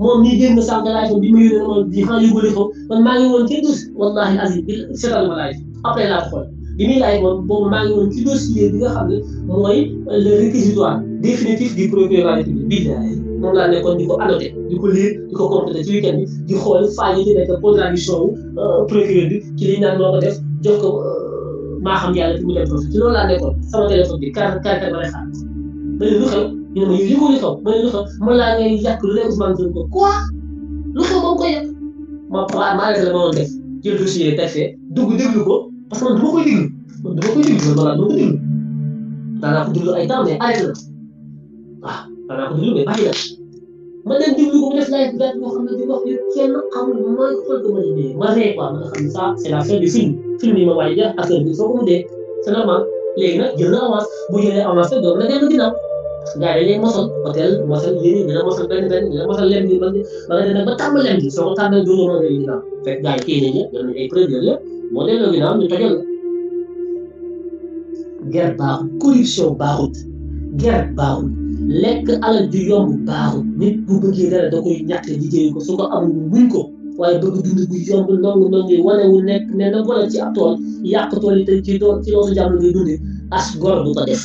A: moom mii génn ma yónnee ma di xanaa woon ci dus wallahi azim bi seetal ma laaj après laa ko xool bi muy laaj moom boobu maa ngi nga xam ne mooy le réquisitoire définitif du procureur de la République bii de moom laa nekkoon di ko annoté di ko lire di ko complété ci week di xool faa yi ci nekk contradiction wu euh, procureur bi ci li ñu naan def jox euh, maa xam yàlla fi mu dem foofu laa nekkoon sama téléphone bi kar kar kar ba lay xaar ma ne lu ma yëg yëgoo li ma ne lu xew ma laa ngay lu ne Ousmane Sonko lu xew ba mu koy ma waaw maa ngi la ma doon def jël dossier teg fee dugg ko parce que man ma koy déglu man ma koy déglu ma ko déglu daanaa ko déglu ay ma dem déglu ko mu def live bi daal ñoo xam ne di wax yëpp kenn amul mooy xool ko ma leen dee ma ree quoi ma nga xam ne ça c' est la fin du film film yi ma waaj a jeex affaire bi soo ko mu dee c' est normal léegi nag jël na avance bu jëlee avance rek doog na dellu ginnaaw gars yi dañuy mosal hôtel mosal yéen dina mosal benn benn dina mosal lem bi ba nga dem ba tàmm lem bi soo ko tàmmee doo mën a dellu ginnaaw fekk gars yi kii nañ ñëpp dañu ay première yëpp moo delloo ginnaaw ñu tojal guerre baaxul corruption baaxul guerre baaxul lekk alal ju yomb baaxul nit bu bëggee dara da koy ñàkk liggéey ko su ko amul muñ ko waaye bëgg dund bu yomb ndongu ndongu wane wu nekk mais boole ci ab tool yàq tool yi ci tool ci loosu dundee as gor bu ko def.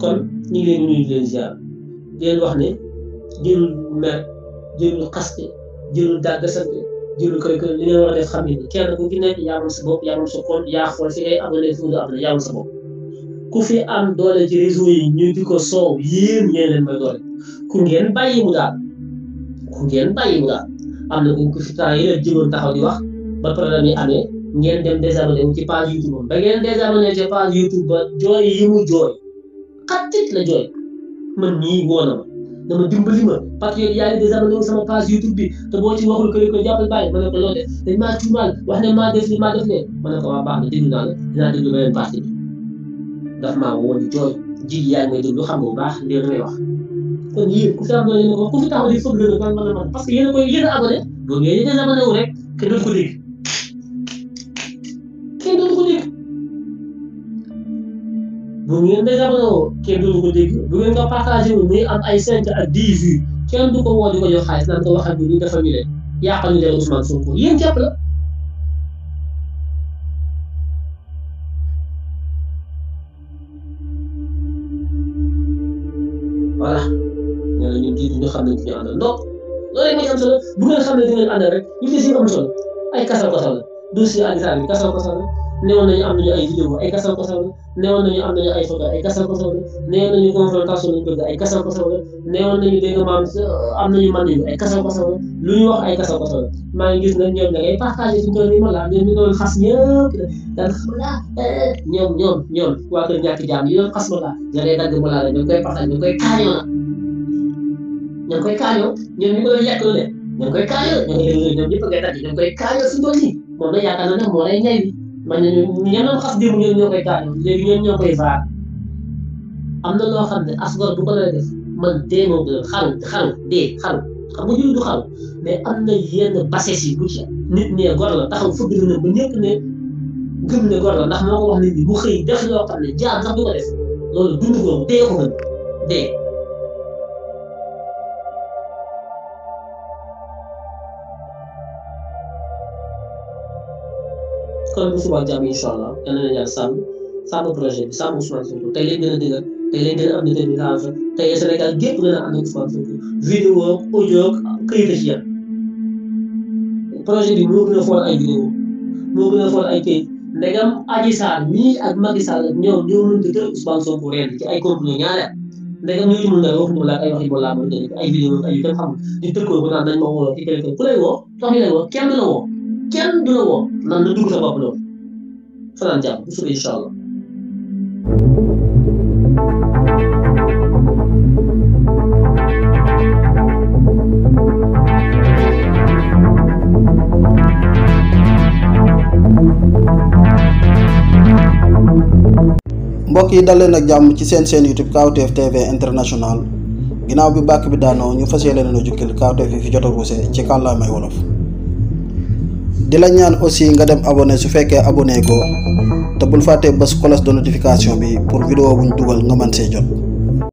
A: kon ñu ngi leen nuyu di leen wax ne jëlul mer jëlul xaste jëlul dàggasante. jëlul kër kër li war a def xam kenn ku ci nekk yaa moom sa bopp yaa moom sa fi ngay ku fi am doole ci réseau yi ñu di ko soow yéen ñeen leen may doole ku ngeen bàyyi mu daal ku ngeen bàyyi mu daal am na ku fi temps yi la jëloon taxaw di wax ba problème yi amee ngeen dem désabonné wu ci page YouTube ba ngeen désabonné ci page jooy yi jooy xattit la jooy man ñii woon ma dama dimbali ma patriote yaa ngi désabonné wu sama page YouTube bi te boo ci waxul que ko jàppal bàyyi ma ne ko loo def dañ maa tuumaal wax ne maa def li maa def lee ma ne waa baax na déglu naa la dinaa déglu beneen parti bi daf maa woo di jooy ji yaa ngi may déglu xam baax li may wax. kon yéen ku fi abonné ma ko ku fi taxaw di foog gën a man man man parce que yéen a koy yéen a abonné donc yéen a désabonné wu rek que ko dégg. Bugün de jamono kenn du ko dégg bu ngeen ko partagé wu muy am ay 5 à 10 vues kenn du ko woo di ko jox xaalis naan ko waxal bi ni dafa ñu leen yàqal ñu leen Ousmane Sonko yéen képp la voilà ñu ne ñun jiitu ñu xam ne ñu àndal donc loolu rek mooy am solo bu ngeen xam ne di ngeen àndal rek ñu fi si ay kasal kasal la dossier Adji Sarr bi kasal kasal la newoon nañu am nañu ay vidéo ay kasal kasal la neewoon nañu am nañu ay photo ay gasal ko soxla neewoon nañu confrontation lañu bëgg ay gasal ko soxla neewoon nañu dégg maam am nañu mën nañu ay gasal ko soxla lu ñu wax ay gasal ko soxla maa ngi gis nag ñoom da ngay partagé suñu tool yi ma la ñoom ñu doon xas ñëpp da nga xam laa eh, eh, ñoom ñoom ñoom waa kër ñàkk jaam yi doon xas ma laa nga day dagg ma laa la ñu koy partagé ñu koy kaañoo la ñu koy kaañoo ñoom ñu ko doon yàq lu ne ñu koy kaañoo ñoo koy déglu ñoom ñëpp a koy dagg ñu koy kaañoo suñu tool yi moom la yaakaar na ne moo lay ñay bi man ne ñoom ñoo xas démb ñoom ñoo koy gaañoo léegi ñoom ñoo koy vaar am na loo xam ne asgor bu ko la def man dee moo gën xaru dee xaru xam nga am na yenn bases yi bu ci nit ne gor la taxaw fëgg na ba ñëpp ne gëm ne gor la ndax moo ko wax nit ñi bu xëy def loolu dund googu dee ko dee. kon bu subaa jàmm incha allah yal na leen yàlla projet bi sàmm Ousmane Sonko tey lay gën a dëgër tey lay gën a am détermination tey Sénégal gépp gën a ànd ak Ousmane Sonko vidéo audio këyit a ci projet bi moo gën a fool ay vidéo moo gën a fool ay këyit ndegam Adji Sarr mii ak Macky Sall ak ñoom ñoo mën di tër Ousmane Sonko ren ci ay complot ndegam ñooñu mën nga waxuñu la ay wax yu ko laa mën ay vidéo ay yu kenn xamul ko naan nañ ma kenn du la woo nan la mbokk yi dal jàmm ci seen seen YouTube Kawtef TV international ginnaaw bi bàkk bi daanoo ñu fas yéene leen a jukkil Kawtef yi fi jot a ci kàllaamay wolof dila ñaan aussi nga dem abonné su fekkee abonné ko te bul fàtte bés cloche de notification bi pour vidéo buñ duggal nga man sé jot